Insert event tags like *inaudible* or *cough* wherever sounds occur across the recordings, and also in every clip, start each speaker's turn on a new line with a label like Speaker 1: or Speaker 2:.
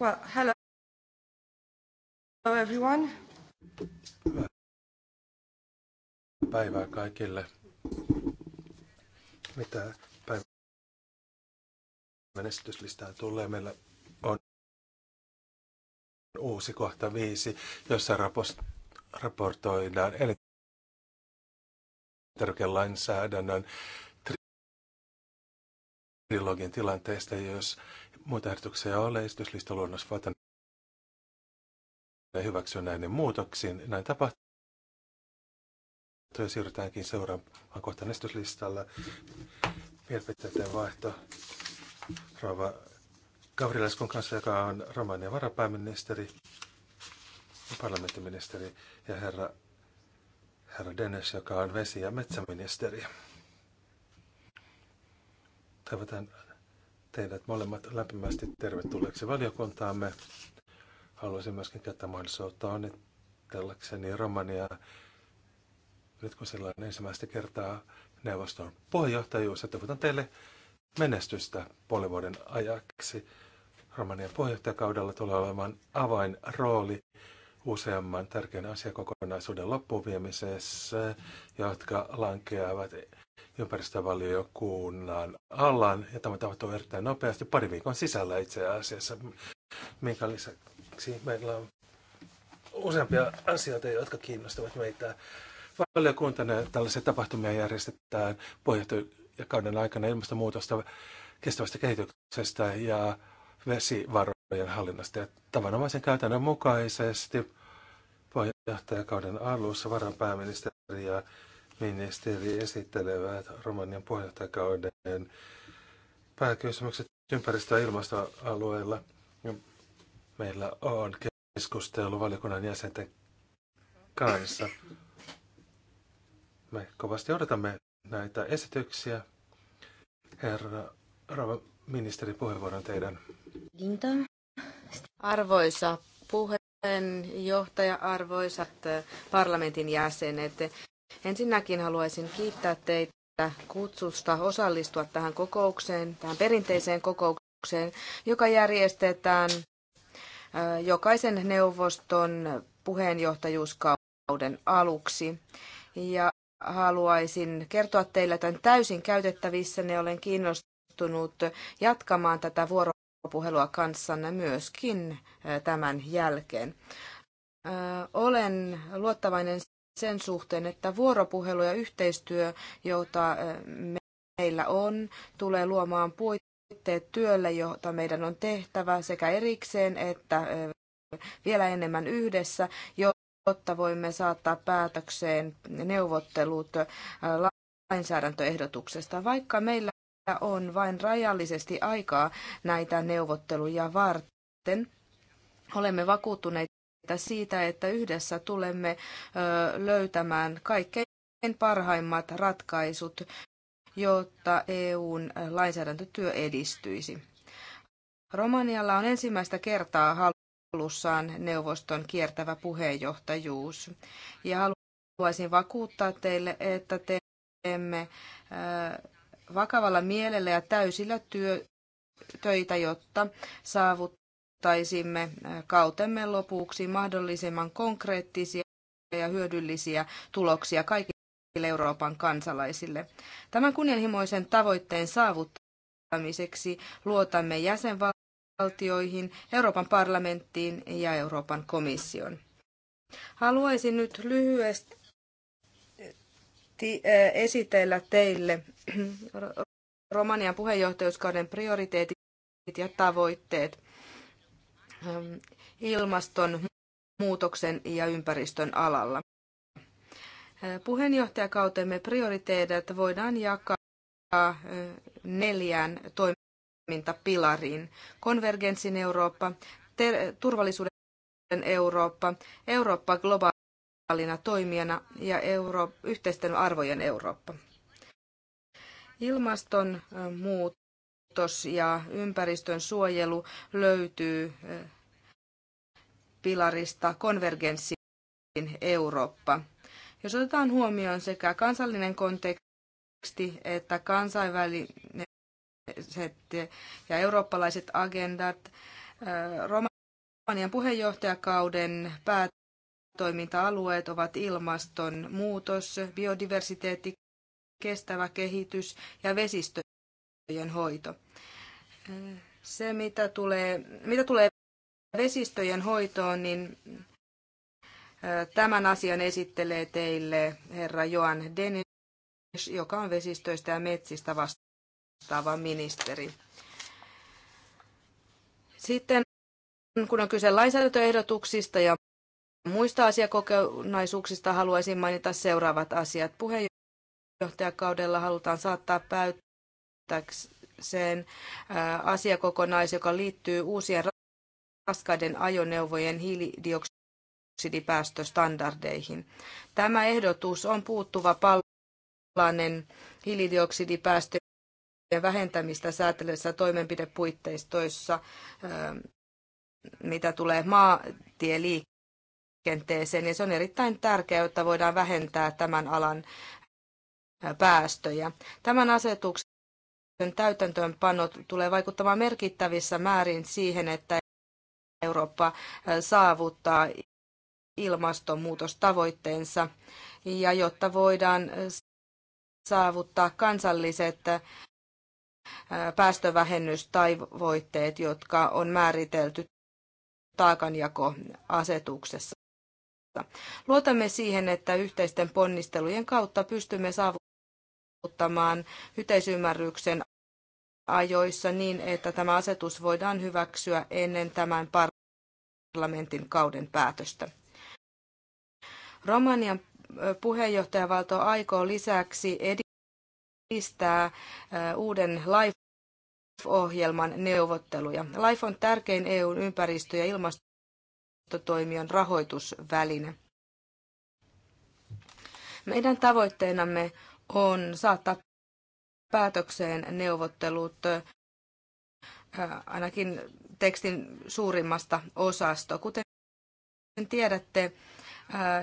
Speaker 1: Well, hello. Hello everyone.
Speaker 2: päivää kaikille. Mitä päivän menestyslistaan tulee? Meillä on uusi kohta viisi, jossa raportoidaan elintarvikelainsäädännön trilogin tilanteesta, jos muita ehdotuksia ole, luonnos vaatan hyväksyä näiden muutoksiin. Näin tapahtuu. siirrytäänkin seuraavaan kohtaan esityslistalla. Mielipiteiden vaihto Rova Gavrilaskun kanssa, joka on Romanian varapääministeri parlamenttiministeri, ja herra, herra Dennis, joka on vesi- ja metsäministeri. Tavataan teidät molemmat lämpimästi tervetulleeksi valiokuntaamme. Haluaisin myöskin käyttää mahdollisuutta onnittellakseni Romania. Nyt kun sillä on ensimmäistä kertaa neuvoston puheenjohtajuus, ja toivotan teille menestystä puolen vuoden ajaksi. Romanian puheenjohtajakaudella tulee olemaan avainrooli useamman tärkeän asiakokonaisuuden loppuviemisessä, jotka lankeavat ympäristövaliokunnan alan, ja tämä tapahtuu erittäin nopeasti, pari viikon sisällä itse asiassa, minkä lisäksi meillä on useampia asioita, jotka kiinnostavat meitä. Valiokuntana tällaisia tapahtumia järjestetään kauden aikana ilmastonmuutosta, kestävästä kehityksestä ja vesivarojen hallinnasta. Ja tavanomaisen käytännön mukaisesti puheenjohtajakauden alussa varanpääministeri ja ministeri esittelevät Romanian puheenjohtajakauden pääkysymykset ympäristö- ja ilmastoalueilla. Meillä on keskustelu valiokunnan jäsenten kanssa. Me kovasti odotamme näitä esityksiä. Herra rouva ministeri, puheenvuoron teidän.
Speaker 3: Arvoisa puheenjohtaja, arvoisat äh, parlamentin jäsenet, Ensinnäkin haluaisin kiittää teitä kutsusta osallistua tähän kokoukseen, tähän perinteiseen kokoukseen, joka järjestetään jokaisen neuvoston puheenjohtajuuskauden aluksi. Ja haluaisin kertoa teille tämän täysin käytettävissä. Ne niin olen kiinnostunut jatkamaan tätä vuoropuhelua kanssanne myöskin tämän jälkeen. Olen luottavainen sen suhteen, että vuoropuhelu ja yhteistyö, jota meillä on, tulee luomaan puitteet työlle, jota meidän on tehtävä sekä erikseen että vielä enemmän yhdessä, jotta voimme saattaa päätökseen neuvottelut lainsäädäntöehdotuksesta. Vaikka meillä on vain rajallisesti aikaa näitä neuvotteluja varten, olemme vakuuttuneita että siitä, että yhdessä tulemme löytämään kaikkein parhaimmat ratkaisut, jotta EUn lainsäädäntötyö edistyisi. Romanialla on ensimmäistä kertaa hallussaan neuvoston kiertävä puheenjohtajuus. Ja haluaisin vakuuttaa teille, että teemme vakavalla mielellä ja täysillä työ, töitä, jotta saavut saavuttaisimme kautemme lopuksi mahdollisimman konkreettisia ja hyödyllisiä tuloksia kaikille Euroopan kansalaisille. Tämän kunnianhimoisen tavoitteen saavuttamiseksi luotamme jäsenvaltioihin, Euroopan parlamenttiin ja Euroopan komission. Haluaisin nyt lyhyesti esitellä teille Romanian puheenjohtajuuskauden prioriteetit ja tavoitteet. Ähm, ilmaston muutoksen ja ympäristön alalla. Äh, puheenjohtajakautemme prioriteetit voidaan jakaa äh, neljään toimintapilariin. Konvergenssin Eurooppa, ter- turvallisuuden Eurooppa, Eurooppa globaalina toimijana ja Euro- yhteisten arvojen Eurooppa. Ilmastonmuutos äh, muutos ja ympäristön suojelu löytyy pilarista konvergenssin Eurooppa. Jos otetaan huomioon sekä kansallinen konteksti että kansainväliset ja eurooppalaiset agendat, Romanian puheenjohtajakauden päätoiminta-alueet ovat ilmastonmuutos, biodiversiteetti, kestävä kehitys ja vesistö vesistöjen hoito. Se, mitä tulee, mitä tulee vesistöjen hoitoon, niin tämän asian esittelee teille herra Joan Denis, joka on vesistöistä ja metsistä vastaava ministeri. Sitten kun on kyse lainsäädäntöehdotuksista ja muista asiakokonaisuuksista, haluaisin mainita seuraavat asiat. Puheenjohtajakaudella halutaan saattaa päätökseen sen asiakokonais, joka liittyy uusien raskaiden ajoneuvojen hiilidioksidipäästöstandardeihin. Tämä ehdotus on puuttuva palanen hiilidioksidipäästöjen vähentämistä säätelyssä toimenpidepuitteistoissa, mitä tulee maatieliikenteeseen, ja se on erittäin tärkeää, jotta voidaan vähentää tämän alan päästöjä. Tämän asetuksen täytäntöönpano tulee vaikuttamaan merkittävissä määrin siihen, että Eurooppa saavuttaa ilmastonmuutostavoitteensa. Ja jotta voidaan saavuttaa kansalliset päästövähennystavoitteet, jotka on määritelty taakanjakoasetuksessa. Luotamme siihen, että yhteisten ponnistelujen kautta pystymme saavuttamaan yhteisymmärryksen ajoissa niin, että tämä asetus voidaan hyväksyä ennen tämän parlamentin kauden päätöstä. Romanian puheenjohtajavalto aikoo lisäksi edistää uuden LIFE-ohjelman neuvotteluja. LIFE on tärkein EUn ympäristö- ja ilmastotoimion rahoitusväline. Meidän tavoitteenamme on saattaa päätökseen neuvottelut ainakin tekstin suurimmasta osasta. Kuten tiedätte,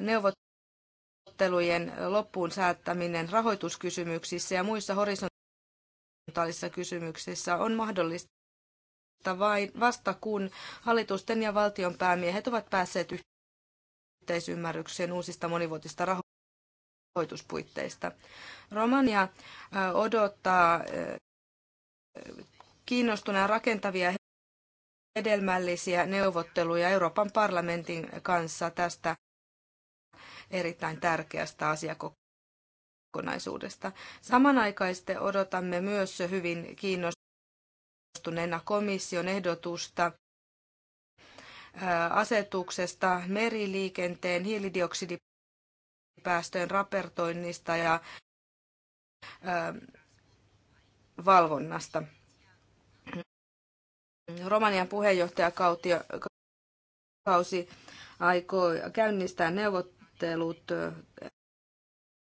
Speaker 3: neuvottelujen loppuun saattaminen rahoituskysymyksissä ja muissa horisontaalisissa kysymyksissä on mahdollista vain vasta kun hallitusten ja valtion päämiehet ovat päässeet yhteisymmärrykseen uusista monivuotista rahoituksista rahoituspuitteista. Romania odottaa kiinnostuneen rakentavia hedelmällisiä neuvotteluja Euroopan parlamentin kanssa tästä erittäin tärkeästä asiakokonaisuudesta. Samanaikaisesti odotamme myös hyvin kiinnostuneena komission ehdotusta asetuksesta meriliikenteen hiilidioksidi päästöjen raportoinnista ja valvonnasta. Romanian puheenjohtajakausi aikoo käynnistää neuvottelut,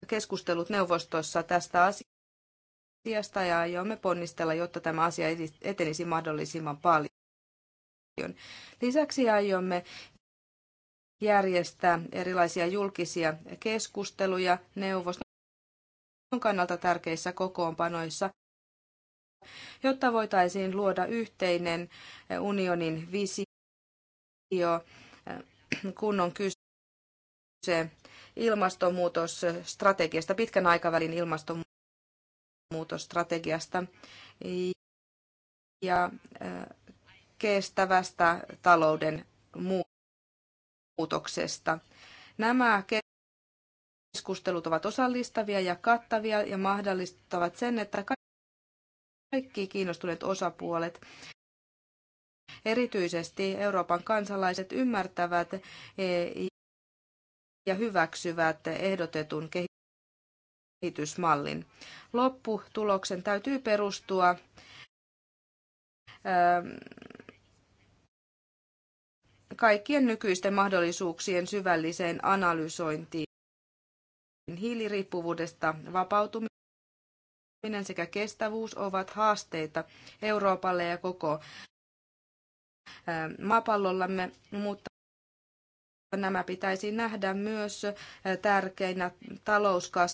Speaker 3: keskustelut neuvostossa tästä asiasta ja aiomme ponnistella, jotta tämä asia etenisi mahdollisimman paljon. Lisäksi aiomme järjestää erilaisia julkisia keskusteluja neuvoston kannalta tärkeissä kokoonpanoissa, jotta voitaisiin luoda yhteinen unionin visio, kun on kyse ilmastonmuutosstrategiasta, pitkän aikavälin ilmastonmuutosstrategiasta ja kestävästä talouden muutoksesta muutoksesta. Nämä keskustelut ovat osallistavia ja kattavia ja mahdollistavat sen, että kaikki kiinnostuneet osapuolet, erityisesti Euroopan kansalaiset, ymmärtävät e, ja hyväksyvät ehdotetun kehitysmallin. Lopputuloksen täytyy perustua kaikkien nykyisten mahdollisuuksien syvälliseen analysointiin hiiliriippuvuudesta vapautuminen sekä kestävyys ovat haasteita Euroopalle ja koko maapallollamme, mutta nämä pitäisi nähdä myös tärkeinä talouskasvun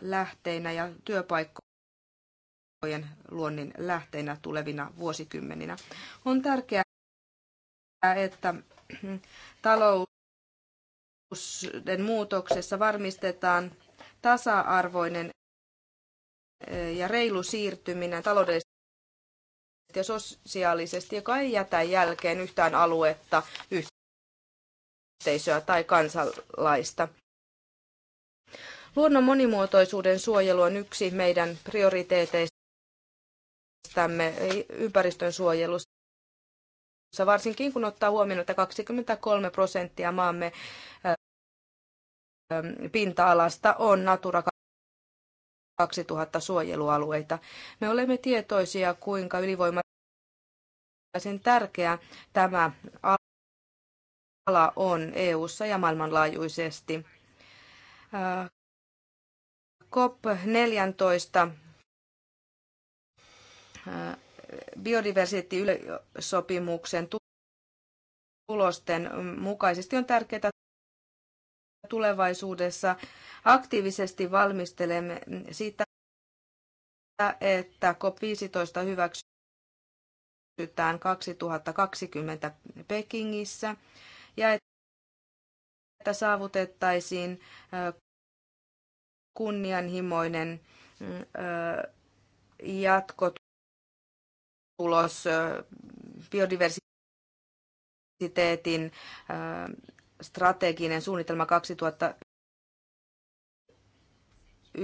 Speaker 3: lähteinä ja työpaikkojen luonnin lähteinä tulevina vuosikymmeninä. On tärkeää että talouden muutoksessa varmistetaan tasa-arvoinen eh, ja reilu siirtyminen taloudellisesti ja sosiaalisesti, joka ei jätä jälkeen yhtään aluetta, yhteisöä tai kansalaista. Luonnon monimuotoisuuden suojelu on yksi meidän prioriteeteistamme ympäristön suojelussa varsinkin kun ottaa huomioon, että 23 prosenttia maamme pinta-alasta on Natura 2000 suojelualueita. Me olemme tietoisia, kuinka ylivoimaisen tärkeä tämä ala on EU:ssa ja maailmanlaajuisesti. COP14 biodiversiteettisopimuksen tulosten mukaisesti on tärkeää tulevaisuudessa aktiivisesti valmistelemme sitä, että COP15 hyväksytään 2020 Pekingissä ja että saavutettaisiin äh, kunnianhimoinen äh, jatko tulos biodiversiteetin strateginen suunnitelma 2011-2020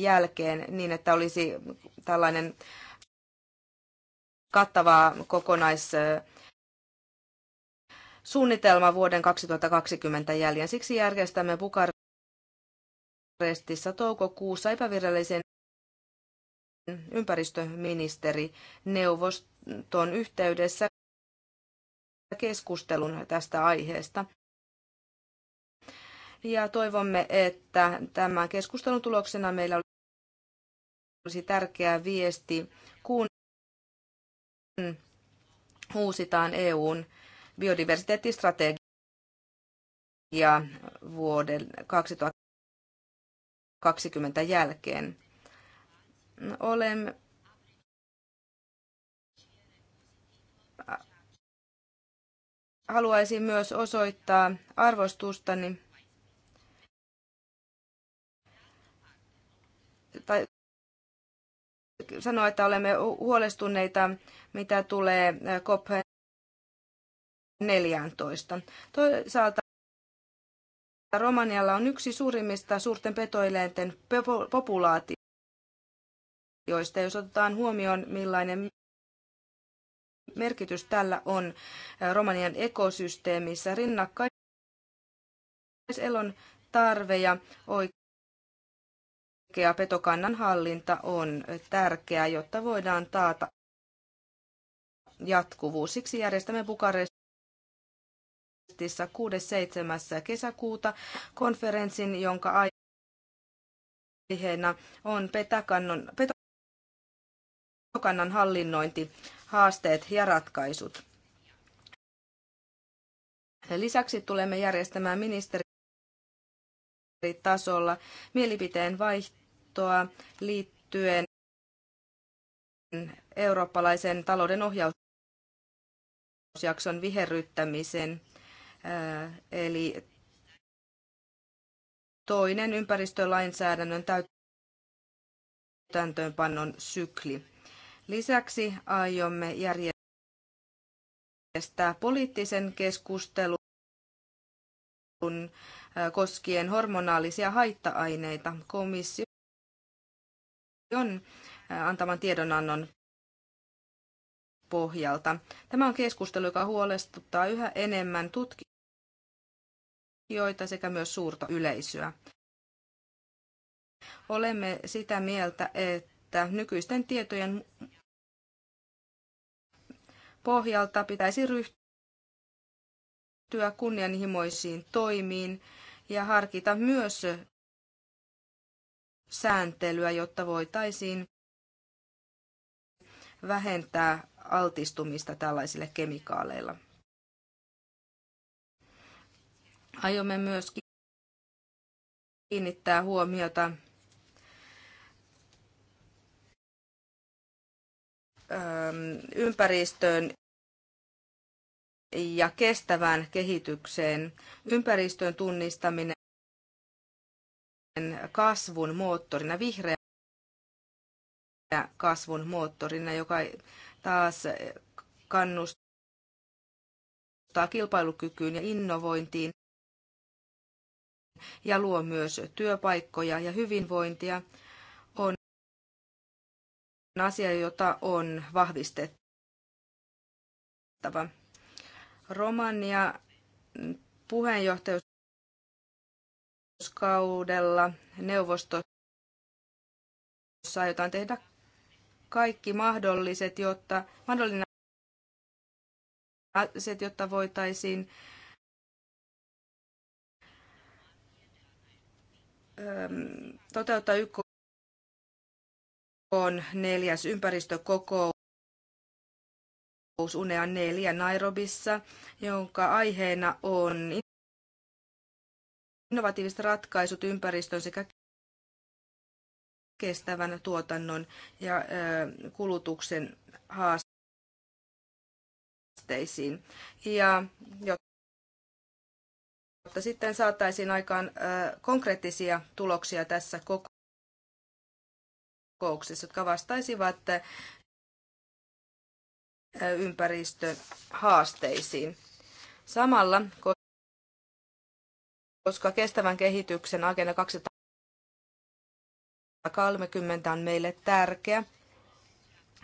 Speaker 3: jälkeen niin, että olisi tällainen kattava kokonais suunnitelma vuoden 2020 jäljen. Siksi järjestämme Bukarestissa toukokuussa epävirallisen ympäristöministeri neuvoston yhteydessä keskustelun tästä aiheesta. Ja toivomme, että tämän keskustelun tuloksena meillä olisi tärkeä viesti, kun uusitaan EUn biodiversiteettistrategia vuoden
Speaker 1: 2020 jälkeen olemme haluaisin myös osoittaa arvostustani
Speaker 3: tai sanoa, että olemme huolestuneita, mitä tulee COP14. Toisaalta Romanialla on yksi suurimmista suurten petoeläinten populaatio joista, jos otetaan huomioon millainen merkitys tällä on Romanian ekosysteemissä, rinnakkaiselon tarve ja oikea petokannan hallinta on tärkeää, jotta voidaan taata jatkuvuus. Siksi järjestämme Bukarestissa 6.7. kesäkuuta konferenssin, jonka aiheena on petakannon, kannan hallinnointi, haasteet ja ratkaisut. Lisäksi tulemme järjestämään ministeritasolla mielipiteen vaihtoa liittyen eurooppalaisen talouden ohjausjakson viherryttämisen, eli toinen ympäristölainsäädännön täytäntöönpannon sykli. Lisäksi aiomme järjestää poliittisen keskustelun äh, koskien hormonaalisia haitta-aineita komission äh, antaman tiedonannon pohjalta. Tämä on keskustelu, joka huolestuttaa yhä enemmän tutkijoita sekä myös suurta yleisöä. Olemme sitä mieltä, että nykyisten tietojen pohjalta pitäisi ryhtyä kunnianhimoisiin toimiin ja harkita myös sääntelyä, jotta voitaisiin vähentää altistumista tällaisille kemikaaleilla.
Speaker 1: Aiomme myös kiinnittää huomiota
Speaker 3: Ähm, ympäristöön ja kestävään kehitykseen. Ympäristön tunnistaminen kasvun moottorina, vihreä kasvun moottorina, joka taas kannustaa kilpailukykyyn ja innovointiin ja luo myös työpaikkoja ja hyvinvointia asia, jota on vahvistettava. Romania puheenjohtajuuskaudella neuvostossa aiotaan tehdä kaikki
Speaker 1: mahdolliset, jotta, mahdollinen asiat, jotta voitaisiin toteuttaa yksi on neljäs ympäristökokous UNEA 4 Nairobissa,
Speaker 3: jonka aiheena on innovatiiviset ratkaisut ympäristön sekä kestävän tuotannon ja kulutuksen haasteisiin. Ja jotta sitten saataisiin aikaan konkreettisia tuloksia tässä koko kokouksissa, jotka vastaisivat eh, ympäristöhaasteisiin. Samalla, koska kestävän kehityksen agenda 2030 on meille tärkeä,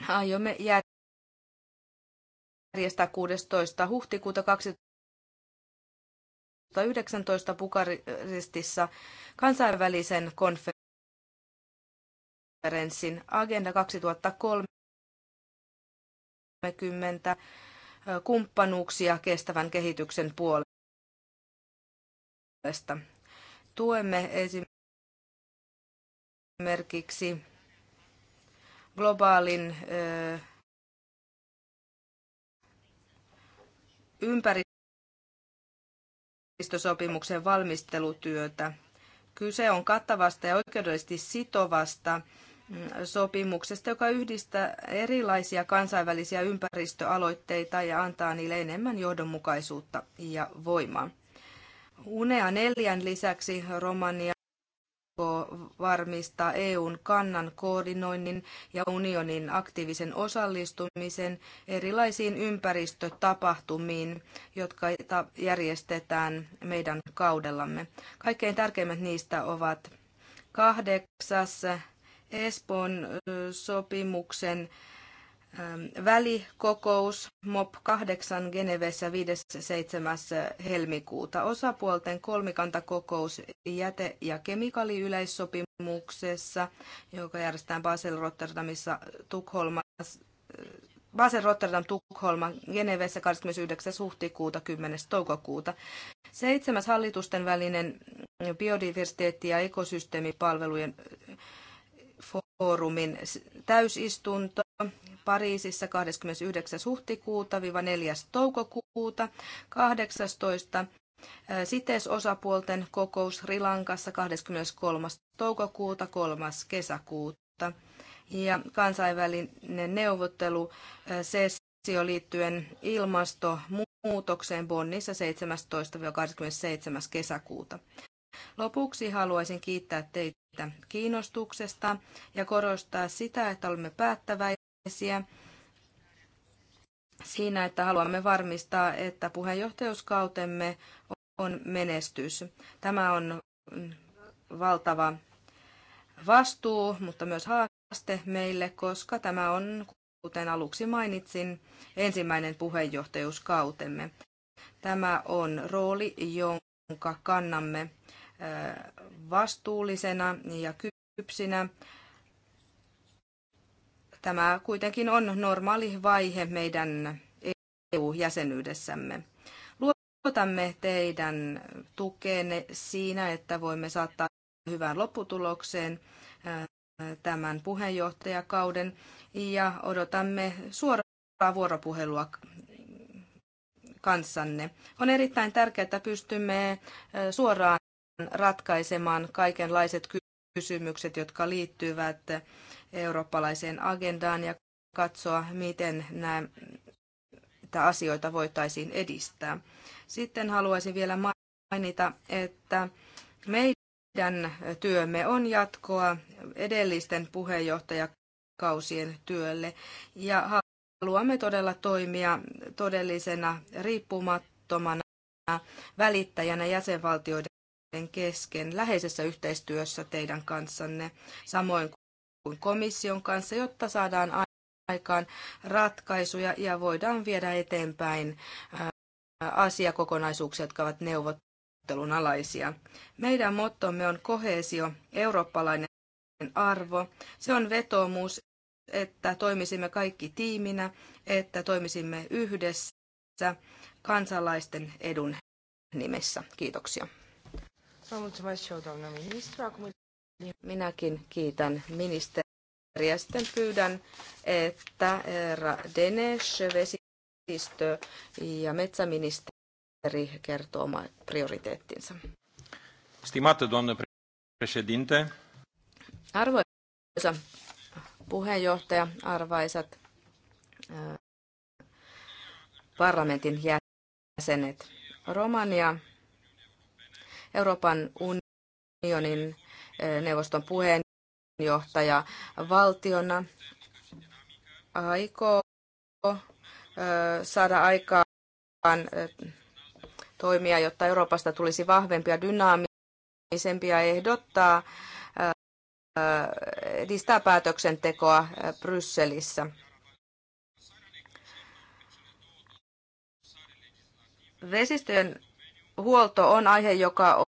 Speaker 3: aiomme järjestää 16. huhtikuuta 2019 Bukarestissa kansainvälisen konferenssin konferenssin Agenda 2030 kumppanuuksia kestävän
Speaker 1: kehityksen puolesta. Tuemme esimerkiksi globaalin ympäristösopimuksen valmistelutyötä. Kyse on
Speaker 3: kattavasta ja oikeudellisesti sitovasta sopimuksesta, joka yhdistää erilaisia kansainvälisiä ympäristöaloitteita ja antaa niille enemmän johdonmukaisuutta ja voimaa. UNEA neljän lisäksi Romania varmistaa EUn kannan koordinoinnin ja unionin aktiivisen osallistumisen erilaisiin ympäristötapahtumiin, jotka järjestetään meidän kaudellamme. Kaikkein tärkeimmät niistä ovat kahdeksas Espoon sopimuksen välikokous MOP 8 Genevessä 5.7. helmikuuta. Osapuolten kolmikantakokous jäte- ja kemikaaliyleissopimuksessa, joka järjestetään Basel Rotterdamissa Tukholmassa Basel Rotterdam Tukholma Genevessä 29. huhtikuuta 10. toukokuuta. Seitsemäs hallitusten välinen biodiversiteetti- ja ekosysteemipalvelujen foorumin täysistunto Pariisissa 29. huhtikuuta-4. toukokuuta, 18. CITES-osapuolten kokous Sri Lankassa 23. toukokuuta 3. kesäkuuta ja kansainvälinen neuvottelu sessio liittyen ilmastonmuutokseen Bonnissa 17-27. kesäkuuta. Lopuksi haluaisin kiittää teitä kiinnostuksesta ja korostaa sitä, että olemme päättäväisiä siinä, että haluamme varmistaa, että puheenjohtajuuskautemme on menestys. Tämä on valtava vastuu, mutta myös haaste meille, koska tämä on, kuten aluksi mainitsin, ensimmäinen puheenjohtajuuskautemme. Tämä on rooli, jonka kannamme vastuullisena ja kypsinä. Tämä kuitenkin on normaali vaihe meidän EU-jäsenyydessämme. Luotamme teidän tukeenne siinä, että voimme saattaa hyvään lopputulokseen tämän puheenjohtajakauden ja odotamme suoraa vuoropuhelua kanssanne. On erittäin tärkeää, että pystymme suoraan ratkaisemaan kaikenlaiset kysymykset, jotka liittyvät eurooppalaiseen agendaan ja katsoa, miten näitä asioita voitaisiin edistää. Sitten haluaisin vielä mainita, että meidän työmme on jatkoa edellisten puheenjohtajakausien työlle ja haluamme todella toimia todellisena riippumattomana välittäjänä jäsenvaltioiden kesken läheisessä yhteistyössä teidän kanssanne, samoin kuin komission kanssa, jotta saadaan aikaan ratkaisuja ja voidaan viedä eteenpäin asiakokonaisuuksia, jotka ovat neuvottelun alaisia. Meidän mottomme on kohesio, eurooppalainen arvo. Se on vetoomus, että toimisimme kaikki tiiminä, että toimisimme yhdessä kansalaisten edun nimessä. Kiitoksia. Minäkin kiitän ministeriä. Sitten pyydän, että herra Denesh, vesistö- ja metsäministeri kertoo omat prioriteettinsa.
Speaker 4: Stimată doamnă
Speaker 3: Arvoisa puheenjohtaja, arvaisat parlamentin jäsenet. Romania Euroopan unionin eh, neuvoston puheenjohtaja valtiona aikoo eh, saada aikaan eh, toimia, jotta Euroopasta tulisi vahvempia, dynaamisempia ehdottaa edistää päätöksentekoa Brysselissä. Vesistöjen huolto on aihe, joka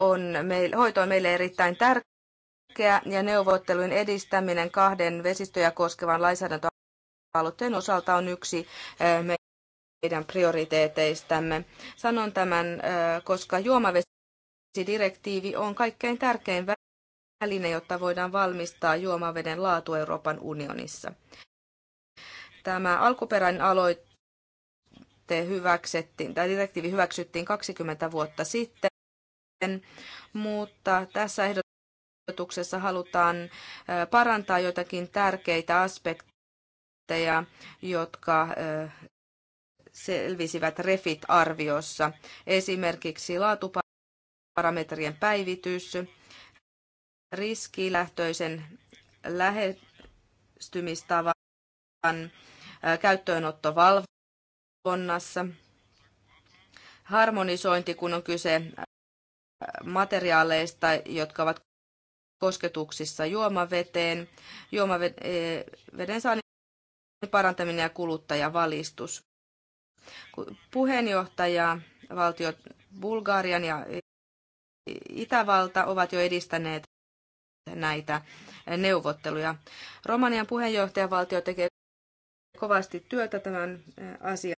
Speaker 3: on meille, hoito on meille erittäin tärkeä ja neuvottelujen edistäminen kahden vesistöjä koskevan lainsäädäntöaloitteen osalta on yksi meidän prioriteeteistämme. Sanon tämän, koska juomavesidirektiivi on kaikkein tärkein väline, jotta voidaan valmistaa juomaveden laatu Euroopan unionissa. Tämä alkuperäinen aloite periaate hyväksettiin, tai direktiivi hyväksyttiin 20 vuotta sitten, mutta tässä ehdotuksessa halutaan parantaa jotakin tärkeitä aspekteja, jotka selvisivät REFIT-arviossa. Esimerkiksi laatuparametrien päivitys, riskilähtöisen lähestymistavan käyttöönotto valvonnassa. Harmonisointi, kun on kyse äh, materiaaleista, jotka ovat kosketuksissa juomaveteen, juomaveden e, saannin parantaminen ja kuluttajavalistus. Puheenjohtaja valtiot Bulgarian ja e, Itävalta ovat jo edistäneet näitä neuvotteluja. Romanian puheenjohtajavaltio tekee kovasti työtä tämän e, asian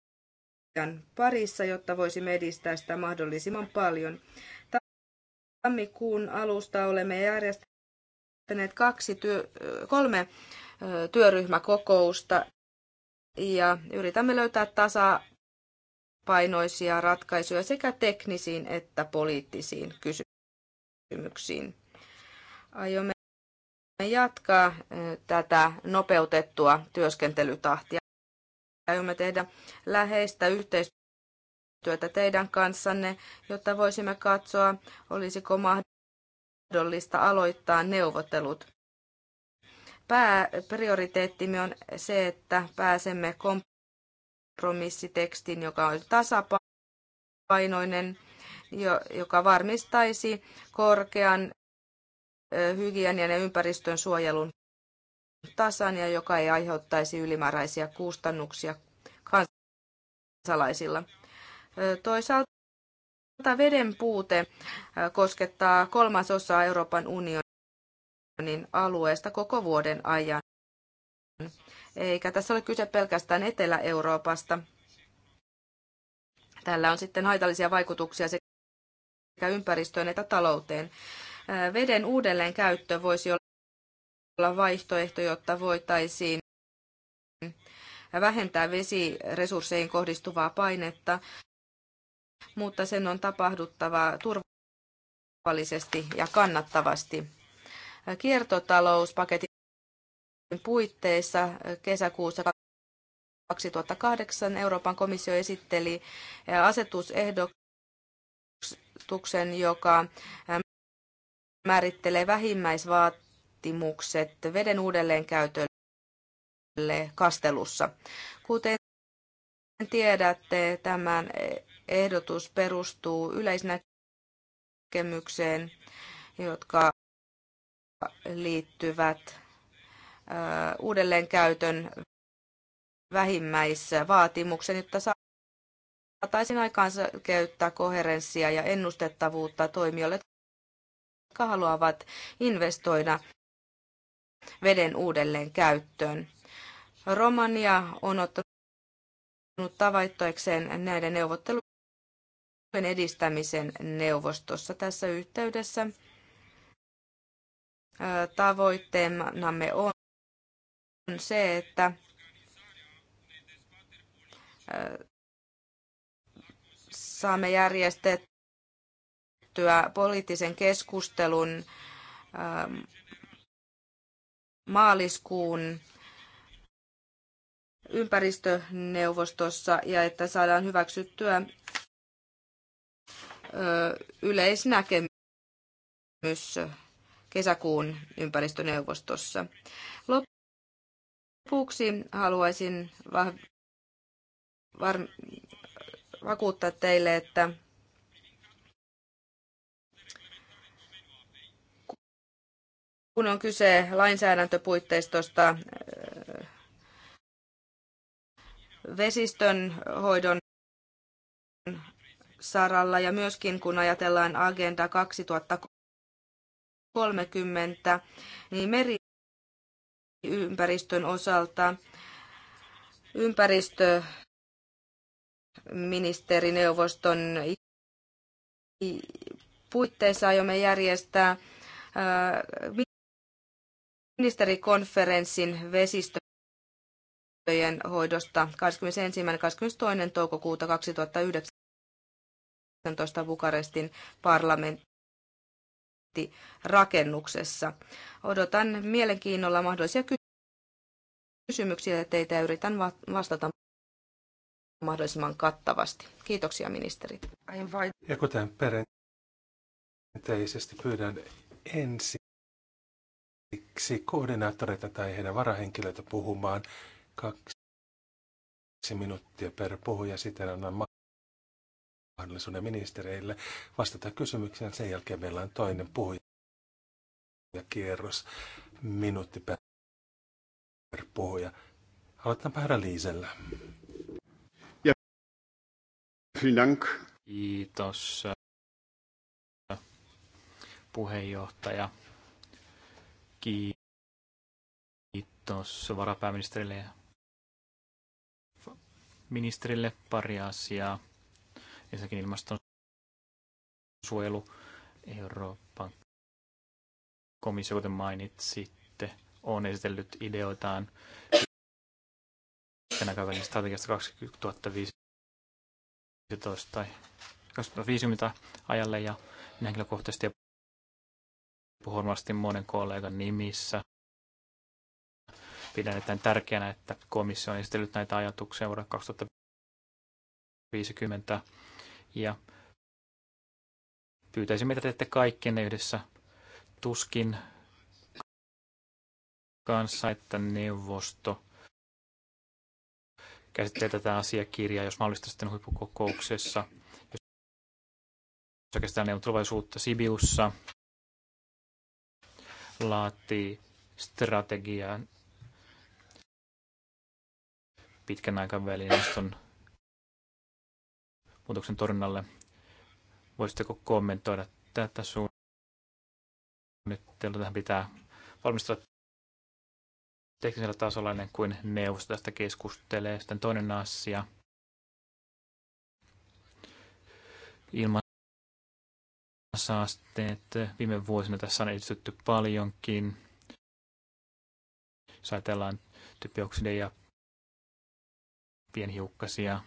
Speaker 3: strategian parissa, jotta voisimme edistää sitä mahdollisimman paljon. Tammikuun alusta olemme järjestäneet kaksi työ, kolme työryhmäkokousta ja yritämme löytää tasapainoisia ratkaisuja sekä teknisiin että poliittisiin kysymyksiin. Aiomme jatkaa tätä nopeutettua työskentelytahtia. Aiomme tehdä läheistä yhteistyötä teidän kanssanne, jotta voisimme katsoa, olisiko mahdollista aloittaa neuvottelut. Pääprioriteettimme on se, että pääsemme kompromissitekstiin, joka on tasapainoinen, joka varmistaisi korkean hygienian ja ympäristön suojelun tasan ja joka ei aiheuttaisi ylimääräisiä kustannuksia kansalaisilla. Toisaalta veden puute koskettaa kolmasosaa Euroopan unionin alueesta koko vuoden ajan. Eikä tässä ole kyse pelkästään Etelä-Euroopasta. Tällä on sitten haitallisia vaikutuksia sekä ympäristöön että talouteen. Veden uudelleenkäyttö voisi olla olla vaihtoehto, jotta voitaisiin vähentää vesiresursseihin kohdistuvaa painetta, mutta sen on tapahduttava turvallisesti ja kannattavasti. Kiertotalouspaketin puitteissa kesäkuussa 2008 Euroopan komissio esitteli asetusehdotuksen, joka määrittelee vähimmäisvaatimukset vaatimukset veden uudelleenkäytölle kastelussa. Kuten tiedätte, tämän ehdotus perustuu yleisnäkemykseen, jotka liittyvät uudelleenkäytön vähimmäisvaatimuksen, jotta saataisiin aikaan käyttää koherenssia ja ennustettavuutta toimijoille, jotka haluavat investoida veden uudelleen käyttöön. Romania on ottanut tavoitteekseen näiden neuvottelujen edistämisen neuvostossa tässä yhteydessä. Tavoitteenamme on se, että saamme järjestettyä poliittisen keskustelun maaliskuun ympäristöneuvostossa ja että saadaan hyväksyttyä yleisnäkemys kesäkuun ympäristöneuvostossa. Lopuksi haluaisin vakuuttaa teille, että kun on kyse lainsäädäntöpuitteistosta äh, vesistönhoidon saralla ja myöskin kun ajatellaan Agenda 2030, niin meriympäristön osalta ympäristöministerineuvoston puitteissa aiomme järjestää äh, ministerikonferenssin vesistöjen hoidosta 21.–22. toukokuuta 2019 Bukarestin parlamentti rakennuksessa. Odotan mielenkiinnolla mahdollisia kysymyksiä teitä ja yritän vastata mahdollisimman kattavasti. Kiitoksia ministeri.
Speaker 2: Ja kuten perinteisesti pyydän ensin siksi koordinaattoreita tai heidän varahenkilöitä puhumaan kaksi minuuttia per puhuja. Sitten annan mahdollisuuden ministereille vastata kysymykseen. Sen jälkeen meillä on toinen puhuja kierros minuutti per puhuja. Aloitetaan päivä Liisellä.
Speaker 1: Ja,
Speaker 4: Kiitos äh, puheenjohtaja. Kiitos varapääministerille ja ministerille pari asiaa. Ensinnäkin ilmastonsuojelu Euroopan komissio, kuten mainitsitte, on esitellyt ideoitaan tänä päivänä strategiasta 2015 tai 2050 ajalle ja henkilökohtaisesti ja puhun varmasti monen kollegan nimissä. Pidän erittäin tärkeänä, että komissio on esitellyt näitä ajatuksia vuonna 2050 ja pyytäisin meitä teette kaikkenne yhdessä tuskin kanssa, että neuvosto käsittelee tätä asiakirjaa, jos mahdollista sitten huippukokouksessa, jos oikeastaan neuvon tulevaisuutta Sibiussa laatii strategiaa pitkän aikavälin ilmaston muutoksen torjunnalle. Voisitteko kommentoida tätä suunnittelua? Tähän pitää valmistella teknisellä tasolla ennen kuin neuvosto tästä keskustelee. Sitten toinen asia. Ilman saasteet. Viime vuosina tässä on edistytty paljonkin. Jos ajatellaan typioksideja,
Speaker 1: pienhiukkasia.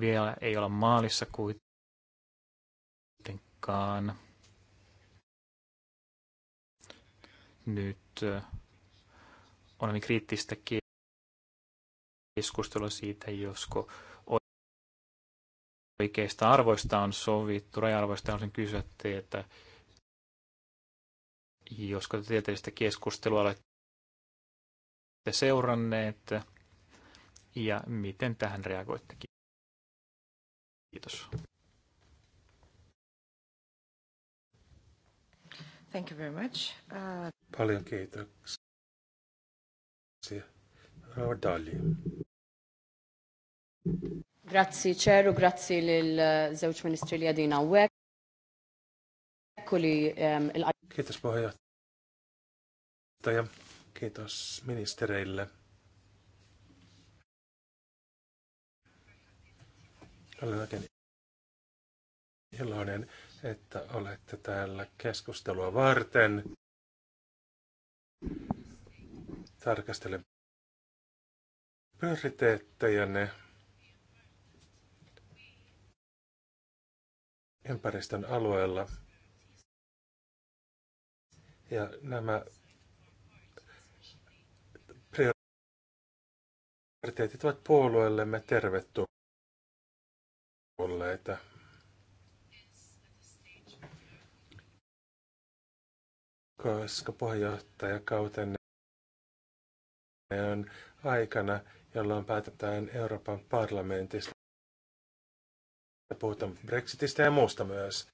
Speaker 1: Vielä ei olla maalissa kuitenkaan. Nyt on kriittistä
Speaker 4: keskustelua siitä, josko oikeista arvoista on sovittu, raja-arvoista on sen niin kysytty, että josko te tieteellistä keskustelua olette seuranneet ja miten tähän reagoitte. Kiitos.
Speaker 1: Thank you very much. Uh...
Speaker 2: Paljon kiitoksia.
Speaker 5: Dali.
Speaker 1: Grazzi ċer u grazzi
Speaker 3: l-żewġ eh, ministri li għadina u għek. Ehm,
Speaker 2: Tajam, kietas ministri ministereille. Olen oikein iloinen, että olette täällä keskustelua varten. Tarkastelemme prioriteettejanne ympäristön alueella. Ja nämä prioriteetit ovat puolueellemme tervetulleita. Koska puheenjohtajakautenne on aikana, jolloin päätetään Euroopan parlamentista puhutaan Brexitistä ja muusta myös.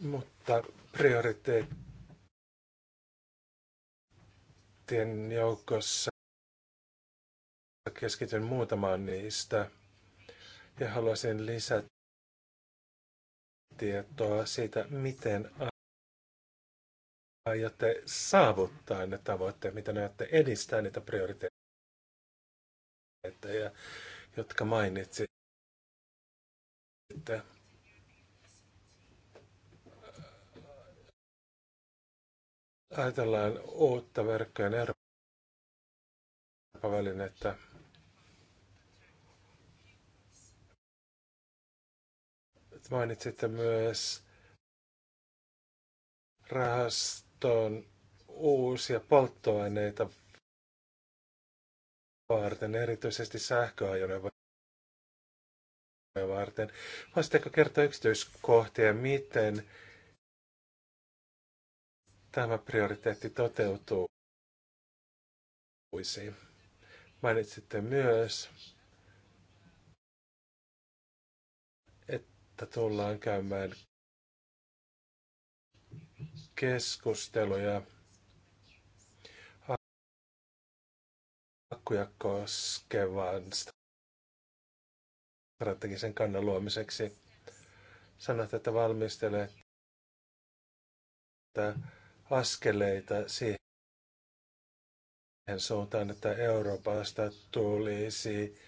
Speaker 2: Mutta prioriteettien joukossa keskityn muutamaan niistä ja haluaisin lisätä tietoa siitä, miten aiotte saavuttaa ne tavoitteet, miten aiotte edistää niitä prioriteetteja jotka mainitsi. Että äh, ajatellaan uutta verkkojen Euroopan välinettä. Mainitsitte myös rahaston uusia polttoaineita varten, erityisesti sähköajoneuvoja varten. Voisitteko kertoa yksityiskohtia, miten tämä prioriteetti toteutuu? Mainitsitte myös, että tullaan käymään keskusteluja salkkuja koskevan strategisen kannan luomiseksi. Sanoit, että valmistelet askeleita siihen suuntaan, että Euroopasta tulisi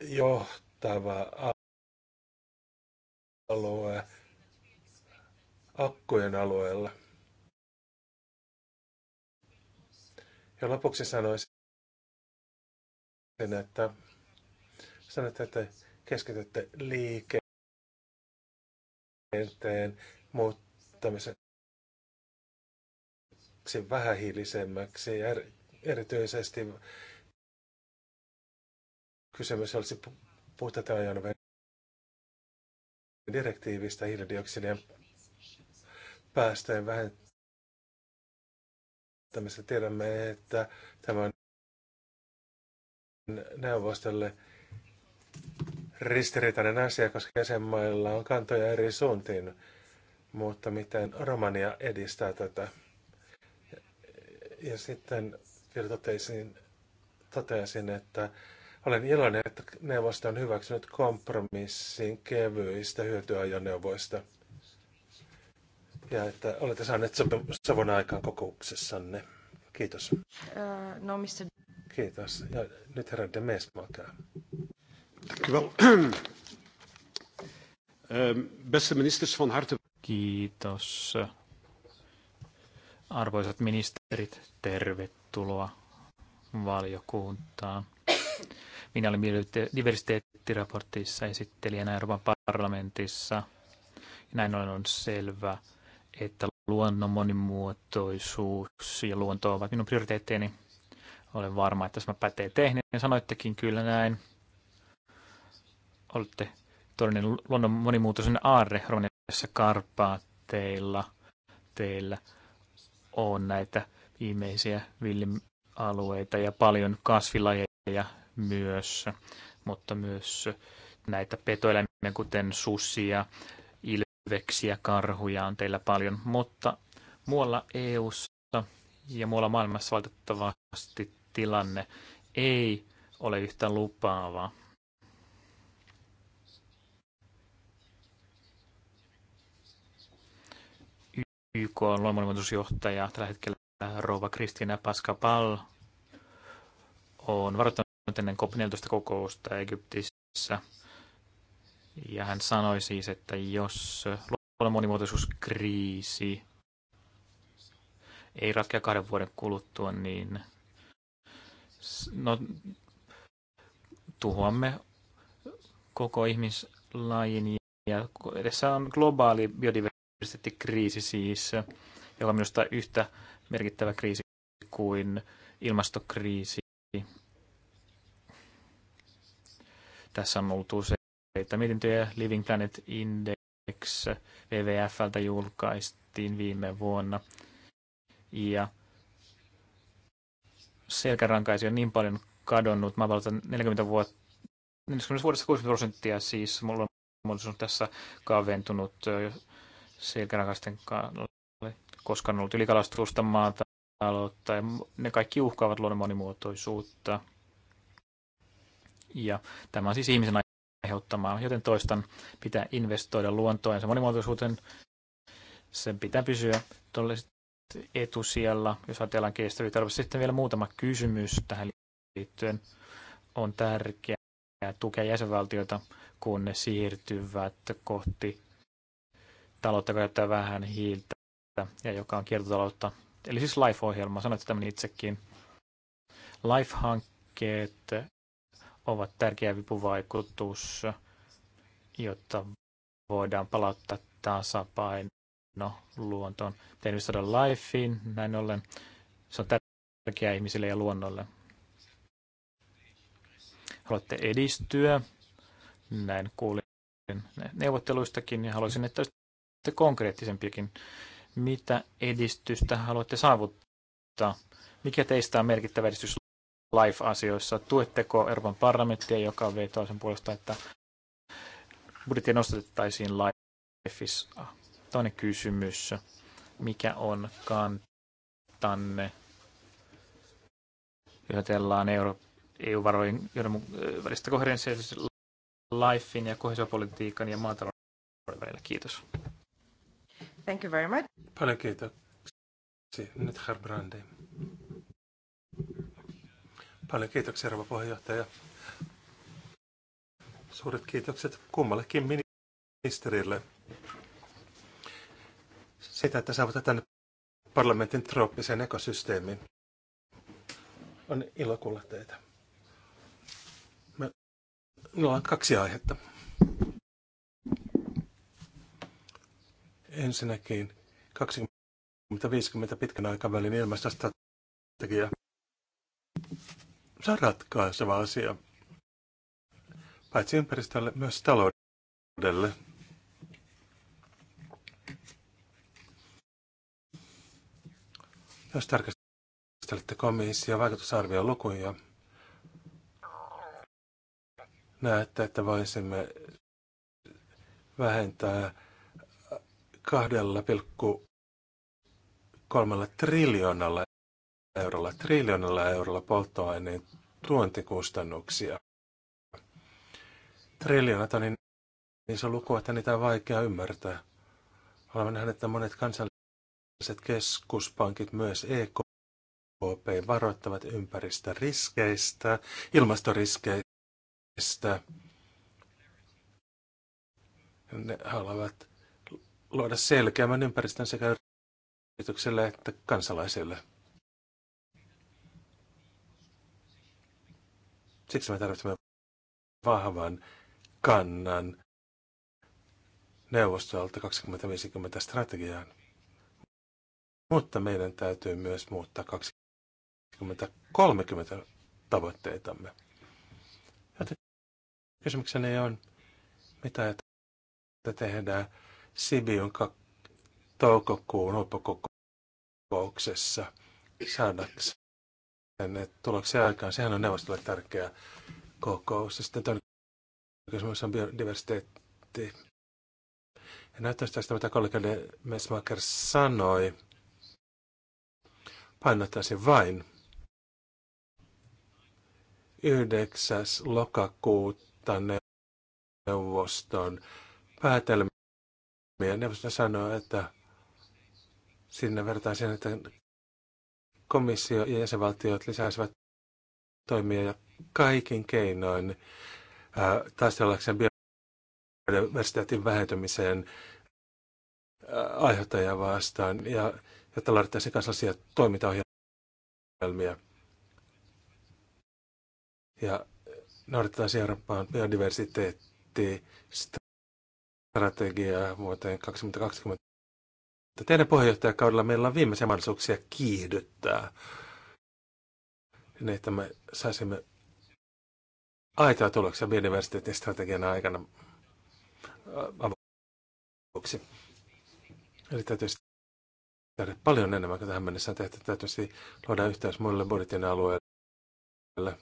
Speaker 5: johtava alue akkujen alueella.
Speaker 2: Ja lopuksi sanoisin, että sanotte, että keskitytte liikenteen muuttamiseen vähähiilisemmäksi ja erityisesti kysymys olisi puhtaita ajan direktiivistä hiilidioksidien päästöjen vähentämisestä se tiedämme, että tämä on neuvostolle ristiriitainen asia, koska jäsenmailla on kantoja eri suuntiin. Mutta miten Romania edistää tätä? Ja sitten vielä totesin, totesin, että olen iloinen, että neuvosto on hyväksynyt kompromissin kevyistä hyötyajoneuvoista ja että olette saaneet Savon aikaan kokouksessanne. Kiitos. Uh, no, Mr. Kiitos. Ja nyt herra de Meesmaa
Speaker 4: *clears throat* ehm, Beste ministers van harte. Kiitos. Arvoisat ministerit, tervetuloa valiokuntaan. Minä olin diversiteettiraportissa esittelijänä Euroopan parlamentissa. Näin ollen on selvä että luonnon monimuotoisuus ja luonto ovat minun prioriteetteeni. Olen varma, että tämä pätee Niin Sanoittekin kyllä näin. Olette todellinen luonnon monimuotoisen aarre Romaniassa Karpaatteilla. Teillä on näitä viimeisiä villialueita ja paljon kasvilajeja myös, mutta myös näitä petoeläimiä, kuten susia, veksiä, karhuja on teillä paljon, mutta muualla EU:ssa ja muualla maailmassa valitettavasti tilanne ei ole yhtä lupaavaa. YK on luonnonmuutosjohtaja tällä hetkellä rova Kristina Pascal on varoittanut ennen COP14 kokousta Egyptissä ja hän sanoi siis, että jos luonnon monimuotoisuuskriisi ei ratkea kahden vuoden kuluttua, niin no, tuhoamme koko ihmislajin. Ja edessä on globaali biodiversiteettikriisi siis, joka on minusta yhtä merkittävä kriisi kuin ilmastokriisi. Tässä on ollut usein useita mietintöjä. Living Planet Index WWFltä julkaistiin viime vuonna. Ja selkärankaisia on niin paljon kadonnut. Mä 40 vuotta, 40 vuodessa 60 prosenttia siis mulla on tässä kaventunut selkärankaisten kannalle, koska on ollut ylikalastusta maata aloittaa, ne kaikki uhkaavat luonnon monimuotoisuutta. Ja tämä on siis ihmisen aiheuttamaan. Joten toistan, pitää investoida luontoon ja se monimuotoisuuteen. Sen pitää pysyä etusijalla, jos ajatellaan kestävyyttä. Sitten vielä muutama kysymys tähän liittyen. On tärkeää tukea jäsenvaltioita, kun ne siirtyvät kohti taloutta käyttää vähän hiiltä ja joka on kiertotaloutta. Eli siis LIFE-ohjelma, sanoitte tämän itsekin. LIFE-hankkeet ovat tärkeä vipuvaikutus, jotta voidaan palauttaa tasapaino luontoon. Tein saada lifein, näin ollen se on tärkeää ihmisille ja luonnolle. Haluatte edistyä, näin kuulin neuvotteluistakin ja haluaisin, että olisitte konkreettisempiakin. Mitä edistystä haluatte saavuttaa? Mikä teistä on merkittävä edistys Life-asioissa. Tuetteko Euroopan parlamenttia, joka vetoaa sen puolesta, että budjettia nostettaisiin Lifeissa? Toinen kysymys. Mikä on kantanne? Jotellaan euro, EU-varojen välistä koherenssia Lifein ja kohesiopolitiikan ja maatalouden välillä. Kiitos. Thank you very much. Paljon kiitoksia.
Speaker 2: Nyt Herr Paljon kiitoksia, rouva puheenjohtaja. Suuret kiitokset kummallekin ministerille sitä, että saavat tänne parlamentin trooppisen ekosysteemin. On ilo kuulla teitä. Me, minulla on kaksi aihetta. Ensinnäkin 2050 pitkän aikavälin ilmastostrategia se on ratkaiseva asia. Paitsi ympäristölle, myös taloudelle. Jos tarkastelette komission vaikutusarvion lukuja, näette, että voisimme vähentää 2,3 triljoonalla eurolla, triljoonalla eurolla polttoaineen tuontikustannuksia. Triljoonat on niin iso luku, että niitä on vaikea ymmärtää. Olemme nähneet, että monet kansalliset keskuspankit, myös EKP, varoittavat ympäristöriskeistä, ilmastoriskeistä. Ne haluavat luoda selkeämmän ympäristön sekä yritykselle että kansalaisille. Siksi me tarvitsemme vahvan kannan neuvostolta 2050 strategiaan. Mutta meidän täytyy myös muuttaa 2030 tavoitteitamme. Joten kysymykseni on, mitä tehdään Sibion toukokuun huippukokouksessa saadaksi ne tuloksia aikaan. Sehän on neuvostolle tärkeä kokous. Ja sitten toinen kysymys on biodiversiteetti. Ja näyttäisi tästä, mitä kollega Mesmaker sanoi. Painottaisin vain 9. lokakuuta neuvoston päätelmiä. Neuvosto sanoi, että sinne vertaan siihen, että komissio ja jäsenvaltiot lisäisivät toimia ja kaikin keinoin äh, taistellakseen biodiversiteetin vähentymiseen äh, aiheuttajia vastaan ja jotta laadittaisiin kansallisia toimintaohjelmia. Ja noudatetaan Euroopan biodiversiteettistrategiaa vuoteen 2020 mutta teidän puheenjohtajakaudella meillä on viimeisiä mahdollisuuksia kiihdyttää. Niin, että me saisimme aitoa tuloksia biodiversiteetin strategian aikana
Speaker 5: äh,
Speaker 2: avuksi. Eli täytyisi tehdä paljon enemmän kuin tähän mennessä on tehty. Täytyisi siis luoda yhteys muille budjetin alueille.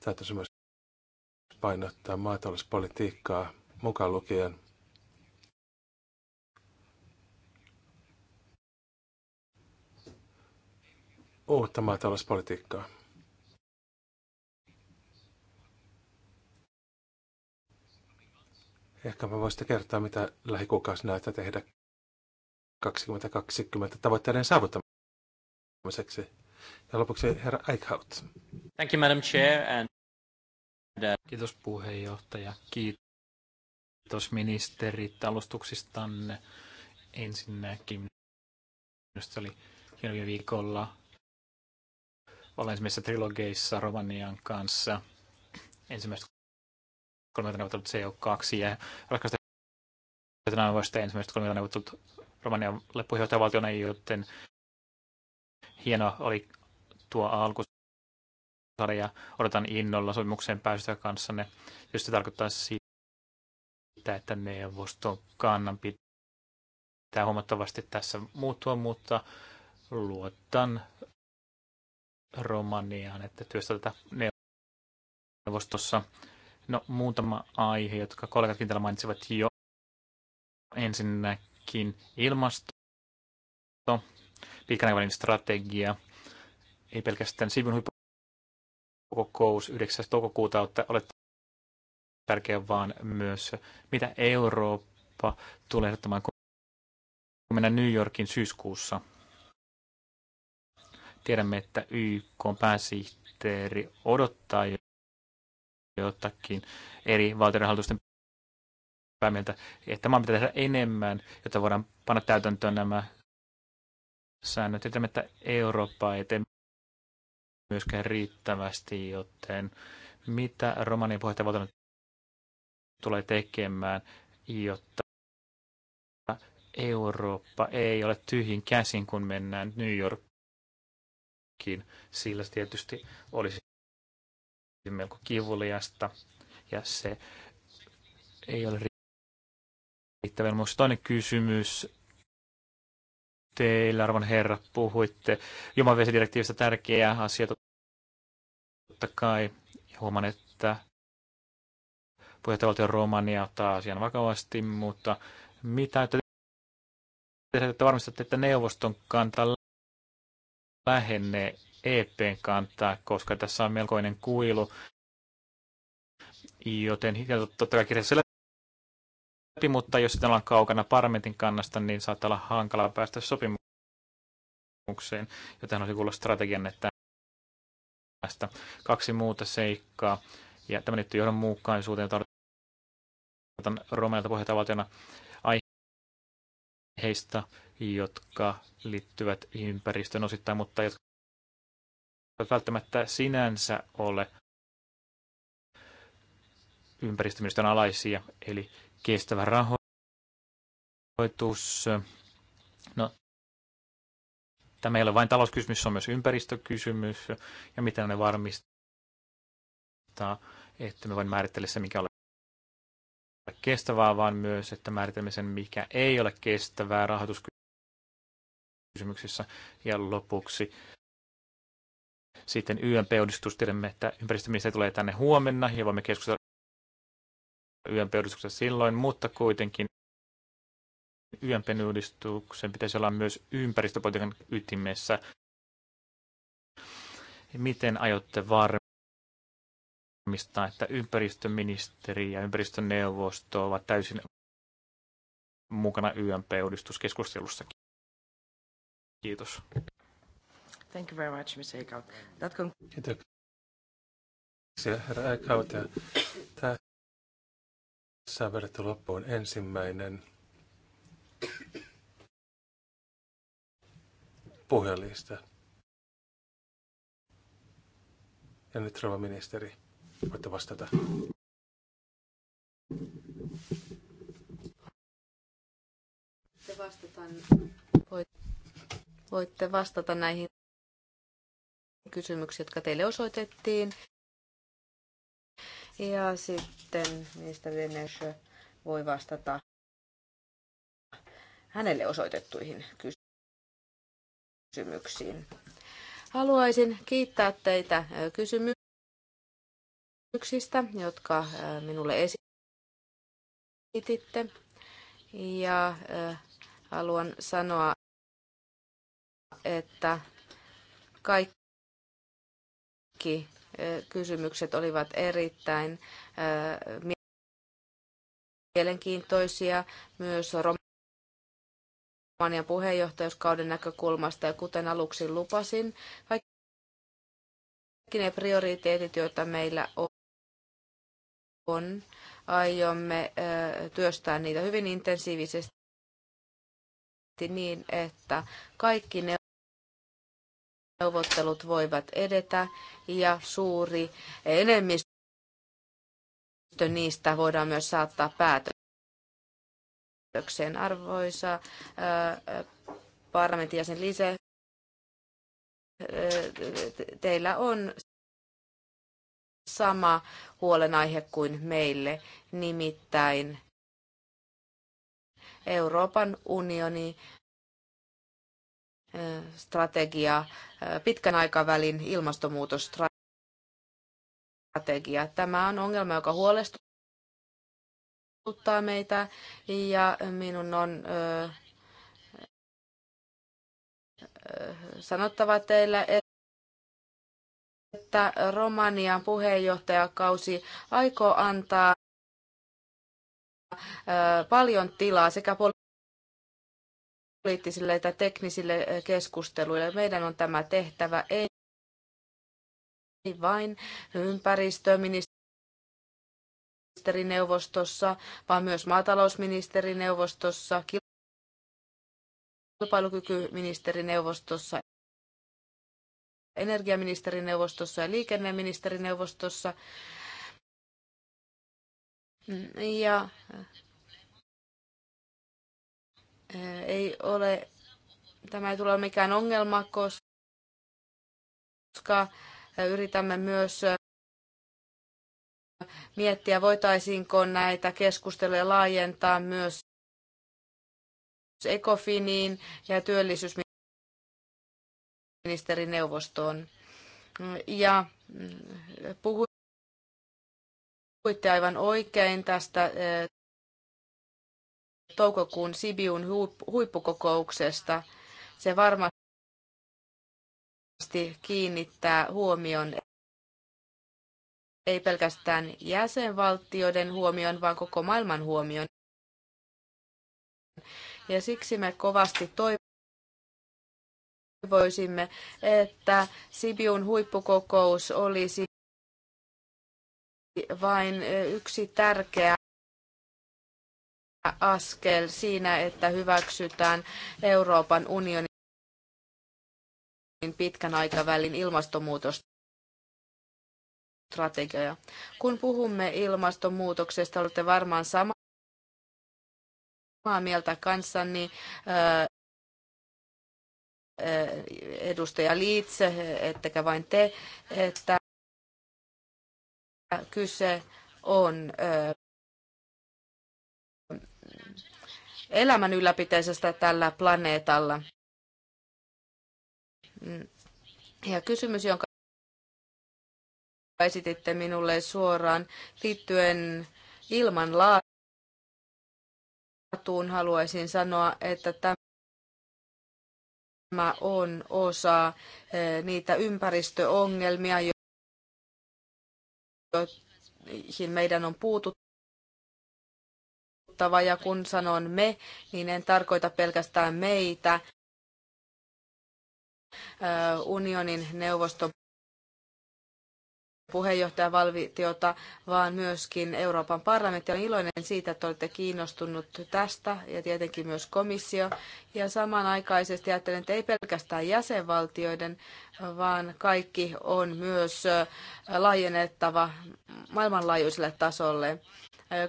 Speaker 2: Täytyisi myös painottaa maatalouspolitiikkaa mukaan lukien uutta maatalouspolitiikkaa. Ehkä mä voisin kertoa, mitä lähikuukausi näyttää tehdä 2020 tavoitteiden saavuttamiseksi. Ja lopuksi herra Eichhout.
Speaker 4: Thank you, Madam Chair. And... Uh, Kiitos puheenjohtaja. Kiitos ministerit alustuksistanne. Ensinnäkin minusta oli hieno viikolla olla ensimmäisissä trilogeissa Romanian kanssa. ensimmäistä kolme neuvottelut CO2 ja ratkaista vasta ensimmäistä kolme neuvottelut Romanian puheenjohtajavaltiona, joten hieno oli tuo alku ja odotan innolla sopimukseen pääsystä kanssanne, jos se tarkoittaa sitä, että neuvoston kannan pitää huomattavasti tässä muuttua, mutta luotan Romaniaan, että työstä tätä neuvostossa. No muutama aihe, jotka kollegatkin täällä mainitsivat jo. Ensinnäkin ilmasto, pitkän aikavälin strategia, ei pelkästään sivun huippukokous 9. toukokuuta olette tärkeä, vaan myös mitä Eurooppa tulee ehdottamaan, kun mennään New Yorkin syyskuussa – Tiedämme, että YK pääsihteeri odottaa jotakin eri valtioiden hallitusten päämieltä, että maan pitää tehdä enemmän, jotta voidaan panna täytäntöön nämä säännöt. Tiedämme, että Eurooppa ei tee myöskään riittävästi, joten mitä Romanian puheenjohtajavaltiona tulee tekemään, jotta Eurooppa ei ole tyhjin käsin, kun mennään New York pankkiin, sillä tietysti olisi melko kivuliasta ja se ei ole riittävän. muista. toinen kysymys teille, arvon herra, puhuitte jumanvesidirektiivistä tärkeä asia totta kai. Huomaan, että puheenjohtajavaltio Romania ottaa asian vakavasti, mutta mitä että, te, että varmistatte, että neuvoston kanta lähenne EPn kantaa, koska tässä on melkoinen kuilu. Joten totta kai kirjassa läpi, mutta jos sitten ollaan kaukana parlamentin kannasta, niin saattaa olla hankala päästä sopimukseen, joten olisi kuulla strategian, että tästä kaksi muuta seikkaa. Ja tämä liittyy johdonmukaisuuteen, jota odotan Romelta puheenjohtajavaltiona aiheista, jotka liittyvät ympäristön osittain, mutta jotka eivät välttämättä sinänsä ole ympäristöministön alaisia, eli kestävä rahoitus. No, tämä ei ole vain talouskysymys, se on myös ympäristökysymys, ja miten ne varmistaa, että me voimme määritellä se, mikä on kestävää, vaan myös, että määritelmisen, mikä ei ole kestävää rahoituskysymys kysymyksissä. Ja lopuksi sitten ymp Tiedämme, että ympäristöministeri tulee tänne huomenna ja voimme keskustella ymp silloin, mutta kuitenkin YMP-uudistuksen pitäisi olla myös ympäristöpolitiikan ytimessä. Miten aiotte varmistaa, että ympäristöministeri ja ympäristöneuvosto ovat täysin mukana YMP-uudistuskeskustelussakin?
Speaker 5: Kiitos.
Speaker 1: Thank you very much, Mr. Eichhout. That con- Kiitoksia,
Speaker 2: herra Eichhout. tässä on vedetty loppuun ensimmäinen puhelista. Ja nyt rouva ministeri, voitte vastata.
Speaker 1: Se vastataan. Voit
Speaker 3: voitte vastata näihin kysymyksiin, jotka teille osoitettiin.
Speaker 1: Ja sitten mistä Venesö voi vastata hänelle osoitettuihin kysymyksiin. Haluaisin kiittää teitä kysymyksistä, jotka minulle esititte. Ja haluan sanoa,
Speaker 3: että kaikki kysymykset olivat erittäin mielenkiintoisia myös Romanian puheenjohtajuuskauden näkökulmasta ja kuten aluksi lupasin, kaikki ne prioriteetit, joita meillä on, aiomme työstää niitä hyvin intensiivisesti niin, että kaikki ne neuvottelut voivat edetä ja suuri enemmistö niistä voidaan myös saattaa
Speaker 1: päätökseen. Arvoisa parlamentin jäsen Lise, teillä on
Speaker 3: sama huolenaihe kuin meille, nimittäin Euroopan unioni strategia pitkän aikavälin ilmastonmuutosstrategia. Tämä on ongelma, joka huolestuttaa meitä ja minun on sanottava teillä, että Romanian puheenjohtajakausi aikoo antaa paljon tilaa sekä poli poliittisille tai teknisille eh, keskusteluille. Meidän on tämä tehtävä ei vain ympäristöministerineuvostossa, vaan myös maatalousministerineuvostossa, kilpailukykyministerineuvostossa, energiaministerineuvostossa ja liikenneministerineuvostossa. Ja ei ole, tämä ei tule mikään ongelma, koska yritämme myös miettiä, voitaisiinko näitä keskusteluja laajentaa myös ECOFINiin ja työllisyysministerineuvostoon. Ja mm, puhuitte aivan oikein tästä
Speaker 1: toukokuun Sibiun huippukokouksesta. Se varmasti kiinnittää huomion
Speaker 3: ei pelkästään jäsenvaltioiden huomion, vaan koko maailman huomion. Ja siksi me kovasti toivoisimme, että Sibiun huippukokous olisi
Speaker 1: vain yksi tärkeä askel siinä, että hyväksytään Euroopan unionin
Speaker 3: pitkän aikavälin ilmastonmuutosta Kun puhumme ilmastonmuutoksesta, olette varmaan samaa
Speaker 1: mieltä kanssani äh, äh, edustaja Liitse, ettekä vain te, että kyse on äh,
Speaker 3: elämän ylläpitäisestä tällä planeetalla.
Speaker 1: Ja kysymys, jonka esititte minulle suoraan liittyen ilman laatuun,
Speaker 3: haluaisin sanoa, että tämä
Speaker 1: on osa eh, niitä ympäristöongelmia, joihin meidän on puututtu huolestuttava
Speaker 3: ja kun sanon me, niin en tarkoita pelkästään meitä. Unionin neuvosto puheenjohtaja Valvitiota, vaan myöskin Euroopan parlamentti. Olen iloinen siitä, että olette kiinnostunut tästä ja tietenkin myös komissio. Ja samanaikaisesti ajattelen, että ei pelkästään jäsenvaltioiden, vaan kaikki on myös laajennettava maailmanlaajuiselle tasolle.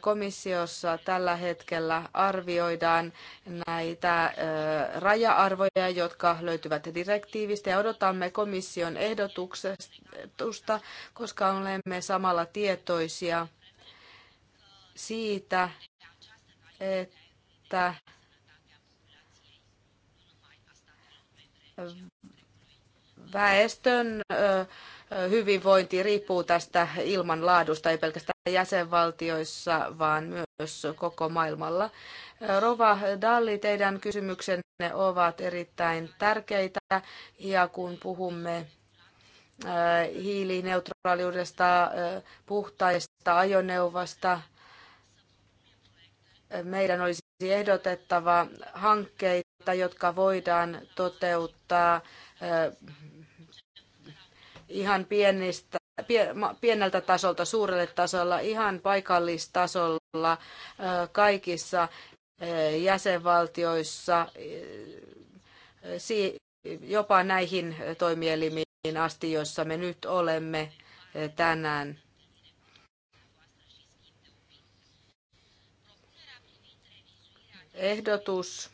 Speaker 3: Komissiossa tällä hetkellä arvioidaan näitä raja-arvoja, jotka löytyvät direktiivistä ja odotamme komission ehdotusta, koska olemme samalla tietoisia siitä, että väestön hyvinvointi riippuu tästä ilmanlaadusta, ei pelkästään jäsenvaltioissa, vaan myös koko maailmalla. Rova Dalli, teidän kysymyksenne ovat erittäin tärkeitä, ja kun puhumme hiilineutraaliudesta, puhtaista ajoneuvasta, meidän olisi ehdotettava hankkeita, jotka voidaan toteuttaa ihan pienistä, pieneltä tasolta suurelle tasolla, ihan paikallistasolla kaikissa jäsenvaltioissa, jopa näihin toimielimiin asti, joissa me nyt olemme tänään. Ehdotus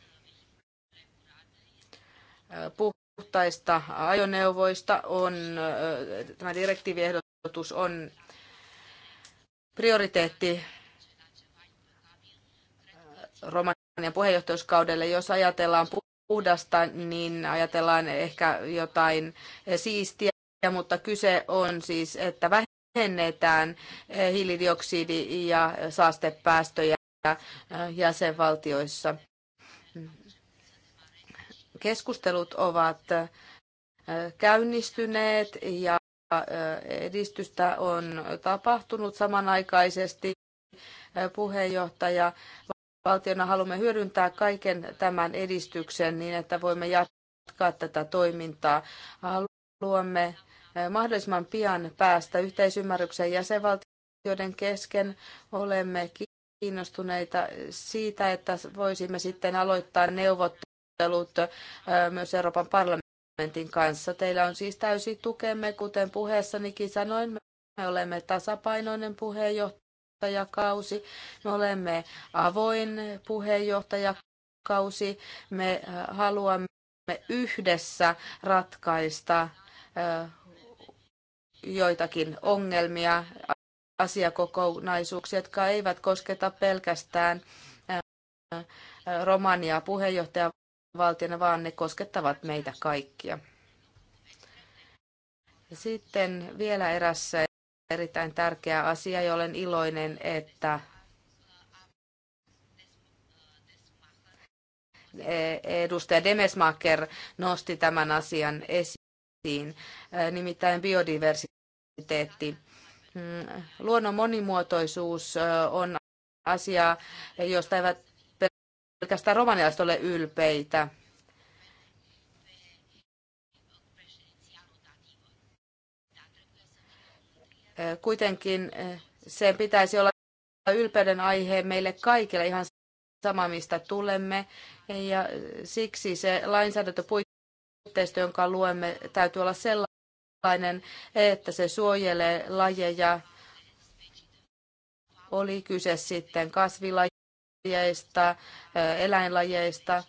Speaker 3: puhtaista ajoneuvoista on, tämä direktiiviehdotus on prioriteetti Romanian puheenjohtajuuskaudelle. Jos ajatellaan puhdasta, niin ajatellaan ehkä jotain siistiä, mutta kyse on siis, että vähennetään hiilidioksidi- ja saastepäästöjä jäsenvaltioissa keskustelut ovat käynnistyneet ja edistystä on tapahtunut samanaikaisesti. Puheenjohtaja valtiona haluamme hyödyntää kaiken tämän edistyksen niin, että voimme jatkaa tätä toimintaa. Haluamme mahdollisimman pian päästä yhteisymmärrykseen jäsenvaltioiden kesken. Olemme kiinnostuneita siitä, että voisimme sitten aloittaa neuvottelut neuvottelut myös Euroopan parlamentin kanssa. Teillä on siis täysi tukemme, kuten puheessanikin sanoin. Me olemme tasapainoinen puheenjohtajakausi. Me olemme avoin puheenjohtajakausi. Me haluamme yhdessä ratkaista joitakin ongelmia, asiakokonaisuuksia, jotka eivät kosketa pelkästään Romania puheenjohtaja valtiona, vaan ne koskettavat meitä kaikkia. Sitten vielä eräs erittäin tärkeä asia, ja olen iloinen, että edustaja Demesmaker nosti tämän asian esiin, nimittäin biodiversiteetti. Mm, luonnon monimuotoisuus on asia, josta eivät pelkästään romanialaiset ole ylpeitä. Kuitenkin eh, sen pitäisi olla ylpeyden aihe meille kaikille ihan sama, mistä tulemme. Ja eh, siksi se lainsäädäntöpuitteisto, jonka luemme, täytyy olla sellainen, että se suojelee lajeja. Oli kyse sitten kasvilajista lajeista, eh, eläinlajeista.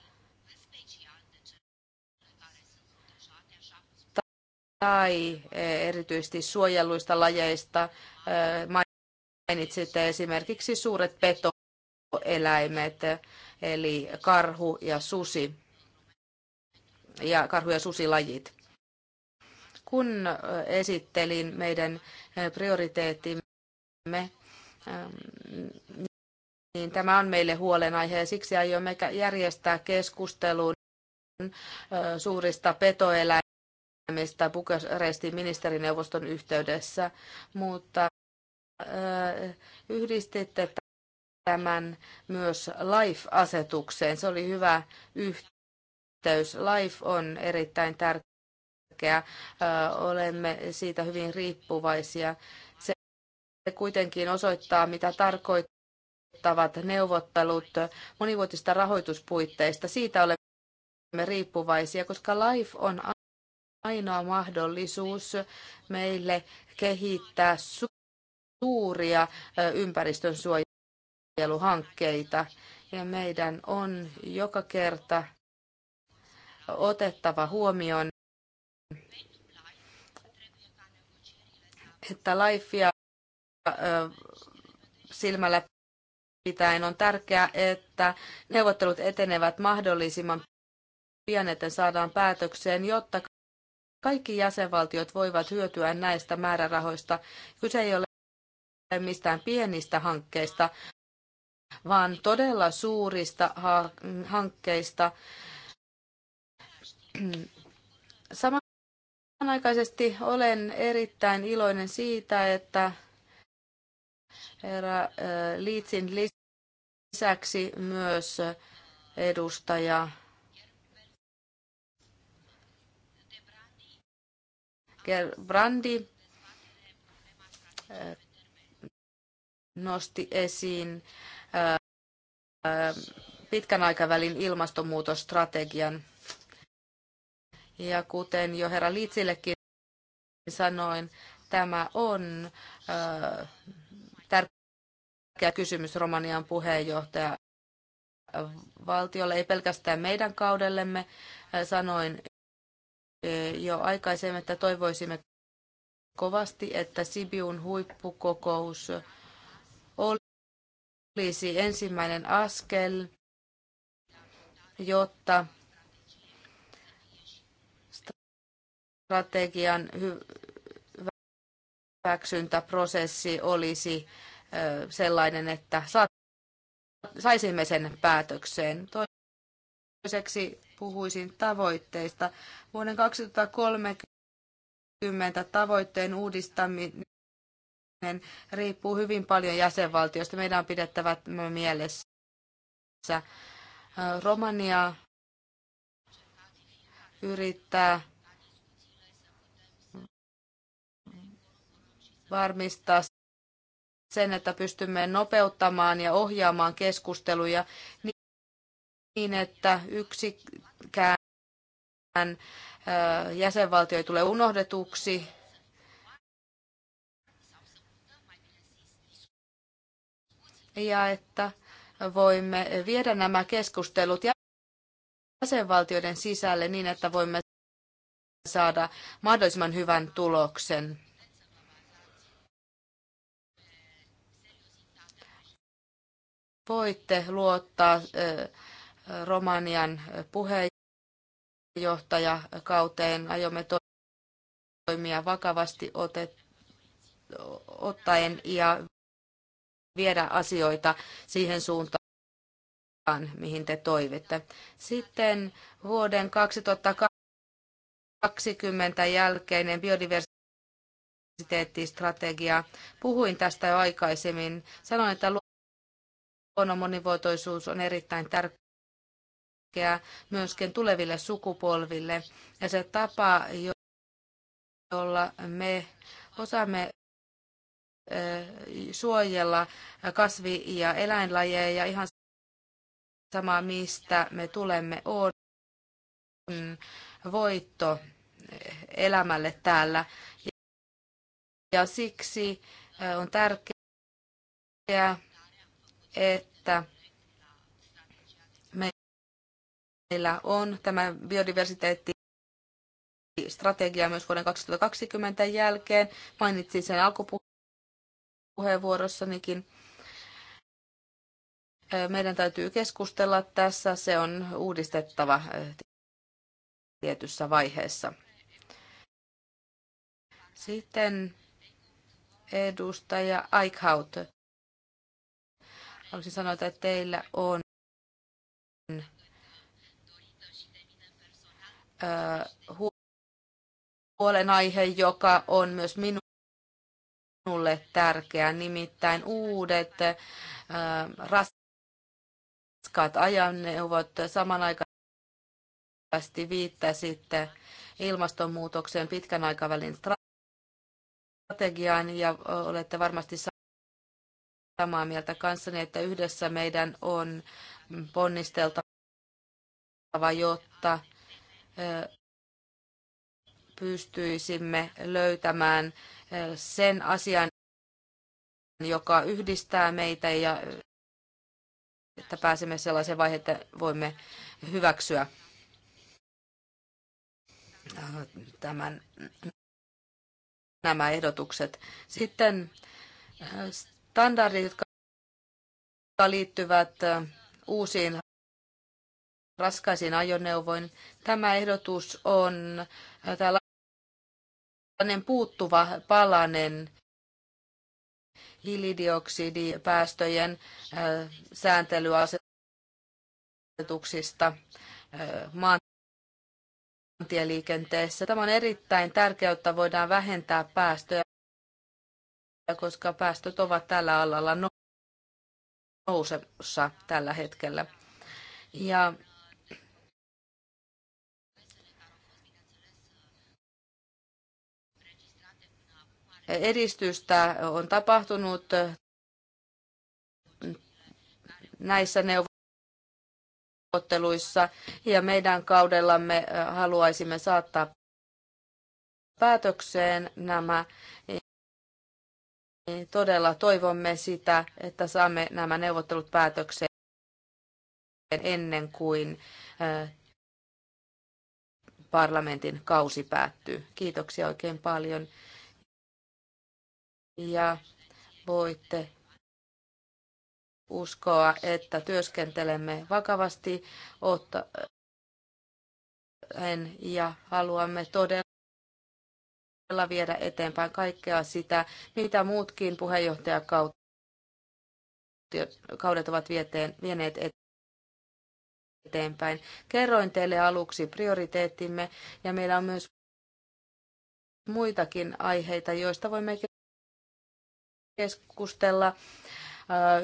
Speaker 3: tai eh, erityisesti suojelluista lajeista. Eh, mainitsitte esimerkiksi suuret petoeläimet, eli karhu ja susi ja karhu- ja susilajit. Kun esittelin meidän prioriteettimme, niin tämä on meille huolenaihe ja siksi aiomme järjestää keskustelun suurista petoeläimistä Bukarestin ministerineuvoston yhteydessä, mutta yhdistitte tämän myös LIFE-asetukseen. Se oli hyvä yhteys. LIFE on erittäin tärkeä. Olemme siitä hyvin riippuvaisia. Se kuitenkin osoittaa, mitä tarkoittaa aloittavat neuvottelut monivuotista rahoituspuitteista. Siitä olemme riippuvaisia, koska LIFE on ainoa mahdollisuus meille kehittää suuria ympäristön suojeluhankkeita. Ja meidän on joka kerta otettava huomioon, että LIFEia silmällä pitäen on tärkeää, että neuvottelut etenevät mahdollisimman pian, että saadaan päätökseen, jotta kaikki jäsenvaltiot voivat hyötyä näistä määrärahoista. Kyse ei ole mistään pienistä hankkeista, vaan todella suurista hankkeista. Samanaikaisesti olen erittäin iloinen siitä, että Herra eh, Liitsin lisäksi myös edustaja Gerbrandi eh, nosti esiin eh, pitkän aikavälin ilmastonmuutosstrategian. Ja kuten jo herra Liitsillekin sanoin, tämä on tärkeä kysymys Romanian puheenjohtaja valtiolle, ei pelkästään meidän kaudellemme. Sanoin jo aikaisemmin, että toivoisimme kovasti, että Sibiun huippukokous olisi ensimmäinen askel, jotta strategian hyväksyntäprosessi olisi sellainen, että saisimme sen päätökseen. Toiseksi puhuisin tavoitteista. Vuoden 2030 tavoitteen uudistaminen riippuu hyvin paljon jäsenvaltioista. Meidän on pidettävä mielessä. Romania yrittää varmistaa sen, että pystymme nopeuttamaan ja ohjaamaan keskusteluja niin, että yksikään jäsenvaltio ei tule unohdetuksi. Ja että voimme viedä nämä keskustelut jäsenvaltioiden sisälle niin, että voimme saada mahdollisimman hyvän tuloksen. voitte luottaa Romanian puheenjohtajakauteen. Aiomme toimia vakavasti otet, ottaen ja viedä asioita siihen suuntaan, mihin te toivitte. Sitten vuoden 2020 jälkeinen biodiversiteettistrategia. Puhuin tästä jo aikaisemmin. Sanoin, että Luonnon monivuotoisuus on erittäin tärkeää myöskin tuleville sukupolville. Ja se tapa, jolla me osaamme suojella kasvi- ja eläinlajeja ja ihan sama, mistä me tulemme, on voitto elämälle täällä. Ja siksi on tärkeää että meillä on tämä biodiversiteetti strategia myös vuoden 2020 jälkeen. Mainitsin sen alkupuheenvuorossanikin. Meidän täytyy keskustella tässä. Se on uudistettava tietyssä vaiheessa. Sitten edustaja Eichhaut Haluaisin sanoa, että teillä on huolenaihe, joka on myös minulle tärkeä, nimittäin uudet raskaat ajaneuvot samanaikaisesti viittasitte ilmastonmuutokseen pitkän aikavälin strategiaan ja olette varmasti samaa mieltä kanssani, että yhdessä meidän on ponnisteltava, jotta pystyisimme löytämään sen asian, joka yhdistää meitä ja että pääsemme sellaiseen vaiheeseen, että voimme hyväksyä tämän, nämä ehdotukset. Sitten standardit, jotka liittyvät uusiin raskaisiin ajoneuvoihin. Tämä ehdotus on tällainen puuttuva palanen hiilidioksidipäästöjen sääntelyasetuksista maantieliikenteessä. Tämä on erittäin tärkeää, jotta voidaan vähentää päästöjä koska päästöt ovat tällä alalla no- nousemassa tällä hetkellä. Ja edistystä on tapahtunut näissä neuvotteluissa ja meidän kaudellamme äh, haluaisimme saattaa päätökseen nämä niin todella toivomme sitä, että saamme nämä neuvottelut päätökseen ennen kuin parlamentin kausi päättyy. Kiitoksia oikein paljon. Ja voitte uskoa, että työskentelemme vakavasti ottaen ja haluamme todella todella viedä eteenpäin kaikkea sitä, mitä muutkin puheenjohtajakaudet ovat vieteen, vieneet eteenpäin. Kerroin teille aluksi prioriteettimme ja meillä on myös muitakin aiheita, joista voimme keskustella äh,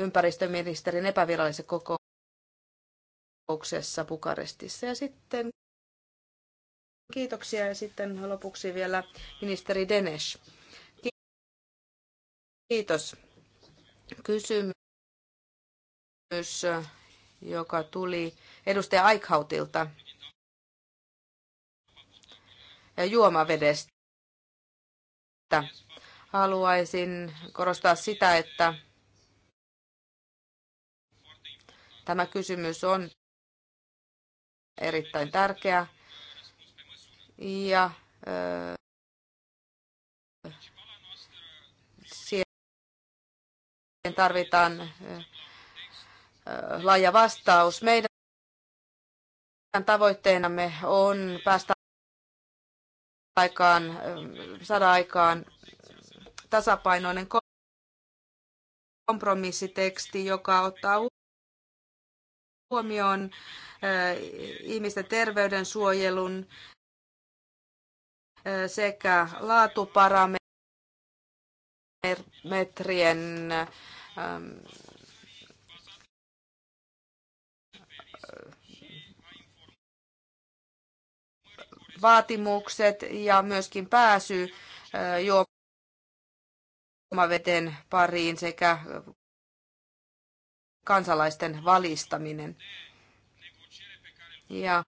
Speaker 3: ympäristöministerin epävirallisessa
Speaker 1: kokouksessa Bukarestissa. Ja sitten Kiitoksia ja sitten lopuksi vielä ministeri Denes.
Speaker 3: Kiitos. Kysymys, joka tuli edustaja Aikhautilta juomavedestä. Haluaisin korostaa sitä, että tämä kysymys
Speaker 1: on erittäin tärkeä ja siihen tarvitaan laaja vastaus. Meidän tavoitteenamme on päästä
Speaker 3: aikaan, saada aikaan tasapainoinen
Speaker 1: kompromissiteksti, joka ottaa huomioon ihmisten terveyden suojelun sekä laatuparametrien ähm, vaatimukset
Speaker 3: ja myöskin pääsy äh, juomaveden pariin sekä äh, kansalaisten valistaminen. Ja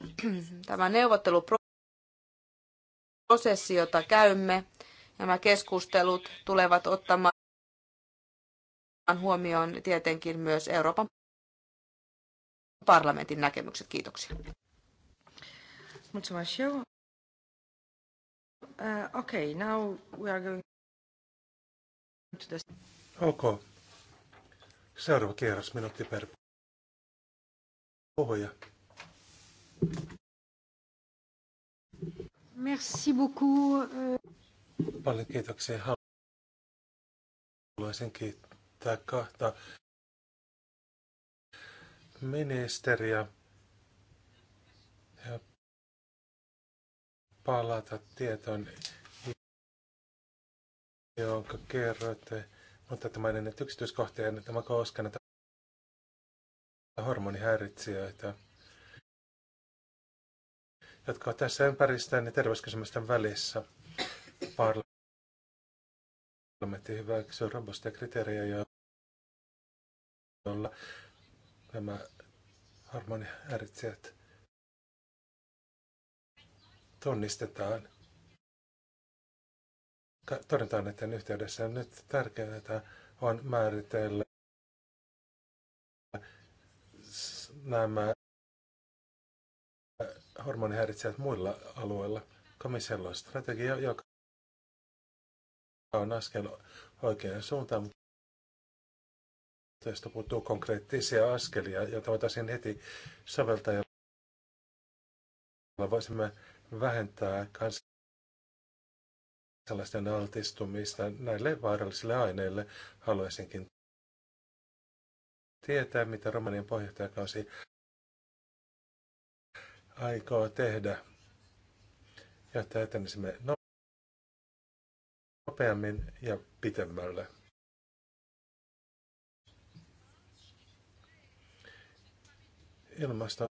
Speaker 3: *clears throat* tämä neuvotteluprosessi, jota käymme, nämä keskustelut tulevat ottamaan huomioon tietenkin myös
Speaker 1: Euroopan parlamentin näkemykset. Kiitoksia. Mulțumesc eu. Uh, okay, now we are going to the... Ok. Seuraava kierros minuutti per puhuja. Merci beaucoup. Euh.
Speaker 5: Paljon kiitoksia. Haluaisin kiittää kahta
Speaker 2: ministeriä ja palata tietoon, jonka kerroitte. Mutta tämä ennen yksityiskohtia, tämä koskee näitä hormonihäiritsijöitä jotka ovat tässä ympäristön ja terveyskysymysten välissä. Parlamentti hyväksyy robustia kriteerejä, joilla nämä harmonihäiritsijät tunnistetaan. Todetaan näiden yhteydessä. Nyt tärkeää on määritellä nämä hormonihäiritsijät muilla alueilla. Komissiolla on strategia, joka on askel oikeaan suuntaan, mutta tästä puuttuu konkreettisia askelia, joita voitaisiin heti soveltaa, jolla voisimme vähentää kansalaisten altistumista näille vaarallisille aineille. Haluaisinkin tietää, mitä Romanian puheenjohtajakausi aikoo tehdä, jotta etenisimme no- nopeammin ja pitemmälle. Ilmaston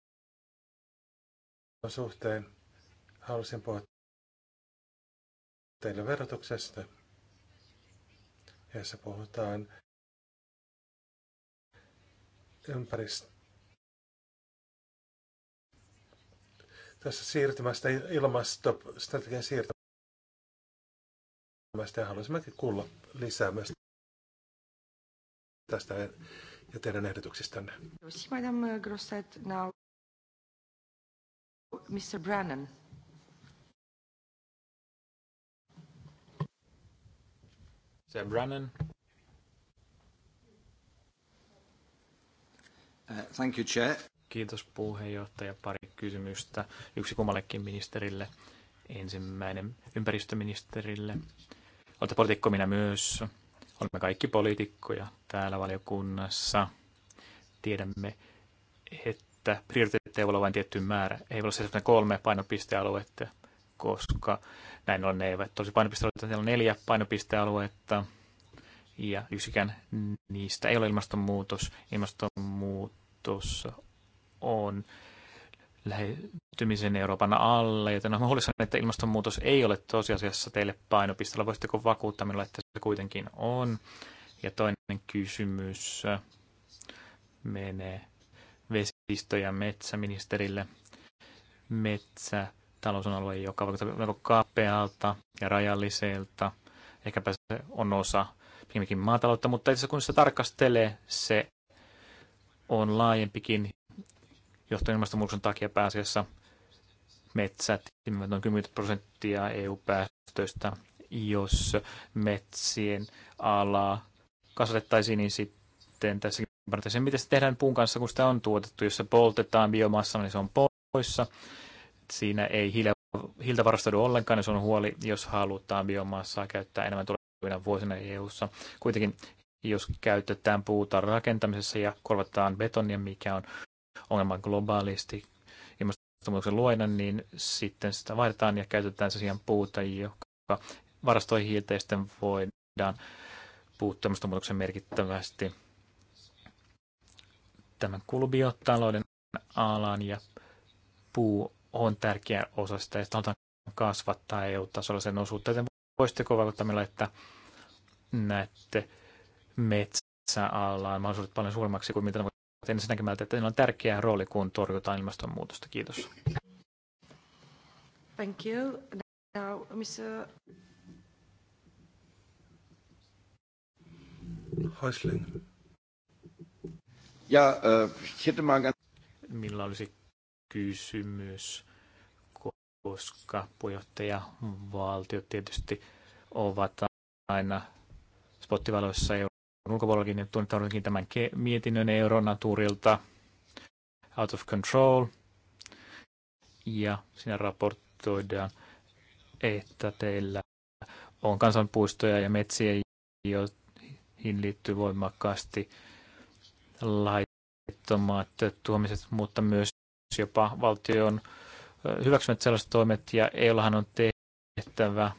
Speaker 2: suhteen halusin puhua teille verotuksesta,
Speaker 5: jossa puhutaan ympäristö tässä
Speaker 2: siirtymästä ilmastostrategian siirtymästä. Ja haluaisimmekin kuulla lisää myös tästä ja teidän
Speaker 5: ehdotuksistanne.
Speaker 1: Madame Grosset, now Mr. Brennan.
Speaker 4: Mr. Brennan. Uh, thank you, Chair. Kiitos puheenjohtaja. Pari kysymystä yksi kummallekin ministerille. Ensimmäinen ympäristöministerille. Olette poliitikko minä myös. Olemme kaikki poliitikkoja täällä valiokunnassa. Tiedämme, että prioriteetteja voi olla vain tietty määrä. Ei voi olla kolme painopistealuetta, koska näin on ne eivät tosi painopistealueita. Siellä on neljä painopistealuetta ja yksikään niistä ei ole ilmastonmuutos. Ilmastonmuutos on lähetymisen Euroopan alle, joten olen huolissani, että ilmastonmuutos ei ole tosiasiassa teille painopistolla. Voisitteko vakuuttaa minulle, että se kuitenkin on? Ja toinen kysymys menee vesistö- ja metsäministerille. Metsätalous on alue, joka vaikuttaa melko kapealta ja rajalliselta. Ehkäpä se on osa pikemminkin maataloutta, mutta itse kun se tarkastelee, se on laajempikin johtuen ilmastonmuutoksen takia pääasiassa metsät noin 10 prosenttia EU-päästöistä. Jos metsien alaa kasvatettaisiin, niin sitten tässä se, miten se tehdään puun kanssa, kun sitä on tuotettu. Jos se poltetaan biomassa, niin se on poissa. Siinä ei hiiltä, hiiltä varastoidu ollenkaan, niin se on huoli, jos halutaan biomassaa käyttää enemmän tulevina vuosina EU-ssa. Kuitenkin jos käytetään puuta rakentamisessa ja korvataan betonia, mikä on ongelma globaalisti ilmastonmuutoksen luoina, niin sitten sitä vaihdetaan ja käytetään se siihen puuta, joka varastoi hiiltä ja sitten voidaan puuttua ilmastonmuutoksen merkittävästi tämän kulubiotalouden alan ja puu on tärkeä osa sitä, ja sitä halutaan kasvattaa EU-tasolla sen osuutta. Joten voisitteko vaikuttaa että näette metsäalaan mahdollisuudet paljon suuremmaksi kuin mitä ne ensinnäkin sen näkemältä, että niillä on tärkeä rooli, kun torjutaan ilmastonmuutosta. Kiitos.
Speaker 1: Thank you. Now, Mr.
Speaker 2: Häusling.
Speaker 4: Ja, äh, Millä olisi kysymys, koska valtiot tietysti ovat aina spottivaloissa ulkopuolellakin, että tunnitaudullakin tämän mietinnön Euronaturilta, Out of Control, ja siinä raportoidaan, että teillä on kansanpuistoja ja metsiä, joihin liittyy voimakkaasti laittomat tuomiset, mutta myös jopa valtion hyväksymät sellaiset toimet, ja EUllahan on tehtävä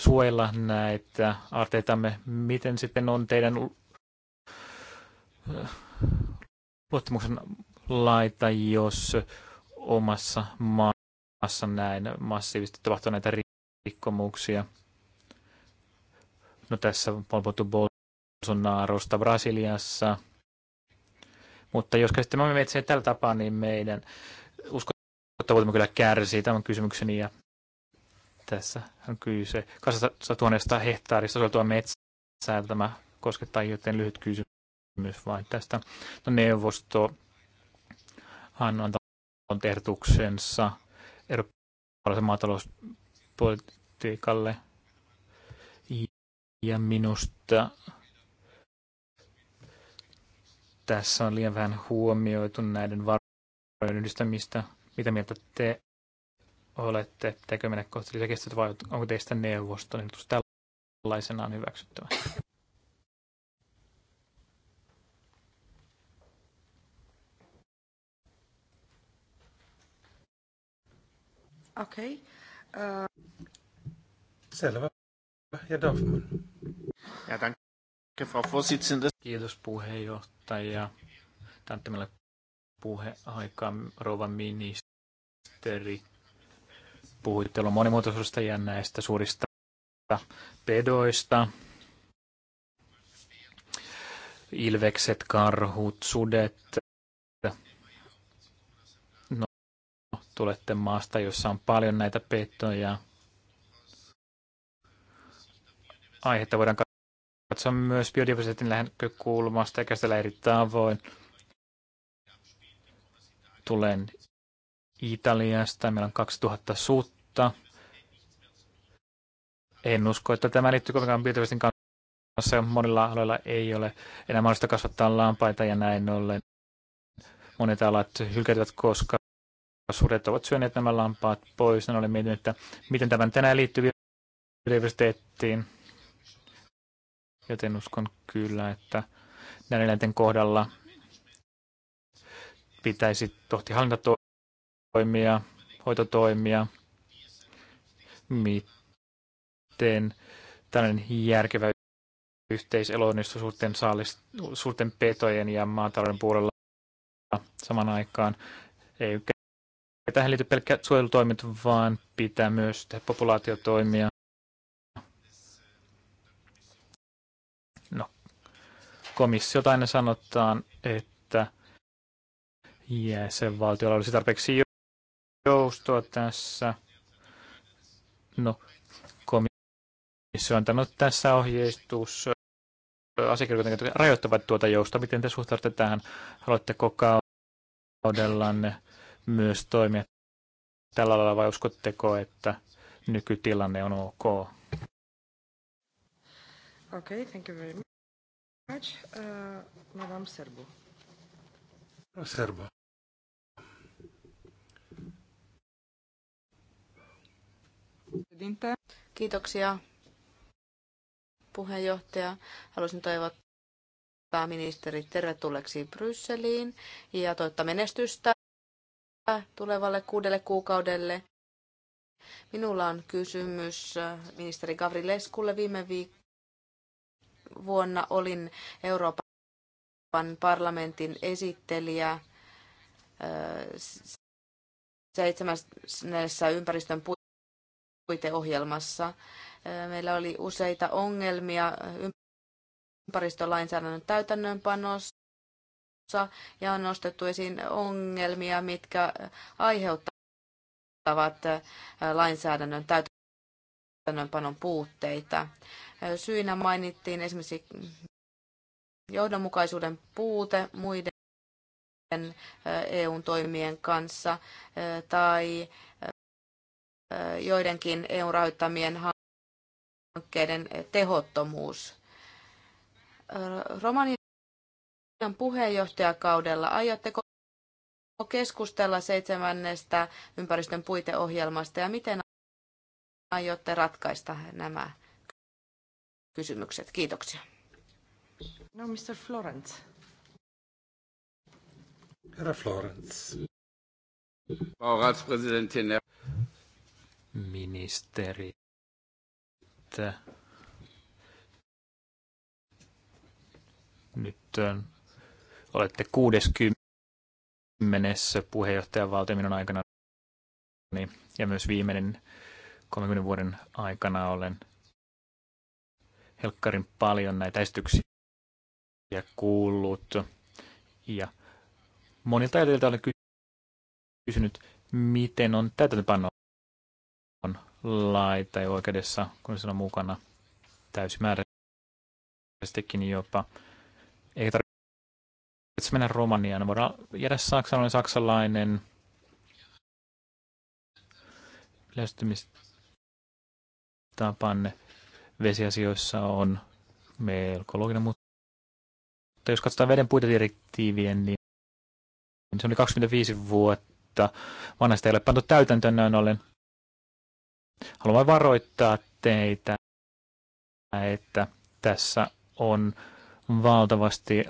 Speaker 4: suojella näitä aarteitamme. Miten sitten on teidän äh, luottamuksen laita, jos omassa maassa näin massiivisesti tapahtuu näitä rikkomuksia? No tässä on puhuttu Bolsonarosta Brasiliassa. Mutta jos käsittämme metsiä tällä tapaa, niin meidän uskottavuutemme kyllä kärsii tämän kysymykseni ja tässä on kyse 200 000 hehtaarista soveltua metsää. Tämä koskettaa joten lyhyt kysymys vain tästä. No, neuvosto hän on antanut ehdotuksensa eurooppalaisen maatalouspolitiikalle. Ja minusta tässä on liian vähän huomioitu näiden varojen yhdistämistä. Mitä mieltä te olette? Pitääkö mennä kohti lisäkestävyyttä vai onko teistä niin ehdotus tällaisenaan hyväksyttävä?
Speaker 1: Okei. Okay. Uh... Selvä.
Speaker 4: Ja Dorfman. Ja Vorsitzende. Kiitos puheenjohtaja. Tänne meillä puheaikaa rouva ministeri puhuitte monimuotoisuudesta ja näistä suurista pedoista. Ilvekset, karhut, sudet. No, tulette maasta, jossa on paljon näitä petoja. Aihetta voidaan katsoa myös biodiversiteetin lähtökulmasta ja käsitellä eri tavoin. Tulen Italiasta. Meillä on 2000 suutta. En usko, että tämä liittyy kovinkaan biodiversiteetin kanssa. Monilla aloilla ei ole enää mahdollista kasvattaa lampaita ja näin ollen. Monet alat hylkäytyvät, koska sudet ovat syöneet nämä lampaat pois. ne olen miettinyt, että miten tämä tänään liittyy biodiversiteettiin. Joten uskon kyllä, että näiden eläinten kohdalla pitäisi tohti hallintatoimia toimia, hoitotoimia, miten tällainen järkevä yhteiselo onnistuu suurten, saalist, suurten petojen ja maatalouden puolella saman aikaan. Ei tähän liity pelkkä suojelutoimet, vaan pitää myös tehdä populaatiotoimia. No, komissiota aina sanotaan, että jäsenvaltiolla olisi tarpeeksi joustoa tässä. No, komissio on antanut tässä ohjeistus asiakirjoitukset rajoittavat tuota joustoa. Miten te suhtaudutte tähän? Haluatteko kaudellanne myös toimia tällä lailla vai uskotteko, että nykytilanne on ok?
Speaker 1: Okay, thank you very much. Uh, Madame Serbo.
Speaker 2: Serbo.
Speaker 3: Kiitoksia puheenjohtaja. Haluaisin toivottaa pääministeri tervetulleeksi Brysseliin ja toivottaa menestystä tulevalle kuudelle kuukaudelle. Minulla on kysymys ministeri Gavri Leskulle. Viime viik- vuonna olin Euroopan parlamentin esittelijä seitsemännessä ympäristön puiteohjelmassa. Meillä oli useita ongelmia ympäristölainsäädännön täytännönpanossa ja on nostettu esiin ongelmia, mitkä aiheuttavat lainsäädännön täytännönpanon puutteita. Syinä mainittiin esimerkiksi johdonmukaisuuden puute muiden eu toimien kanssa tai joidenkin EU-rahoittamien hankkeiden tehottomuus. Romanian puheenjohtajakaudella aiotteko keskustella seitsemännestä ympäristön puiteohjelmasta ja miten aiotte ratkaista nämä kysymykset? Kiitoksia.
Speaker 1: No, Mr. Florence.
Speaker 5: Herra Florence. Frau
Speaker 4: Ratspräsidentin, ministerit nyt on ähm, olette 60. puheenjohtajan minun aikana ja myös viimeinen 30 vuoden aikana olen helkkarin paljon näitä esityksiä kuullut. Ja monilta edeltä olen kysynyt, miten on täytäntöpanoa lait tai oikeudessa, kun se on mukana täysimääräisestikin jopa. ei tarvitse mennä Romaniaan, voidaan jäädä saksalainen, saksalainen lähestymistapanne vesiasioissa on melko looginen, mutta jos katsotaan veden puitedirektiivien, niin se oli 25 vuotta vanhasta ei ole pantu täytäntöön näin ollen Haluan varoittaa teitä, että tässä on valtavasti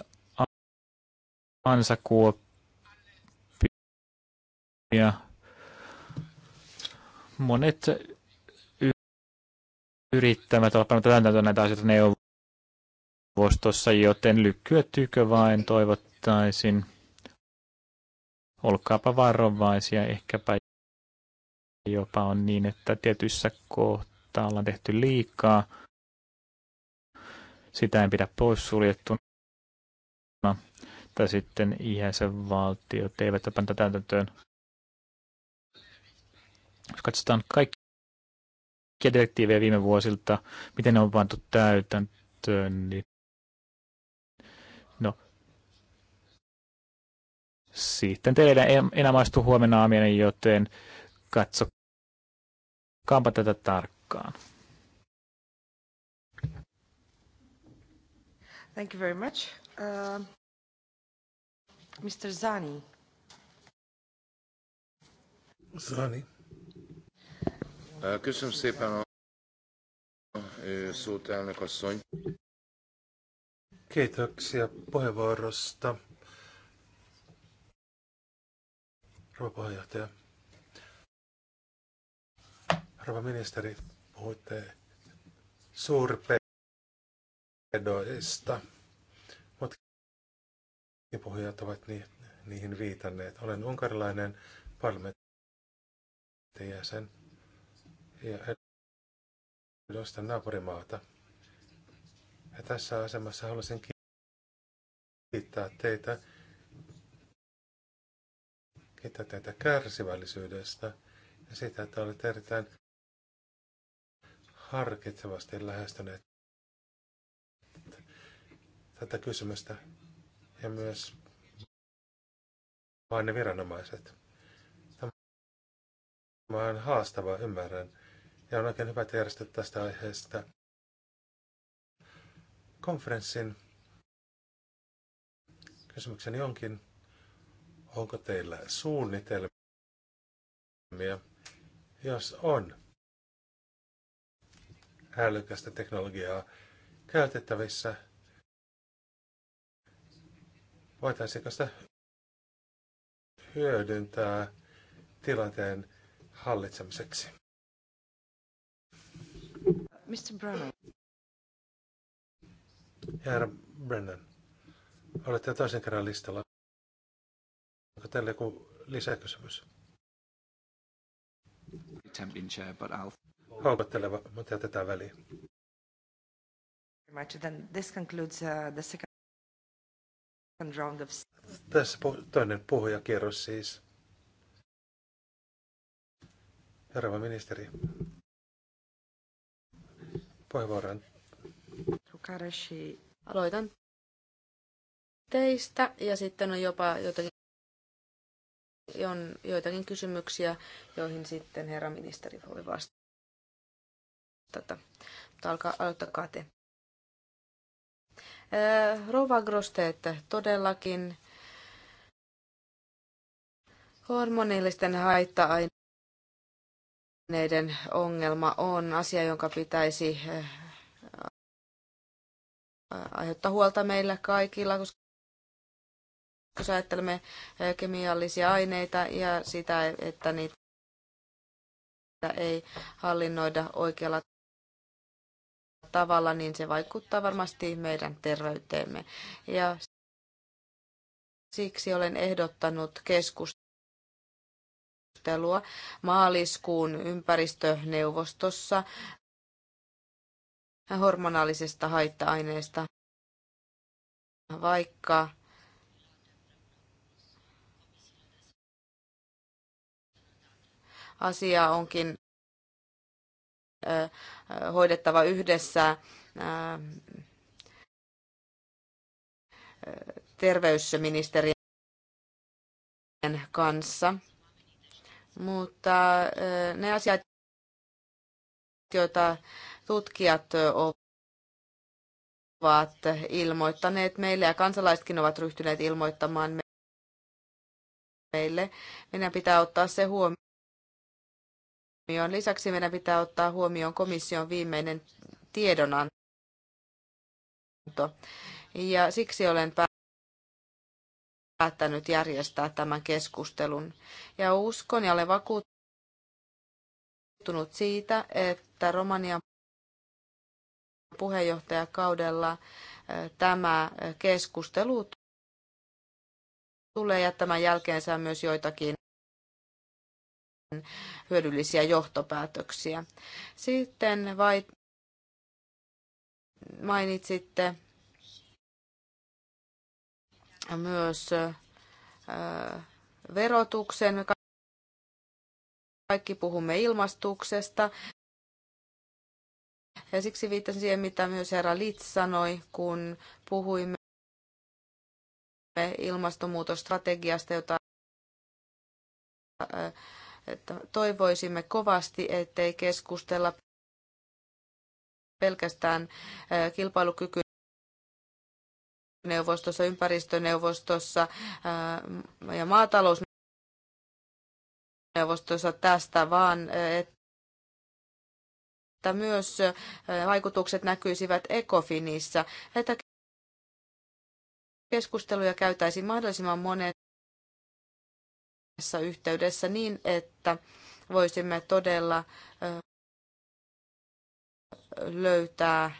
Speaker 1: ansakuoppia. Monet yrittävät
Speaker 4: olla panematta täytäntöön näitä asioita neuvostossa, joten lykkyä tykö vain toivottaisin. Olkaapa varovaisia, ehkäpä
Speaker 1: jopa on niin, että tietyissä kohtaa ollaan tehty liikaa. Sitä ei pidä poissuljettuna.
Speaker 4: Tai sitten jäsenvaltiot eivät panta täytäntöön. Jos katsotaan kaikki direktiivejä viime vuosilta, miten ne on pantu täytäntöön, niin no, sitten teille enää maistu huomenna aamien, joten Katsokaapa tätä tarkkaan.
Speaker 1: Thank you very much. Uh, Mr. Zani. Zani. Uh, köszönöm szépen a
Speaker 2: szót, elnök asszony. Kiitoksia puheenvuorosta. Rouva puheenjohtaja. Rouva ministeri, puhuitte suurpedoista. mutta puhujat ovat ni- niihin viitanneet. Olen unkarilainen parlamentin jäsen ja edustan naapurimaata. Ja tässä asemassa haluaisin kiittää teitä, kiittää teitä kärsivällisyydestä ja siitä, että olette erittäin harkitsevasti lähestyneet tätä kysymystä ja myös vain ne viranomaiset. Tämä on haastavaa, ymmärrän, ja on oikein hyvä järjestää tästä aiheesta konferenssin. Kysymykseni onkin, onko teillä suunnitelmia? Jos on, älykästä teknologiaa käytettävissä. Voitaisiinko sitä hyödyntää tilanteen hallitsemiseksi?
Speaker 1: Mr. Brennan.
Speaker 2: Herra Brennan, olette toisen kerran listalla. Onko teille joku lisäkysymys?
Speaker 1: chair, but I'll
Speaker 2: haukotteleva, mutta jätetään väliin. Uh, Tässä toinen puhujakierros siis. Herra ministeri, puheenvuoron.
Speaker 1: Aloitan
Speaker 3: teistä ja sitten on jopa jotakin, on joitakin kysymyksiä, joihin sitten herra ministeri voi vastata tota, Mutta alkaa, aloittakaa te. Rova että todellakin hormonillisten haitta-aineiden ongelma on asia, jonka pitäisi aiheuttaa huolta meillä kaikilla, koska jos ajattelemme kemiallisia aineita ja sitä, että niitä ei hallinnoida oikealla tavalla, niin se vaikuttaa varmasti meidän terveyteemme. Ja siksi olen ehdottanut keskustelua maaliskuun ympäristöneuvostossa hormonaalisesta haitta-aineesta, vaikka
Speaker 1: asia onkin hoidettava
Speaker 3: yhdessä terveysministerien kanssa. Mutta ne asiat, joita tutkijat ovat ilmoittaneet meille ja kansalaisetkin ovat ryhtyneet ilmoittamaan meille, meidän pitää ottaa se huomioon huomioon. Lisäksi meidän pitää ottaa huomioon komission viimeinen tiedonanto. Ja siksi olen päättänyt järjestää tämän keskustelun. Ja uskon ja olen vakuuttunut siitä, että Romanian puheenjohtajakaudella tämä keskustelu tulee jättämään jälkeensä myös joitakin hyödyllisiä johtopäätöksiä. Sitten vai
Speaker 1: mainitsitte myös verotuksen.
Speaker 3: kaikki puhumme ilmastuksesta. Ja siksi viittasin siihen, mitä myös herra Litz sanoi, kun puhuimme ilmastonmuutostrategiasta, jota että toivoisimme kovasti, ettei keskustella pelkästään kilpailukyky neuvostossa, ympäristöneuvostossa ja maatalousneuvostossa tästä, vaan että myös vaikutukset näkyisivät ECOFINissa, että keskusteluja käytäisiin mahdollisimman monet yhteydessä niin, että voisimme todella löytää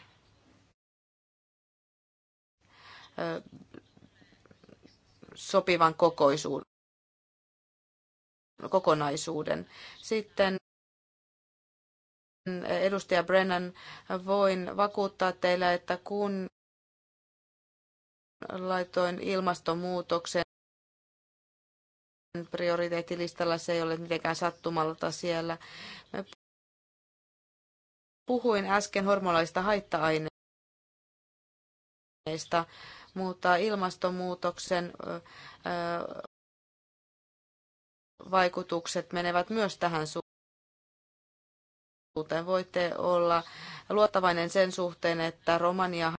Speaker 1: sopivan kokoisuuden, kokonaisuuden.
Speaker 3: Sitten edustaja Brennan, voin vakuuttaa teille, että kun laitoin ilmastonmuutoksen prioriteettilistalla, se ei ole mitenkään sattumalta siellä. Mä puhuin äsken hormonaalista haitta-aineista, mutta ilmastonmuutoksen vaikutukset menevät myös tähän suuntaan. Voitte olla luottavainen sen
Speaker 1: suhteen, että Romania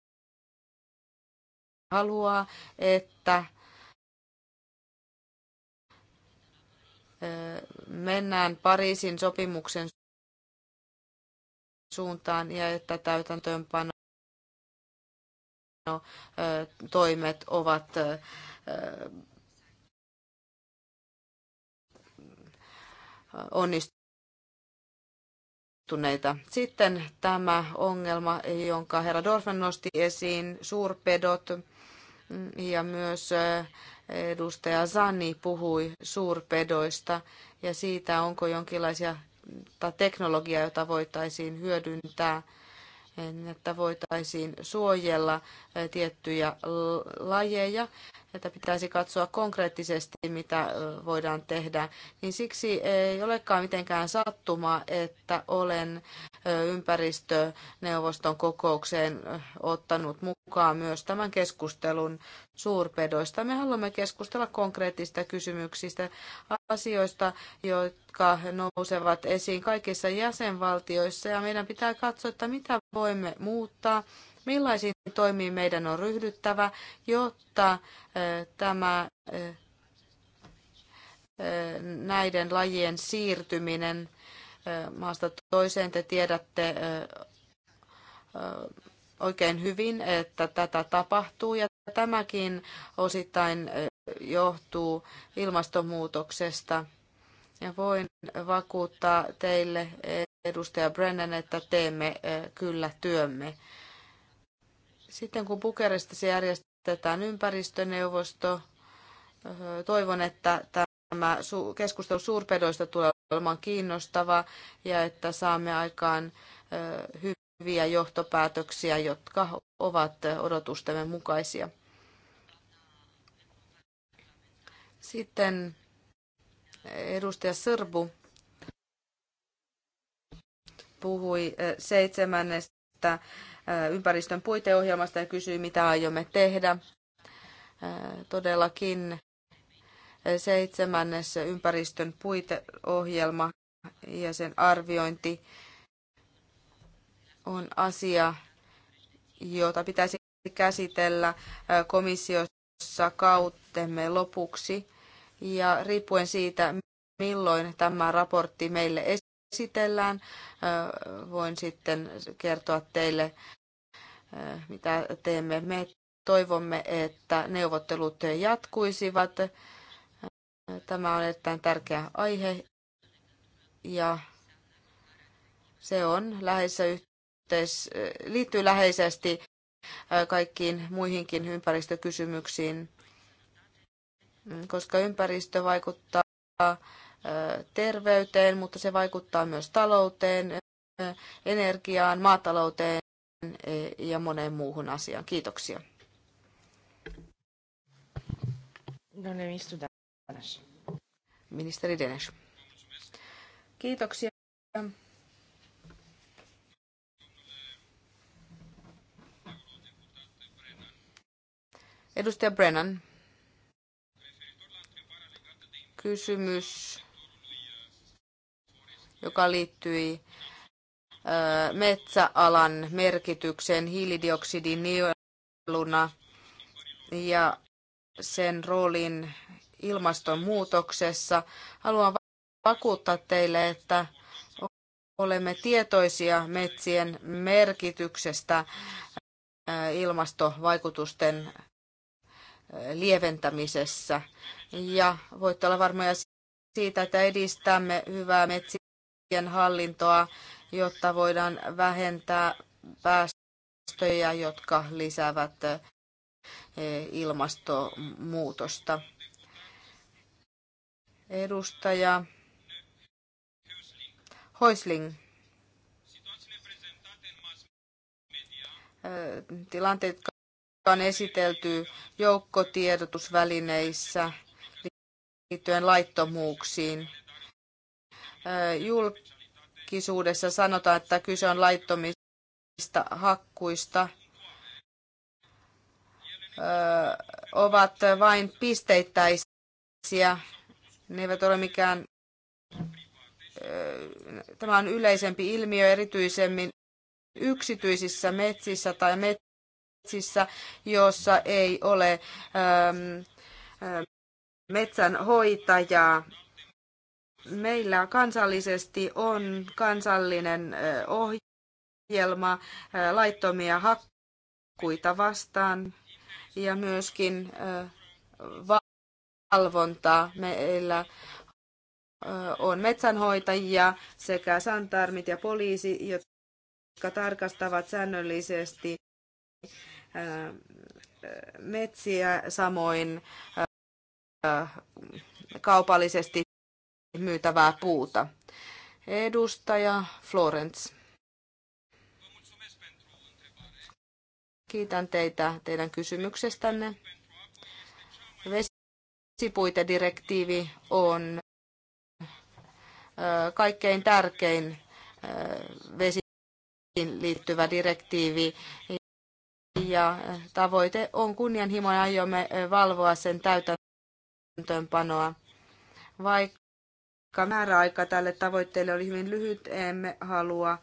Speaker 1: haluaa, että mennään Pariisin sopimuksen suuntaan ja että
Speaker 3: täytäntöönpano
Speaker 1: toimet ovat onnistuneita. Sitten tämä ongelma,
Speaker 3: jonka herra Dorfen nosti esiin, suurpedot – ja myös edustaja Zanni puhui suurpedoista ja siitä, onko jonkinlaisia teknologiaa, jota voitaisiin hyödyntää, että voitaisiin suojella tiettyjä lajeja että pitäisi katsoa konkreettisesti, mitä voidaan tehdä, niin siksi ei olekaan mitenkään sattuma, että olen ympäristöneuvoston kokoukseen ottanut mukaan myös tämän keskustelun suurpedoista. Me haluamme keskustella konkreettista kysymyksistä, asioista, jotka nousevat esiin kaikissa jäsenvaltioissa, ja meidän pitää katsoa, että mitä voimme muuttaa, Millaisiin toimiin meidän on ryhdyttävä, jotta tämä näiden lajien siirtyminen maasta toiseen, te tiedätte oikein hyvin, että tätä tapahtuu ja tämäkin osittain johtuu ilmastonmuutoksesta. Ja voin vakuuttaa teille, edustaja Brennan, että teemme kyllä työmme. Sitten kun Bukarestissa järjestetään ympäristöneuvosto, toivon, että tämä keskustelu suurpedoista tulee olemaan kiinnostava ja että saamme aikaan hyviä johtopäätöksiä, jotka ovat odotustemme mukaisia. Sitten edustaja Sörbu puhui seitsemännestä ympäristön puiteohjelmasta ja kysyi, mitä aiomme tehdä. Todellakin seitsemännes ympäristön puiteohjelma ja sen arviointi on asia, jota pitäisi käsitellä komissiossa kautemme lopuksi. Ja riippuen siitä, milloin tämä raportti meille esitellään. Voin sitten kertoa teille, mitä teemme. Me toivomme, että neuvottelut jatkuisivat. Tämä on erittäin tärkeä aihe ja se on läheisessä yhteis, liittyy läheisesti kaikkiin muihinkin ympäristökysymyksiin, koska ympäristö vaikuttaa terveyteen, mutta se vaikuttaa myös talouteen, energiaan, maatalouteen ja moneen muuhun asiaan. Kiitoksia. No niin, Ministeri Denes. Kiitoksia. Edustaja Brennan. Kysymys joka liittyi metsäalan merkitykseen hiilidioksidin nieluna ja sen roolin ilmastonmuutoksessa. Haluan vakuuttaa teille, että olemme tietoisia metsien merkityksestä ilmastovaikutusten lieventämisessä. Ja voitte olla varmoja siitä, että edistämme hyvää metsiä hallintoa, jotta voidaan vähentää päästöjä, jotka lisäävät eh, ilmastonmuutosta. Edustaja Hoisling. Eh, tilanteet, jotka on esitelty joukkotiedotusvälineissä liittyen laittomuuksiin julkisuudessa sanotaan, että kyse on laittomista hakkuista, ovat vain pisteittäisiä. Ne eivät ole mikään, tämä on yleisempi ilmiö erityisemmin yksityisissä metsissä tai metsissä, jossa ei ole metsänhoitajaa Meillä kansallisesti on kansallinen ohjelma laittomia hakkuita vastaan ja myöskin valvontaa. Meillä on metsänhoitajia sekä santarmit ja poliisi, jotka tarkastavat säännöllisesti metsiä, samoin kaupallisesti myytävää puuta. Edustaja Florence. Kiitän teitä teidän kysymyksestänne. Vesipuitedirektiivi on kaikkein tärkein vesiin liittyvä direktiivi ja tavoite on kunnianhimoinen, aiomme valvoa sen täytäntöönpanoa. Vaikka vaikka määräaika tälle tavoitteelle oli hyvin lyhyt, emme halua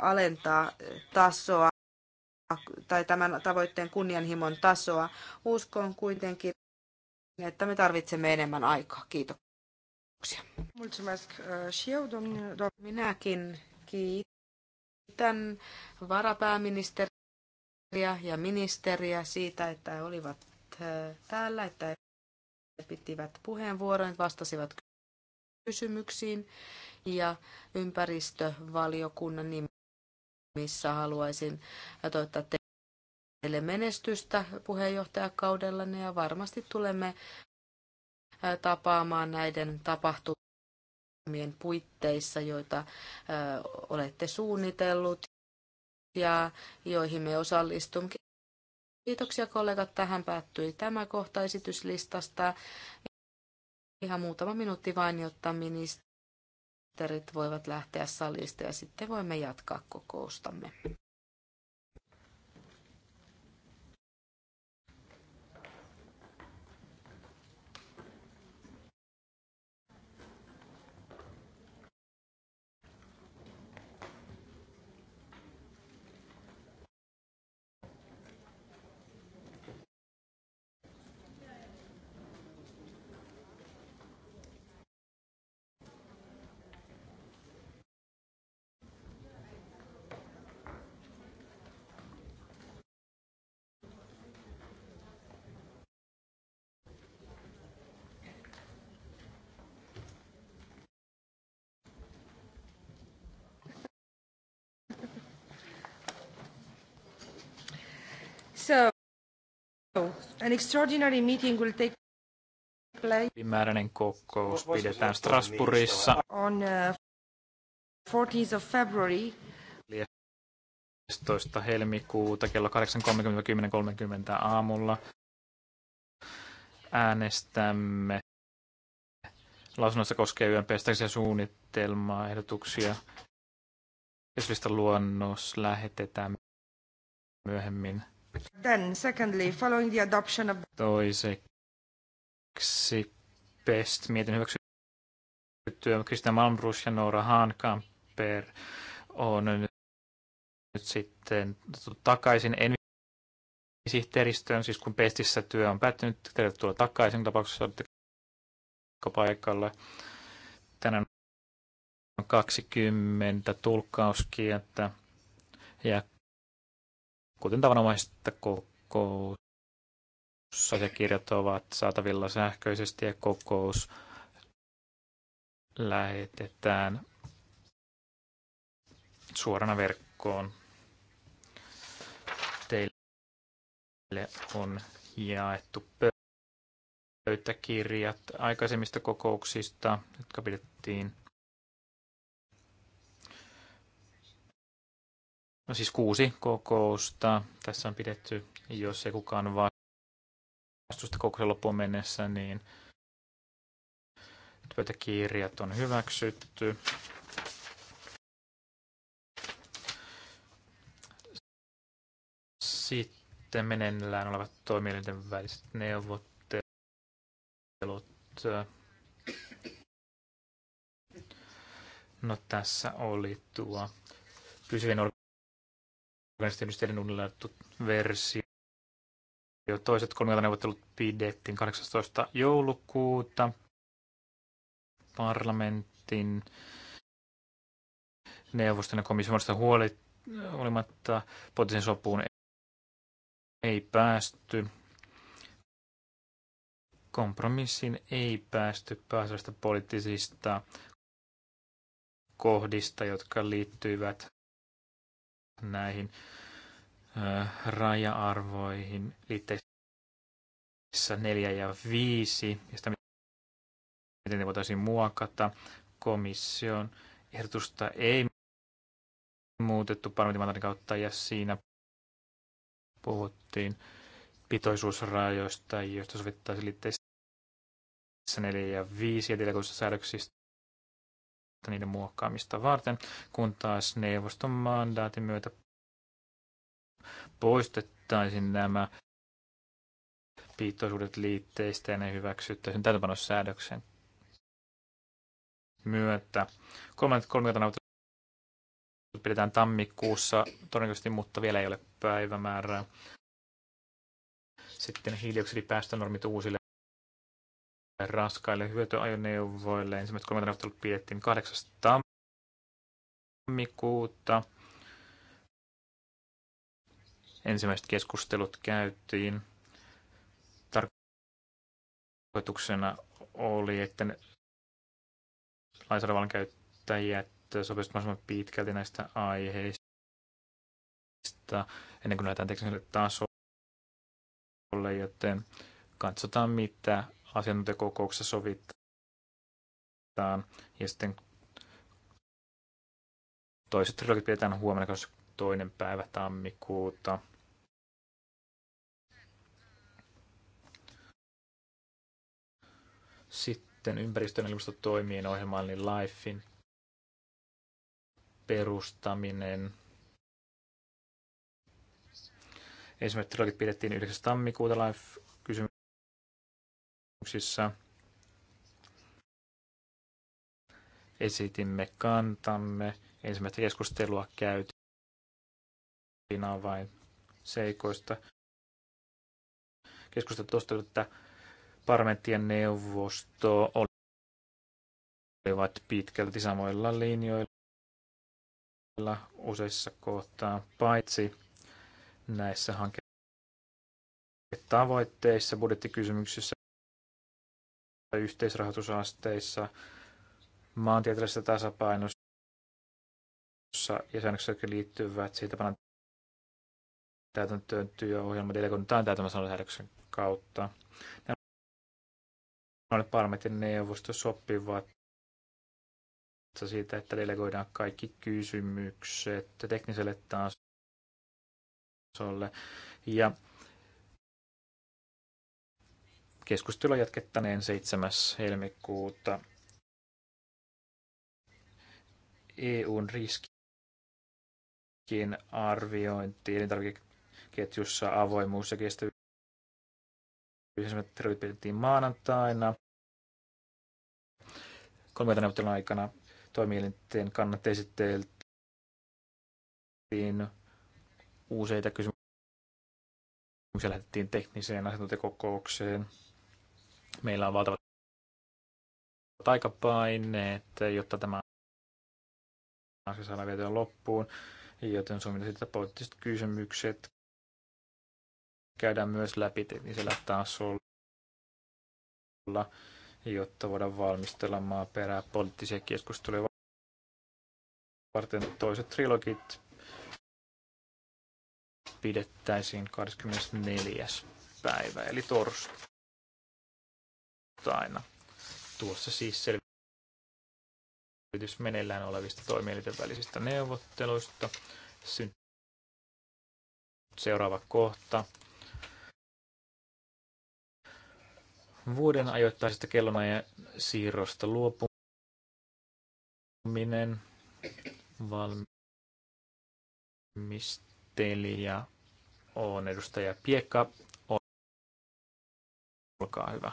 Speaker 3: alentaa tasoa tai tämän tavoitteen kunnianhimon tasoa. Uskon kuitenkin, että me tarvitsemme enemmän aikaa. Kiitoksia. Minäkin kiitän varapääministeriä ja ministeriä siitä, että olivat täällä, että pitivät puheenvuoron, vastasivat kysymyksiin ja ympäristövaliokunnan nimissä haluaisin toivottaa teille menestystä puheenjohtajakaudellanne ja varmasti tulemme tapaamaan näiden tapahtumien puitteissa, joita olette suunnitellut ja joihin me osallistumme. Kiitoksia kollegat. Tähän päättyi tämä kohta esityslistasta. Ihan muutama minuutti vain, jotta ministerit voivat lähteä salista ja sitten voimme jatkaa kokoustamme.
Speaker 1: An extraordinary meeting will take place.
Speaker 4: Ylimääräinen kokous pidetään Strasbourgissa.
Speaker 1: On 14th uh, of February.
Speaker 4: 11. helmikuuta kello 8.30-10.30 aamulla äänestämme lausunnossa koskee yön pestäksiä suunnitelmaa, ehdotuksia. Keskustelun luonnos lähetetään myöhemmin.
Speaker 1: Then, secondly, following the adoption of...
Speaker 4: Toiseksi Best mietin hyväksyttyä Kristian Malmbrus ja Noora Haankamper on nyt sitten takaisin en sihteeristöön, siis kun Pestissä työ on päättynyt, tervetuloa takaisin tapauksessa olette paikalla. Tänään on 20 tulkkauskieltä ja Kuten tavanomaisista kokousasiakirjat ovat saatavilla sähköisesti ja kokous lähetetään suorana verkkoon. Teille on jaettu pöytäkirjat aikaisemmista kokouksista, jotka pidettiin No siis kuusi kokousta tässä on pidetty, jos ei kukaan vastusta kokouksen loppuun mennessä, niin pöytäkirjat on hyväksytty. Sitten meneillään olevat toimielinten väliset neuvottelut. No tässä oli tuo pysyvien yleisötyöllisten uudelleenlaadittu versio. Toiset neuvottelut pidettiin 18. joulukuuta parlamentin neuvoston ja komission huoli, huolimatta poliittisen sopuun ei päästy. Kompromissiin ei päästy pääsevästä poliittisista kohdista, jotka liittyivät näihin ö, raja-arvoihin liitteissä 4 ja 5 ja sitä, miten ne voitaisiin muokata. Komission ehdotusta ei muutettu parlamentin kautta ja siinä puhuttiin pitoisuusrajoista, joista sovittaisiin liitteissä 4 ja 5 ja säädöksistä niiden muokkaamista varten, kun taas neuvoston mandaatin myötä poistettaisiin nämä piittoisuudet liitteistä ja ne hyväksyttäisiin täytäpanossäädöksen myötä. Kolmannet kolmikantaneuvottelut pidetään tammikuussa todennäköisesti, mutta vielä ei ole päivämäärää. Sitten hiilidioksidipäästönormit uusille raskaille hyötyajoneuvoille. Ensimmäiset kolme neuvottelut pidettiin 8. tammikuuta. Ensimmäiset keskustelut käytiin. Tarkoituksena oli, että lainsäädännön käyttäjät sopisivat mahdollisimman pitkälti näistä aiheista ennen kuin lähdetään tekniselle tasolle, joten katsotaan mitä asiantuntijakokouksessa sovitaan. Ja sitten toiset trilogit pidetään huomenna toinen päivä tammikuuta. Sitten ympäristön toimii ohjelmaan, niin LIFEin perustaminen. Ensimmäiset trilogit pidettiin 9. tammikuuta Life esitimme kantamme. Ensimmäistä keskustelua käytiin vain seikoista. Keskustelu tuosta, että parlamenttien neuvosto olivat pitkälti samoilla linjoilla useissa kohtaa, paitsi näissä hankkeissa budjettikysymyksissä yhteisrahoitusasteissa, maantieteellisessä tasapainossa ja säännöksiä, jotka liittyvät siitä panan täytäntöön työohjelma delegoidutaan täytäntöön säädöksen kautta. Nämä ovat parlamentin neuvosto sopivat siitä, että delegoidaan kaikki kysymykset tekniselle tasolle. Ja Keskustelua jatkettaneen 7. helmikuuta EUn riskien arviointi elintarvikeketjussa avoimuus ja kestävyys pidettiin maanantaina. Kolmenta neuvottelun aikana toimielinten kannat esiteltiin useita kysymyksiä lähetettiin tekniseen asiantuntijakokoukseen. Meillä on valtavat aikapaineet, jotta tämä asia saadaan vietyä loppuun, joten sun sitten poliittiset kysymykset käydään myös läpi teknisellä tasolla, jotta voidaan valmistella maaperää poliittisia keskusteluja varten toiset trilogit pidettäisiin 24. päivä, eli torstai aina. Tuossa siis selvitys meneillään olevista toimielinten välisistä neuvotteluista. Seuraava kohta. Vuoden ajoittaisesta kellonajan siirrosta luopuminen. Valmistelija on edustaja Piekka. Olkaa hyvä.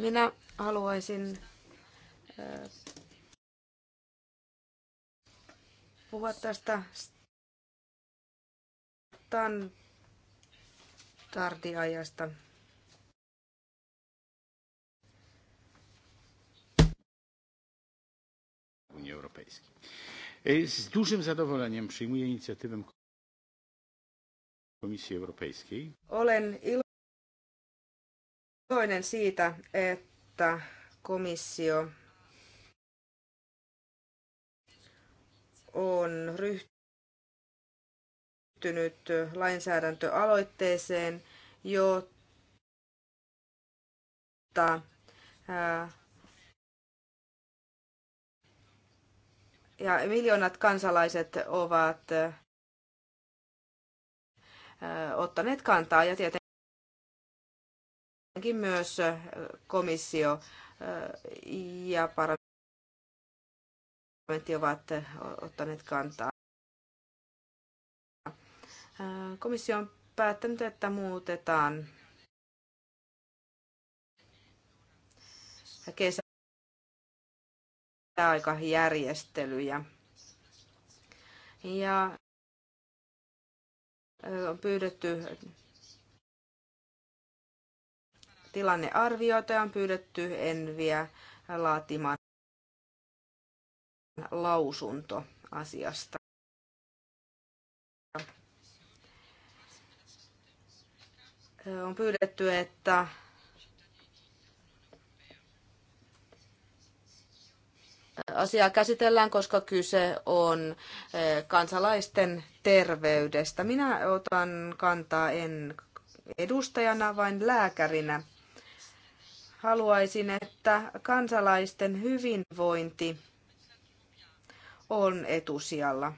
Speaker 1: Minä haluaisin puhua tästä standardiajasta. Unii Europejskiej. E, z dużym zadowoleniem przyjmuję inicjatywę Komisji Europejskiej. Olen ilo iloinen siitä, että komissio on ryhtynyt lainsäädäntöaloitteeseen, jotta ja miljoonat kansalaiset ovat ottaneet kantaa ja tietenkin myös komissio ja parlamentti ovat ottaneet kantaa. Komissio on päättänyt, että muutetaan kesäaikajärjestelyjä. Ja on pyydetty tilannearvioita ja on pyydetty Enviä laatimaan lausunto asiasta.
Speaker 3: On pyydetty, että asiaa käsitellään, koska kyse on e, kansalaisten terveydestä. Minä otan kantaa en edustajana, vain lääkärinä. Haluaisin, että kansalaisten hyvinvointi on etusijalla.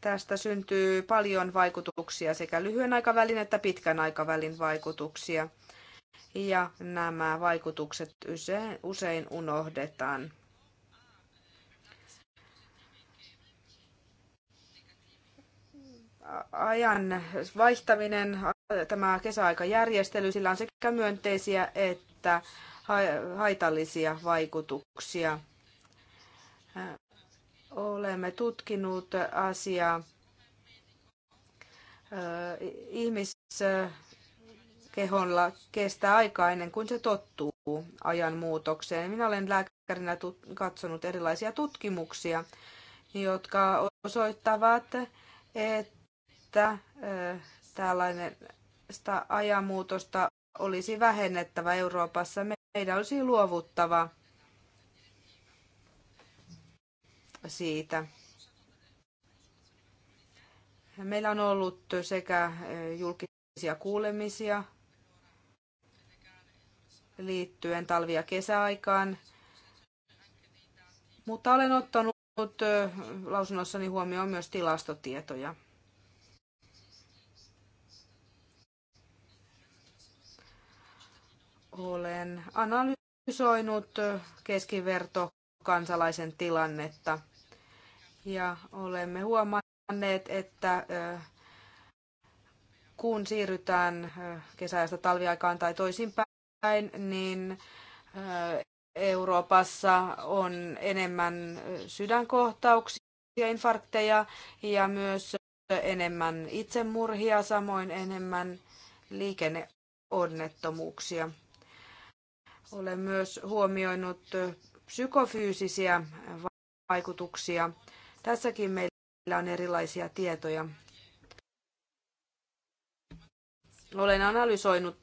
Speaker 3: Tästä syntyy paljon vaikutuksia, sekä lyhyen aikavälin että pitkän aikavälin vaikutuksia. Ja nämä vaikutukset usein unohdetaan. ajan vaihtaminen, tämä kesäaikajärjestely, sillä on sekä myönteisiä että haitallisia vaikutuksia. Olemme tutkinut asiaa ihmiskeholla kestää aikaa ennen kuin se tottuu ajan muutokseen. Minä olen lääkärinä katsonut erilaisia tutkimuksia, jotka osoittavat, että että tällainen sitä ajanmuutosta olisi vähennettävä Euroopassa. Meidän olisi luovuttava siitä. Meillä on ollut sekä julkisia kuulemisia liittyen talvia kesäaikaan, mutta olen ottanut lausunnossani huomioon myös tilastotietoja. Olen analysoinut keskiverto kansalaisen tilannetta ja olemme huomanneet, että kun siirrytään kesäajasta talviaikaan tai toisinpäin, niin Euroopassa on enemmän sydänkohtauksia, infarkteja ja myös enemmän itsemurhia, samoin enemmän liikenneonnettomuuksia. Olen myös huomioinut psykofyysisiä vaikutuksia. Tässäkin meillä on erilaisia tietoja. Olen analysoinut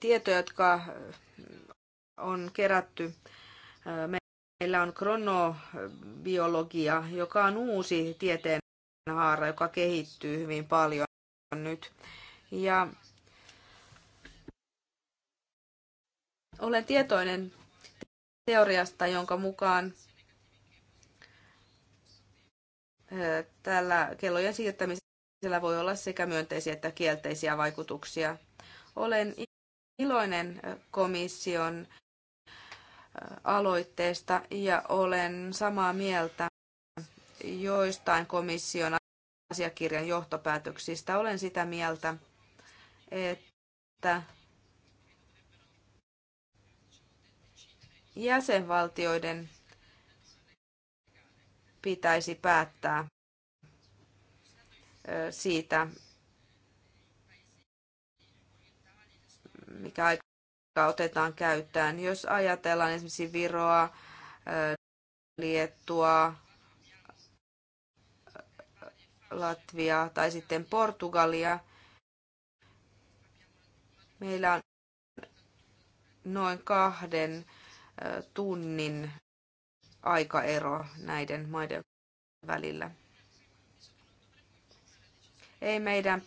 Speaker 3: tietoja, jotka on kerätty äh, Meillä on kronobiologia, joka on uusi tieteen haara, joka kehittyy hyvin paljon nyt. Ja olen tietoinen teoriasta, jonka mukaan tällä kellojen siirtämisellä voi olla sekä myönteisiä että kielteisiä vaikutuksia. Olen iloinen komission aloitteesta ja olen samaa mieltä joistain komission asiakirjan johtopäätöksistä. Olen sitä mieltä, että jäsenvaltioiden pitäisi päättää siitä, mikä otetaan käyttöön. Jos ajatellaan esimerkiksi Viroa, Liettua, Latviaa tai sitten Portugalia, meillä on noin kahden tunnin aikaero näiden maiden välillä. Ei meidän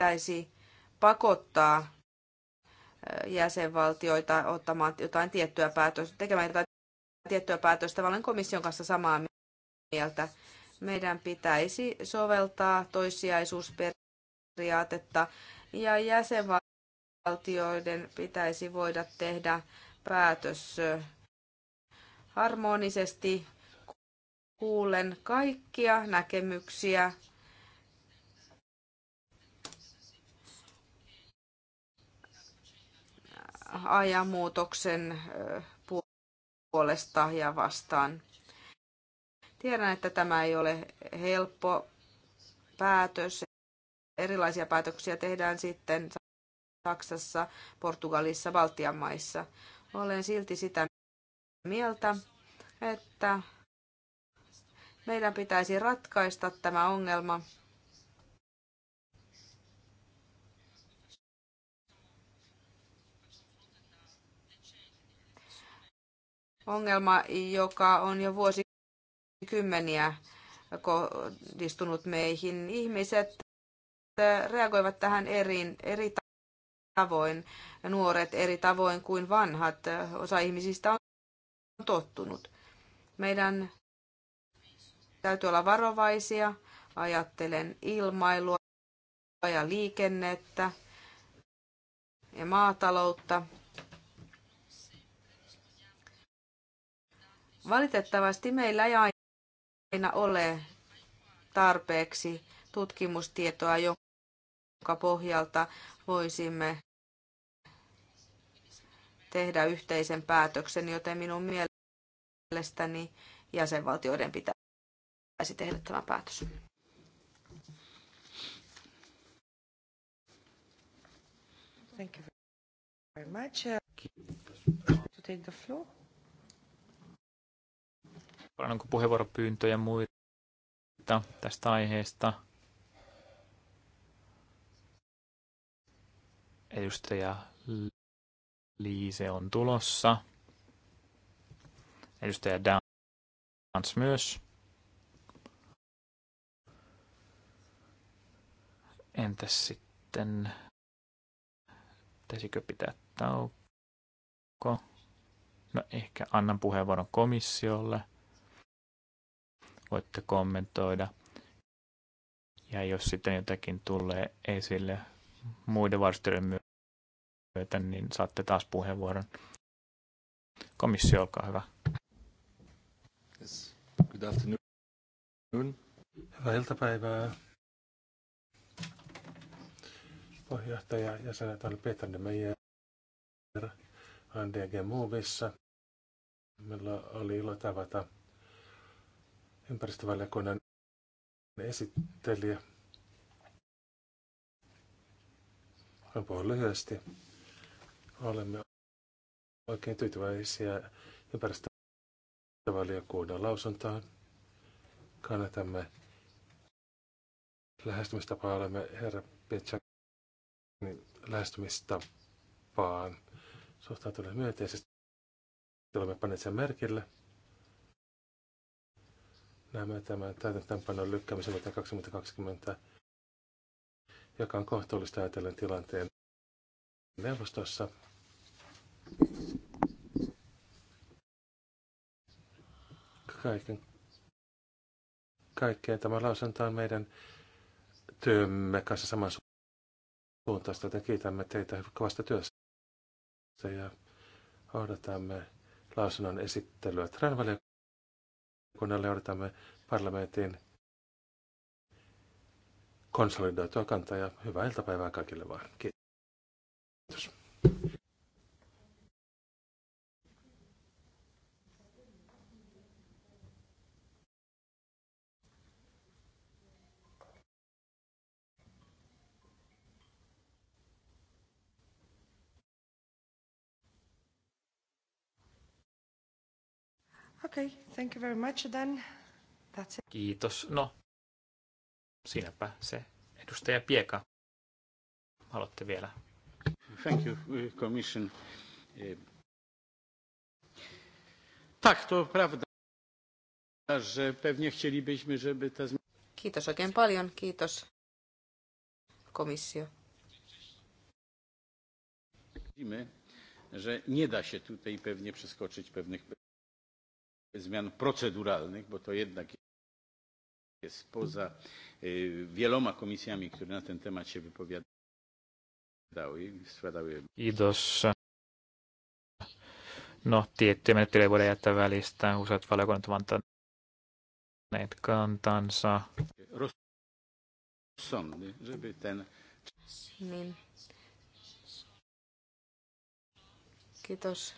Speaker 3: pitäisi pakottaa jäsenvaltioita ottamaan jotain tiettyä päätöstä, tekemään jotain tiettyä päätöstä, vaan olen komission kanssa samaa mieltä. Meidän pitäisi soveltaa toissijaisuusperiaatetta ja jäsenvaltioiden pitäisi voida tehdä päätös harmonisesti kuulen kaikkia näkemyksiä ajanmuutoksen puolesta ja vastaan. Tiedän, että tämä ei ole helppo päätös. Erilaisia päätöksiä tehdään sitten Saksassa, Portugalissa, Baltian maissa. Olen silti sitä mieltä, että meidän pitäisi ratkaista tämä ongelma ongelma, joka on jo vuosikymmeniä kohdistunut meihin. Ihmiset reagoivat tähän eri, eri tavoin, nuoret eri tavoin kuin vanhat. Osa ihmisistä on tottunut. Meidän täytyy olla varovaisia, ajattelen ilmailua ja liikennettä ja maataloutta. Valitettavasti meillä ei aina ole tarpeeksi tutkimustietoa, jonka pohjalta voisimme tehdä yhteisen päätöksen, joten minun mielestäni jäsenvaltioiden pitäisi tehdä tämä päätös.
Speaker 1: Thank you very much. To take the floor.
Speaker 4: Paljon onko puheenvuoropyyntöjä muita tästä aiheesta? Edustaja Liise on tulossa. Edustaja Dans myös. Entäs sitten, pitäisikö pitää tauko? No ehkä annan puheenvuoron komissiolle voitte kommentoida. Ja jos sitten jotakin tulee esille muiden varustelujen myötä, niin saatte taas puheenvuoron. Komissio, olkaa hyvä. Yes. Good afternoon. Hyvää
Speaker 2: iltapäivää. Puheenjohtaja ja senaatari Peter de Meijer on Movissa. Meillä oli ilo tavata ympäristövaliokunnan esittelijä. Voin puhua lyhyesti. Olemme oikein tyytyväisiä ympäristövaliokunnan lausuntaan. Kannatamme lähestymistapaa. Olemme herra Pietsäkin lähestymistapaan suhtautuneet myönteisesti. Olemme panneet sen merkille näemme tämän täytäntöönpanon lykkäämisen vuoteen 2020, joka on kohtuullista ajatellen tilanteen neuvostossa. Kaiken, kaikkeen tämä lausunto on meidän työmme kanssa saman suuntaista, joten kiitämme teitä kovasta työstä ja odotamme lausunnon esittelyä Tränvaliokunnassa kun ne odotamme parlamentin konsolidoitua kantaa ja hyvää iltapäivää kaikille vaan. Kiitos.
Speaker 1: Okay, thank you very much then. That's it. Kiitos. No,
Speaker 4: siinäpä se. Edustaja Pieka, haluatte vielä? Thank you, Commission. Tak, to prawda, że pewnie chcielibyśmy, żeby ta zmiana...
Speaker 3: Kiitos oikein paljon, kiitos komissio.
Speaker 4: że nie da się tutaj pewnie przeskoczyć pewnych zmian proceduralnych, bo to jednak jest poza e, wieloma komisjami, które na ten temat się wypowiadały. Składały. Kiitos. No, tiettyjä menettelyjä voidaan jättää välistä. Useat valiokunnat ovat antaneet kantansa.
Speaker 1: Niin. Kiitos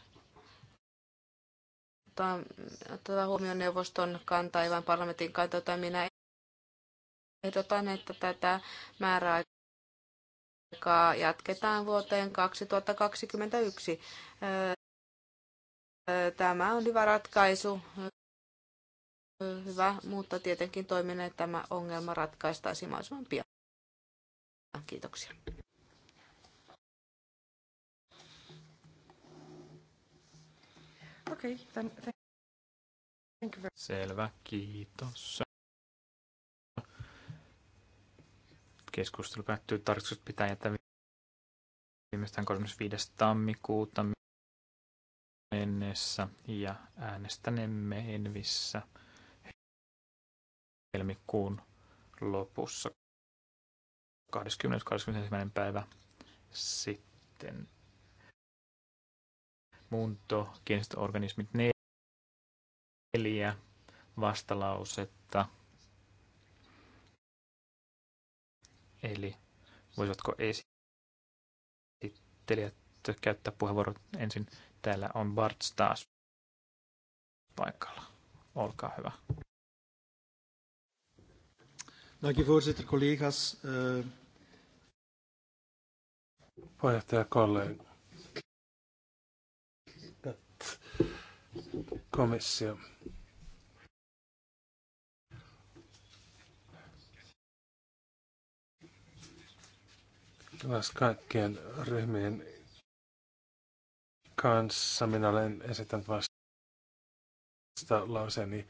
Speaker 3: ottaa, ottaa huomioon neuvoston kanta, ei vain parlamentin kanta, jota minä ehdotan, että tätä määräaikaa jatketaan vuoteen 2021. Tämä on hyvä ratkaisu, hyvä, mutta tietenkin toiminen, että tämä ongelma ratkaistaisiin mahdollisimman pian. Kiitoksia.
Speaker 1: Okay, then, thank you very...
Speaker 5: Selvä, kiitos.
Speaker 4: Keskustelu päättyy. Tarkistus pitää jättää viimeistään 35. tammikuuta mennessä ja äänestänemme Envissä helmikuun lopussa 20.21. päivä sitten muunto, kiinnostavat organismit
Speaker 1: neljä vastalausetta. Eli voisivatko esittelijät käyttää puheenvuorot ensin? Täällä on Bart Stas paikalla. Olkaa hyvä. Dank je voorzitter, collega's. Eh, Puheenjohtaja,
Speaker 2: collega. komissio. Taas kaikkien ryhmien kanssa minä olen esittänyt vasta lauseeni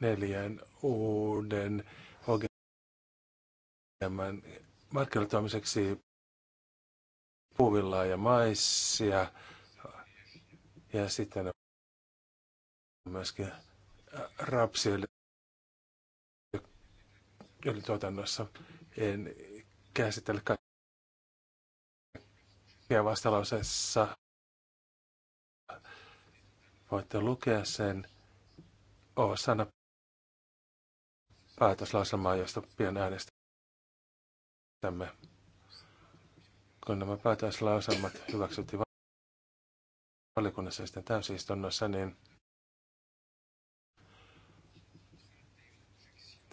Speaker 2: neljän uuden OGMn markkinoitumiseksi puuvillaa ja maissia ja sitten myöskin äh, rapsiöljyn tuotannossa. En käsitellä kaikkia vastalauseessa. Voitte lukea sen osana päätöslauselmaa, josta pian äänestämme. Kun nämä päätöslauselmat hyväksyttiin valiokunnassa ja sitten täysistunnossa, niin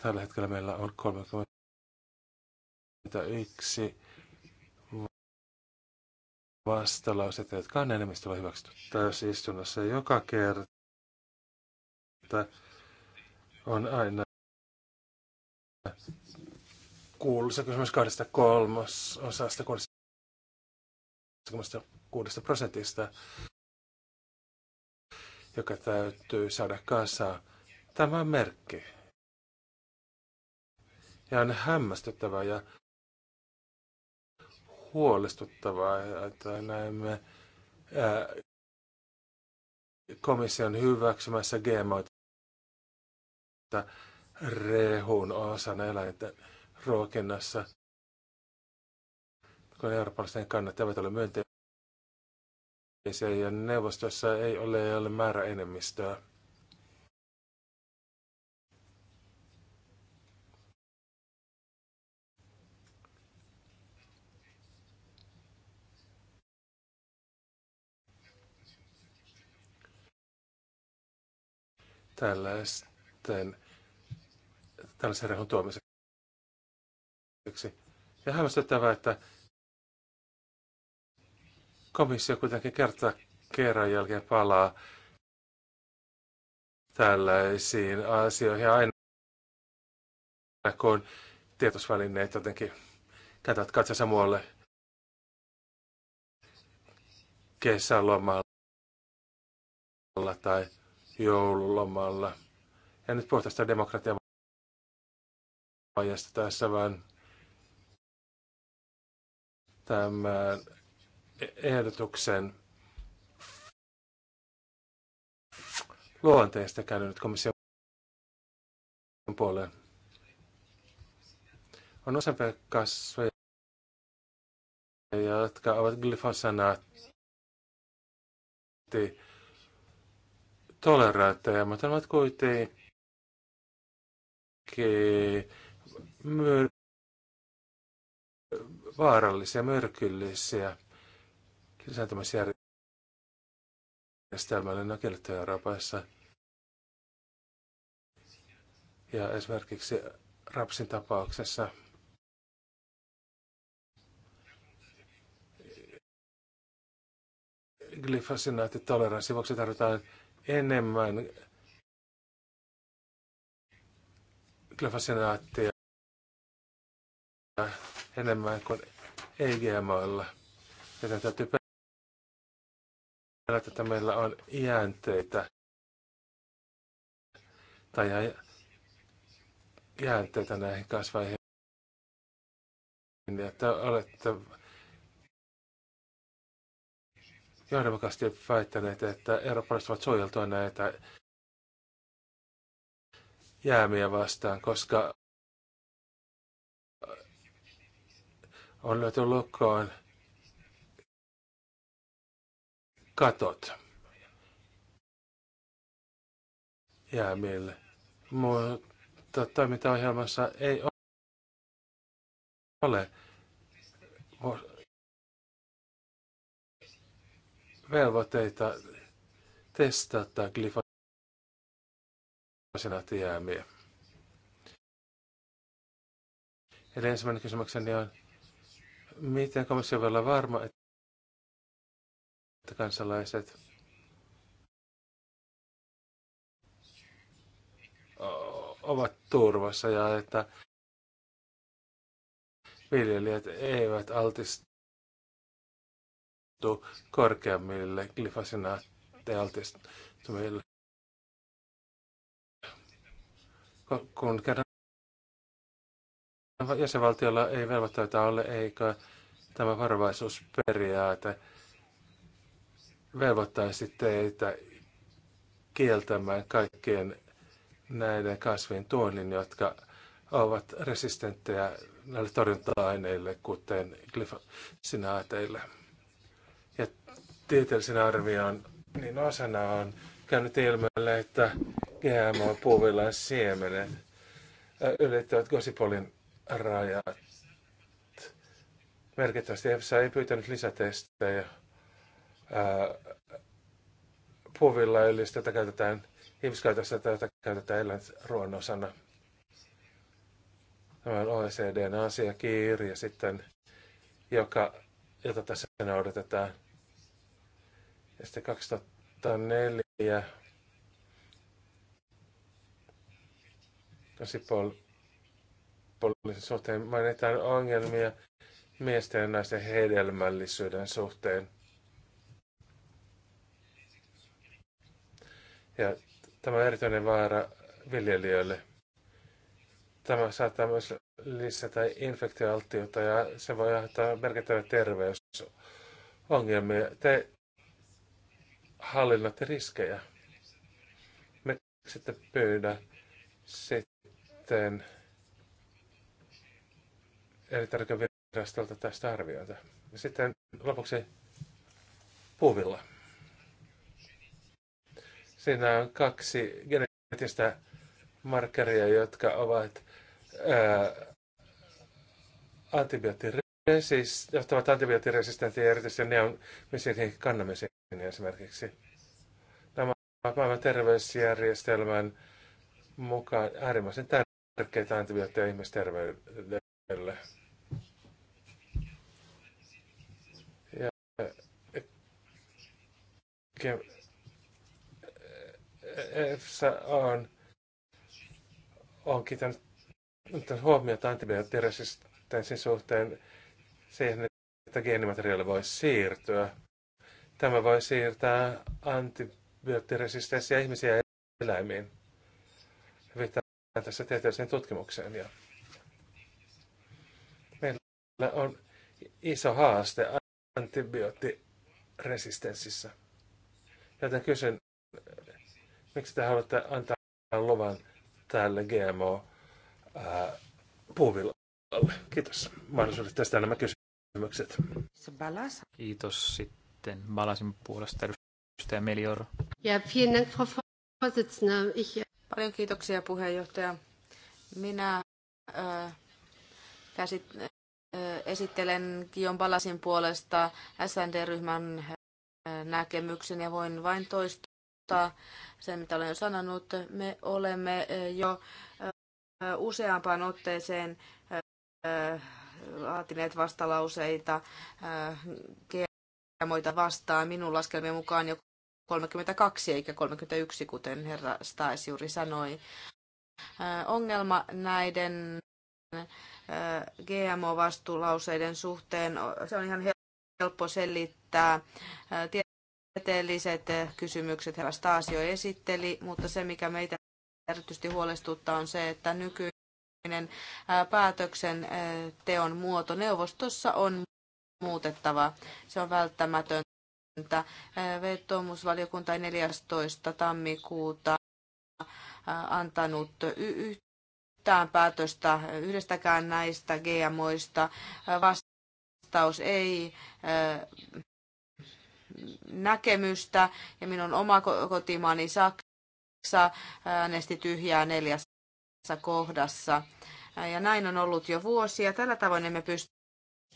Speaker 5: Tällä hetkellä meillä on 31
Speaker 2: vastalausetta, jotka on enemmistöllä hyväksytty täysistunnossa. Joka kerta on aina kuuluisa kysymys kahdesta kolmasosasta, kuudesta prosentista, joka täytyy saada kasaan. Tämä on merkki. Ja on hämmästyttävää ja huolestuttavaa, että näemme ää, komission hyväksymässä GMO rehun osan eläinten ruokinnassa, kun eurooppalaisten kannat eivät ole myönteisiä ja neuvostossa ei ole, ei ole määrä enemmistöä. tällaisten, tällaisen rehun tuomiseksi. Ja hämmästyttävää, että komissio kuitenkin kerta kerran jälkeen palaa tällaisiin asioihin aina, kun tietosvälineet jotenkin kääntävät katsensa muualle kesälomalla tai joululomalla. Ja nyt puhuta sitä demokratiavajasta tässä, vaan tämän ehdotuksen luonteesta käynyt komission puoleen. On osa kasveja, jotka ovat glyfosanaatti toleraatteja, mutta ovat kuitenkin myr- vaarallisia, myrkyllisiä lisääntymisjärjestelmälle on kielletty Euroopassa. Ja esimerkiksi rapsin tapauksessa glyfosinaattitoleranssi vuoksi tarvitaan enemmän glyfosinaattia enemmän kuin EGMOilla. gmoilla Joten täytyy pelätä, että meillä on jäänteitä
Speaker 5: tai jäänteitä näihin kasvaihin. Ja te olette
Speaker 2: johdonmukaisesti väittäneet, että eurooppalaiset ovat suojeltua näitä jäämiä vastaan, koska
Speaker 1: on löyty lukkoon katot jäämille.
Speaker 2: Mutta toimintaohjelmassa ei ole velvoitteita testata glyfosinaattijäämiä. Eli ensimmäinen kysymykseni on, miten komissio voi olla varma, että kansalaiset ovat turvassa ja että viljelijät eivät altistu asettu korkeammille glyfosinaattialtistumille. Kun kerran jäsenvaltiolla ei velvoitteita ole, eikä tämä varovaisuusperiaate velvoittaisi teitä kieltämään kaikkien näiden kasvien tuonnin, jotka ovat resistenttejä näille torjunta-aineille, kuten glyfosinaateille tieteellisen arvion, niin osana on käynyt ilmeelle, että GMO-puuvillan siemenet ylittävät gosipolin rajat. Merkittävästi EFSA ei pyytänyt lisätestejä. Puuvilla ylistä, tätä käytetään ihmiskäytössä tätä jota käytetään eläinruoan osana. Tämä on OECDn asiakirja sitten, joka, jota tässä noudatetaan ja sitten 2004 poliisin suhteen mainitaan ongelmia miesten ja naisten hedelmällisyyden suhteen. Ja tämä on erityinen vaara viljelijöille. Tämä saattaa myös lisätä infektioaltiota ja se voi aiheuttaa merkittäviä terveysongelmia. Te hallinnoitte riskejä? Sitten pöydä sitten elintarvikevirastolta tästä arvioita. Ja sitten lopuksi puuvilla. Siinä on kaksi geneettistä markeria, jotka ovat antibioottiresistenttiä, erityisesti johtavat on, missä erityisesti neon kannamisiin. Niin esimerkiksi. Nämä ovat maailman terveysjärjestelmän mukaan äärimmäisen tärkeitä antibiootteja ihmisterveydelle. Ja, eh, eh, EFSA on, on kiitänyt huomiota antibioottiresistenssin suhteen siihen, että geenimateriaali voi siirtyä. Tämä voi siirtää antibioottiresistenssiä ihmisiä ja eläimiin. Viittaan tässä tieteelliseen tutkimukseen. Ja meillä on iso haaste antibioottiresistenssissä. Joten kysyn, miksi te haluatte antaa luvan tälle GMO ää,
Speaker 4: Kiitos mahdollisuudesta tästä nämä kysymykset. Kiitos sitten sitten Balasin puolesta edustaja Melioro.
Speaker 1: Ja vielen
Speaker 3: Ich... Äh, Paljon kiitoksia puheenjohtaja. Minä äh, käsit, äh, esittelen Kion Balasin puolesta SND-ryhmän äh, näkemyksen ja voin vain toistaa sen, mitä olen jo sanonut. Me olemme äh, jo useampaan otteeseen laatineet vastalauseita muita vastaan. Minun laskelmien mukaan jo 32 eikä 31, kuten herra Staes juuri sanoi. Ongelma näiden GMO-vastulauseiden suhteen, se on ihan helppo selittää. Tieteelliset kysymykset herra jo esitteli, mutta se mikä meitä erityisesti huolestuttaa on se, että nykyinen päätöksenteon muoto neuvostossa on muutettava. Se on välttämätöntä. Vetoomusvaliokunta 14. tammikuuta antanut yhtään päätöstä yhdestäkään näistä GMOista. Vastaus ei näkemystä ja minun oma kotimaani Saksa äänesti tyhjää neljässä kohdassa. Ja näin on ollut jo vuosia. Tällä tavoin emme pysty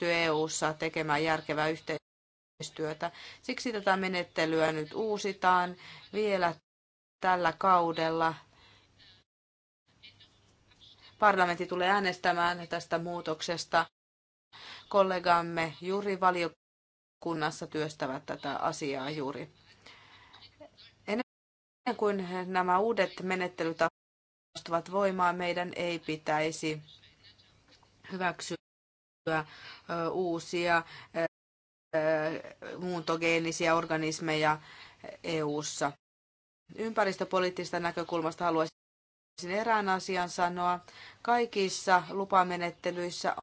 Speaker 3: EU-ssa tekemään järkevää yhteistyötä. Siksi tätä menettelyä nyt uusitaan vielä tällä kaudella. Parlamentti tulee äänestämään tästä muutoksesta. Kollegamme juuri valiokunnassa työstävät tätä asiaa juuri. Ennen kuin nämä uudet menettelyt astuvat voimaan, meidän ei pitäisi hyväksyä uusia muuntogeenisiä organismeja EU:ssa. Ympäristöpoliittisesta näkökulmasta haluaisin erään asian sanoa. Kaikissa lupamenettelyissä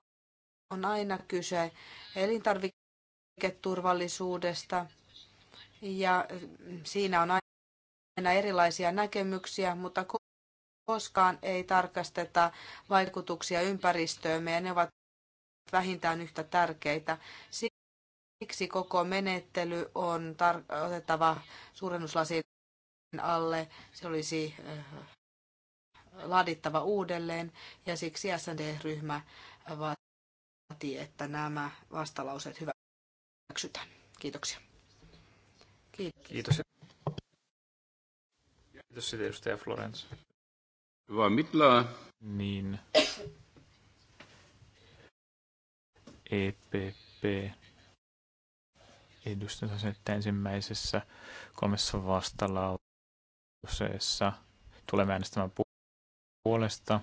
Speaker 3: on aina kyse elintarviketurvallisuudesta ja siinä on aina erilaisia näkemyksiä, mutta koskaan ei tarkasteta vaikutuksia ympäristöömme ja ne ovat vähintään yhtä tärkeitä. Siksi koko menettely on tar- otettava suurennuslasin alle. Se olisi eh, laadittava uudelleen ja siksi SND-ryhmä vaatii, että nämä vastalauseet hyväksytään. Kiitoksia. Kiitos.
Speaker 4: Kiitos. Kiitos siitä edustaja Florence. Hyvää mitlaa. Niin. EPP edustansa että ensimmäisessä kolmessa vastalauseessa tulemme äänestämään puolesta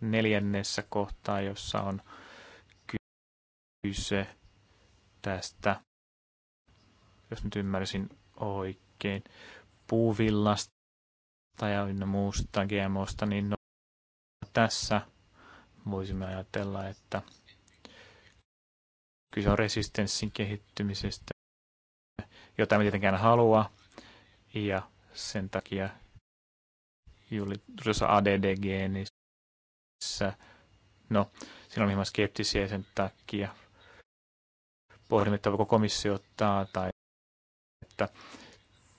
Speaker 4: neljännessä kohtaa, jossa on kyse tästä, jos nyt ymmärsin oikein, puuvillasta ja ynnä muusta GMOsta, niin no, tässä voisimme ajatella, että Kyse on resistenssin kehittymisestä, jota me tietenkään halua. Ja sen takia tuossa ADD-geenissä, no, siinä on hieman skeptisiä sen takia pohdimme, että voiko komissio tai että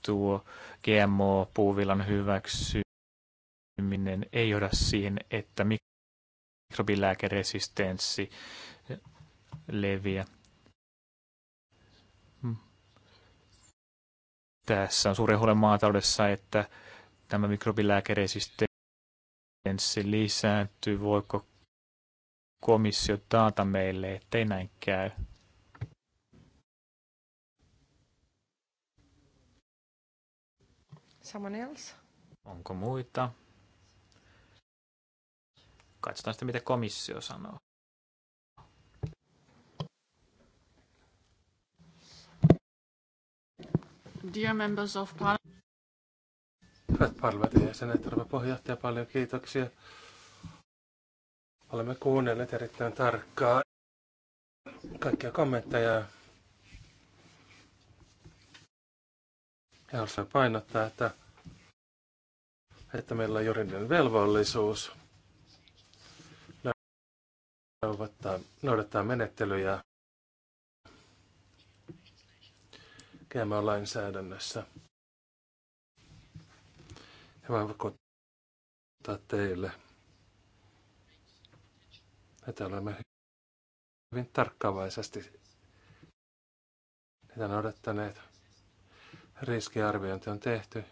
Speaker 4: tuo GMO-puuvillan hyväksyminen ei johda siihen, että mikrobilääkeresistenssi leviä. Hmm. Tässä on suuri huolen maataloudessa, että tämä mikrobilääkeresistenssi lisääntyy. Voiko komissio taata meille, ettei näin käy?
Speaker 1: Someone else?
Speaker 4: Onko muita? Katsotaan sitten, mitä komissio sanoo.
Speaker 1: Dear members of parliament.
Speaker 5: Hyvät parlamentin
Speaker 2: jäsenet, rouva puheenjohtaja, paljon kiitoksia. Olemme kuunnelleet erittäin tarkkaa kaikkia kommentteja. Ja haluaisin painottaa, että, että meillä on juridinen velvollisuus noudattaa, noudattaa menettelyjä GMO-lainsäädännössä. Ja voin vakuuttaa teille, että olemme hyvin tarkkaavaisesti niitä noudattaneet. Riskiarviointi on tehty.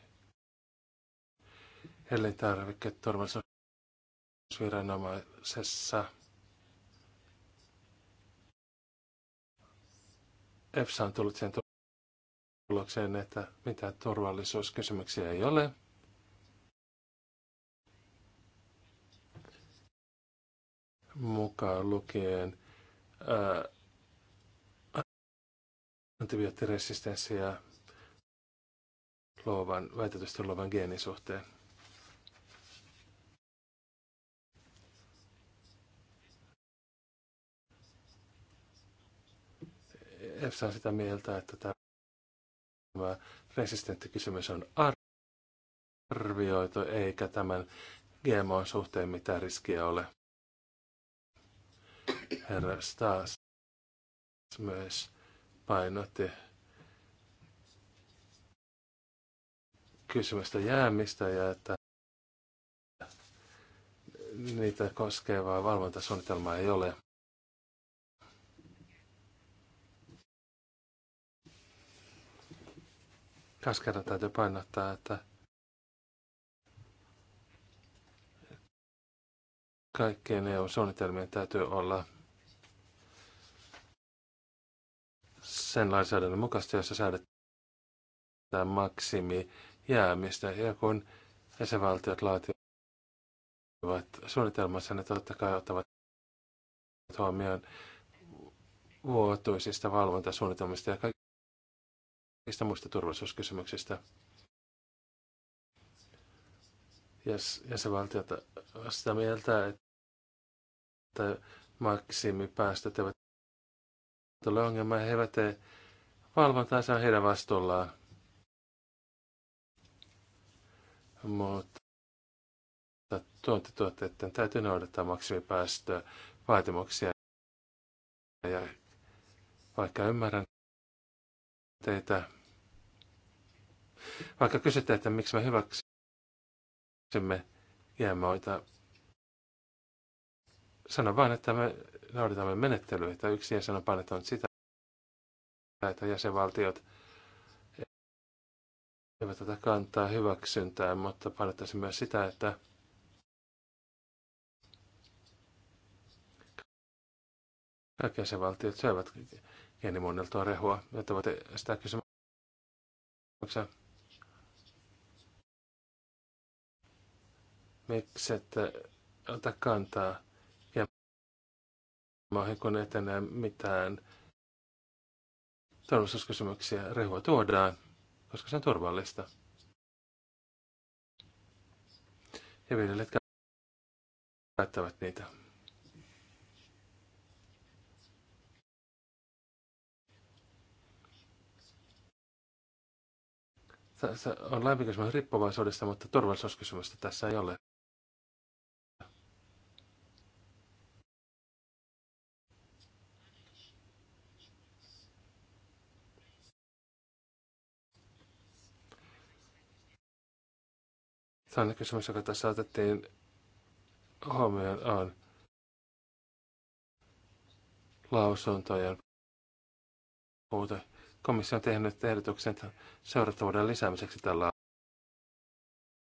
Speaker 2: Elintarviketurvallisuusviranomaisessa EFSA on tullut tu- lopputulokseen, että mitä turvallisuuskysymyksiä ei ole. Mukaan lukien äh, antibioottiresistenssi ja luovan, väitetysti luovan geenisuhteen. EFSA on sitä mieltä, että tämä kysymys on arvioitu, eikä tämän GMOn suhteen mitään riskiä ole. Herra Stas myös painotti kysymystä jäämistä ja että niitä koskevaa valvontasuunnitelmaa ei ole. Kaskerran täytyy painottaa, että kaikkien EU-suunnitelmien täytyy olla sen lainsäädännön mukaista, jossa säädetään maksimi jäämistä. Ja kun jäsenvaltiot laativat suunnitelmassa, ne totta kai ottavat huomioon vuotuisista valvontasuunnitelmista ja kaikki kaikista muista turvallisuuskysymyksistä. Jos jäsenvaltiota on sitä mieltä, että maksimipäästöt eivät ole ongelma, he eivät tee valvontaa, se on heidän vastuullaan. Mutta tuontituotteiden täytyy noudattaa maksimipäästövaatimuksia. Ja vaikka ymmärrän teitä. Vaikka kysytte, että miksi me hyväksymme GMOita, sanon vain, että me noudatamme menettelyitä. Yksi ja sanon että on sitä, että jäsenvaltiot eivät tätä kantaa hyväksyntään, mutta painottaisin myös sitä, että kaikki jäsenvaltiot syövät geenimuunneltua rehua, jotta voit estää kysymyksen. Miksi et ota kantaa maahan, kun etenee mitään turvallisuuskysymyksiä. Rehua tuodaan, koska se on turvallista. Ja viljelijät käyttävät niitä. Tässä on lämpökysymys riippuvaisuudesta, mutta turvallisuuskysymystä
Speaker 5: tässä ei ole. Toinen
Speaker 2: kysymys, joka tässä otettiin huomioon, on lausuntojen puute. Komissio on tehnyt ehdotuksen seurattavuuden lisäämiseksi tällä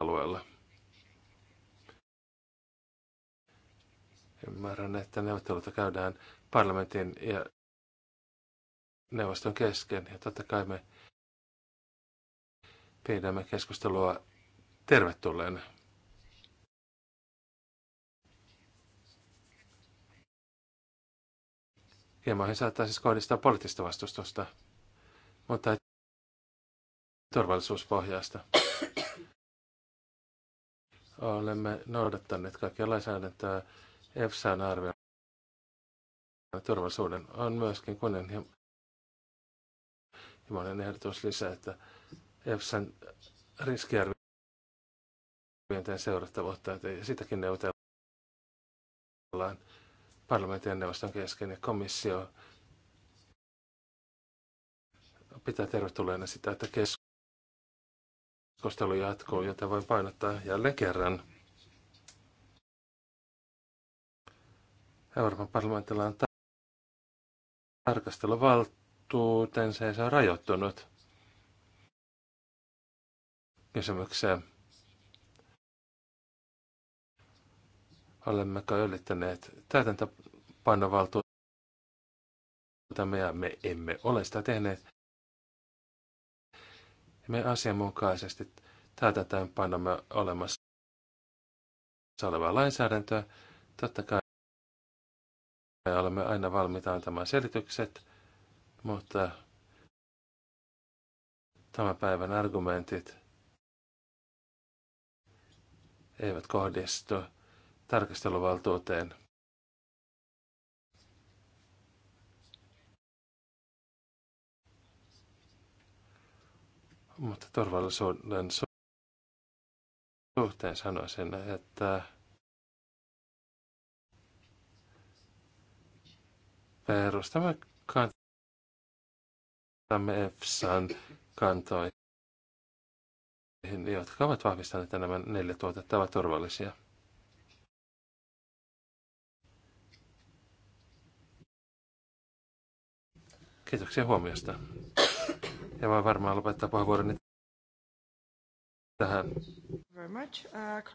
Speaker 2: alueella. Ymmärrän, että neuvotteluita käydään parlamentin ja neuvoston kesken. Ja totta kai me pidämme keskustelua tervetulleena. Hieman saattaa siis kohdistaa poliittista vastustusta mutta ei turvallisuuspohjaista. Olemme noudattaneet kaikkia lainsäädäntöä EFSAn arvioon turvallisuuden. On myöskin kunnianhimoinen ehdotus lisää, että EFSAn riskiarviointien seurattavuutta, että sitäkin neuvotellaan parlamentin ja neuvoston kesken ja komissio pitää tervetulleena sitä, että keskustelu jatkuu, jota voi painottaa jälleen kerran. Euroopan parlamentilla on tarkasteluvaltuutensa ja se on rajoittunut kysymykseen. Olemmeko ylittäneet täytäntöpanovaltuutta? me emme ole sitä tehneet ja me asianmukaisesti täytetään painamme olemassa olevaa lainsäädäntöä. Totta kai me olemme aina valmiita antamaan selitykset, mutta tämän päivän argumentit eivät kohdistu tarkasteluvaltuuteen – Mutta turvallisuuden suhteen sanoisin, että perustamme kantamme EFSAn kantoihin, jotka ovat vahvistaneet, että nämä neljä tuotetta ovat turvallisia. Kiitoksia huomiosta. Ja voin varmaan lopettaa puheenvuoroni tähän.
Speaker 1: Very much. Uh...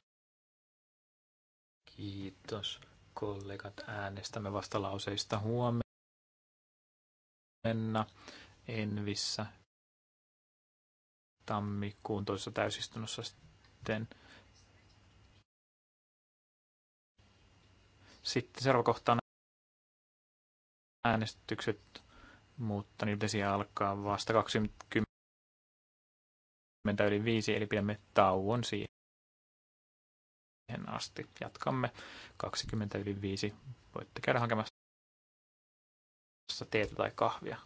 Speaker 4: Kiitos kollegat. Äänestämme vastalauseista huomenna Envissä tammikuun toisessa täysistunnossa sitten. Sitten seuraava kohtaan äänestykset mutta nyt sija alkaa vasta 20 yli 5, eli pidämme tauon siihen
Speaker 1: asti. Jatkamme 20 yli 5. Voitte käydä hankemassa teetä tai kahvia.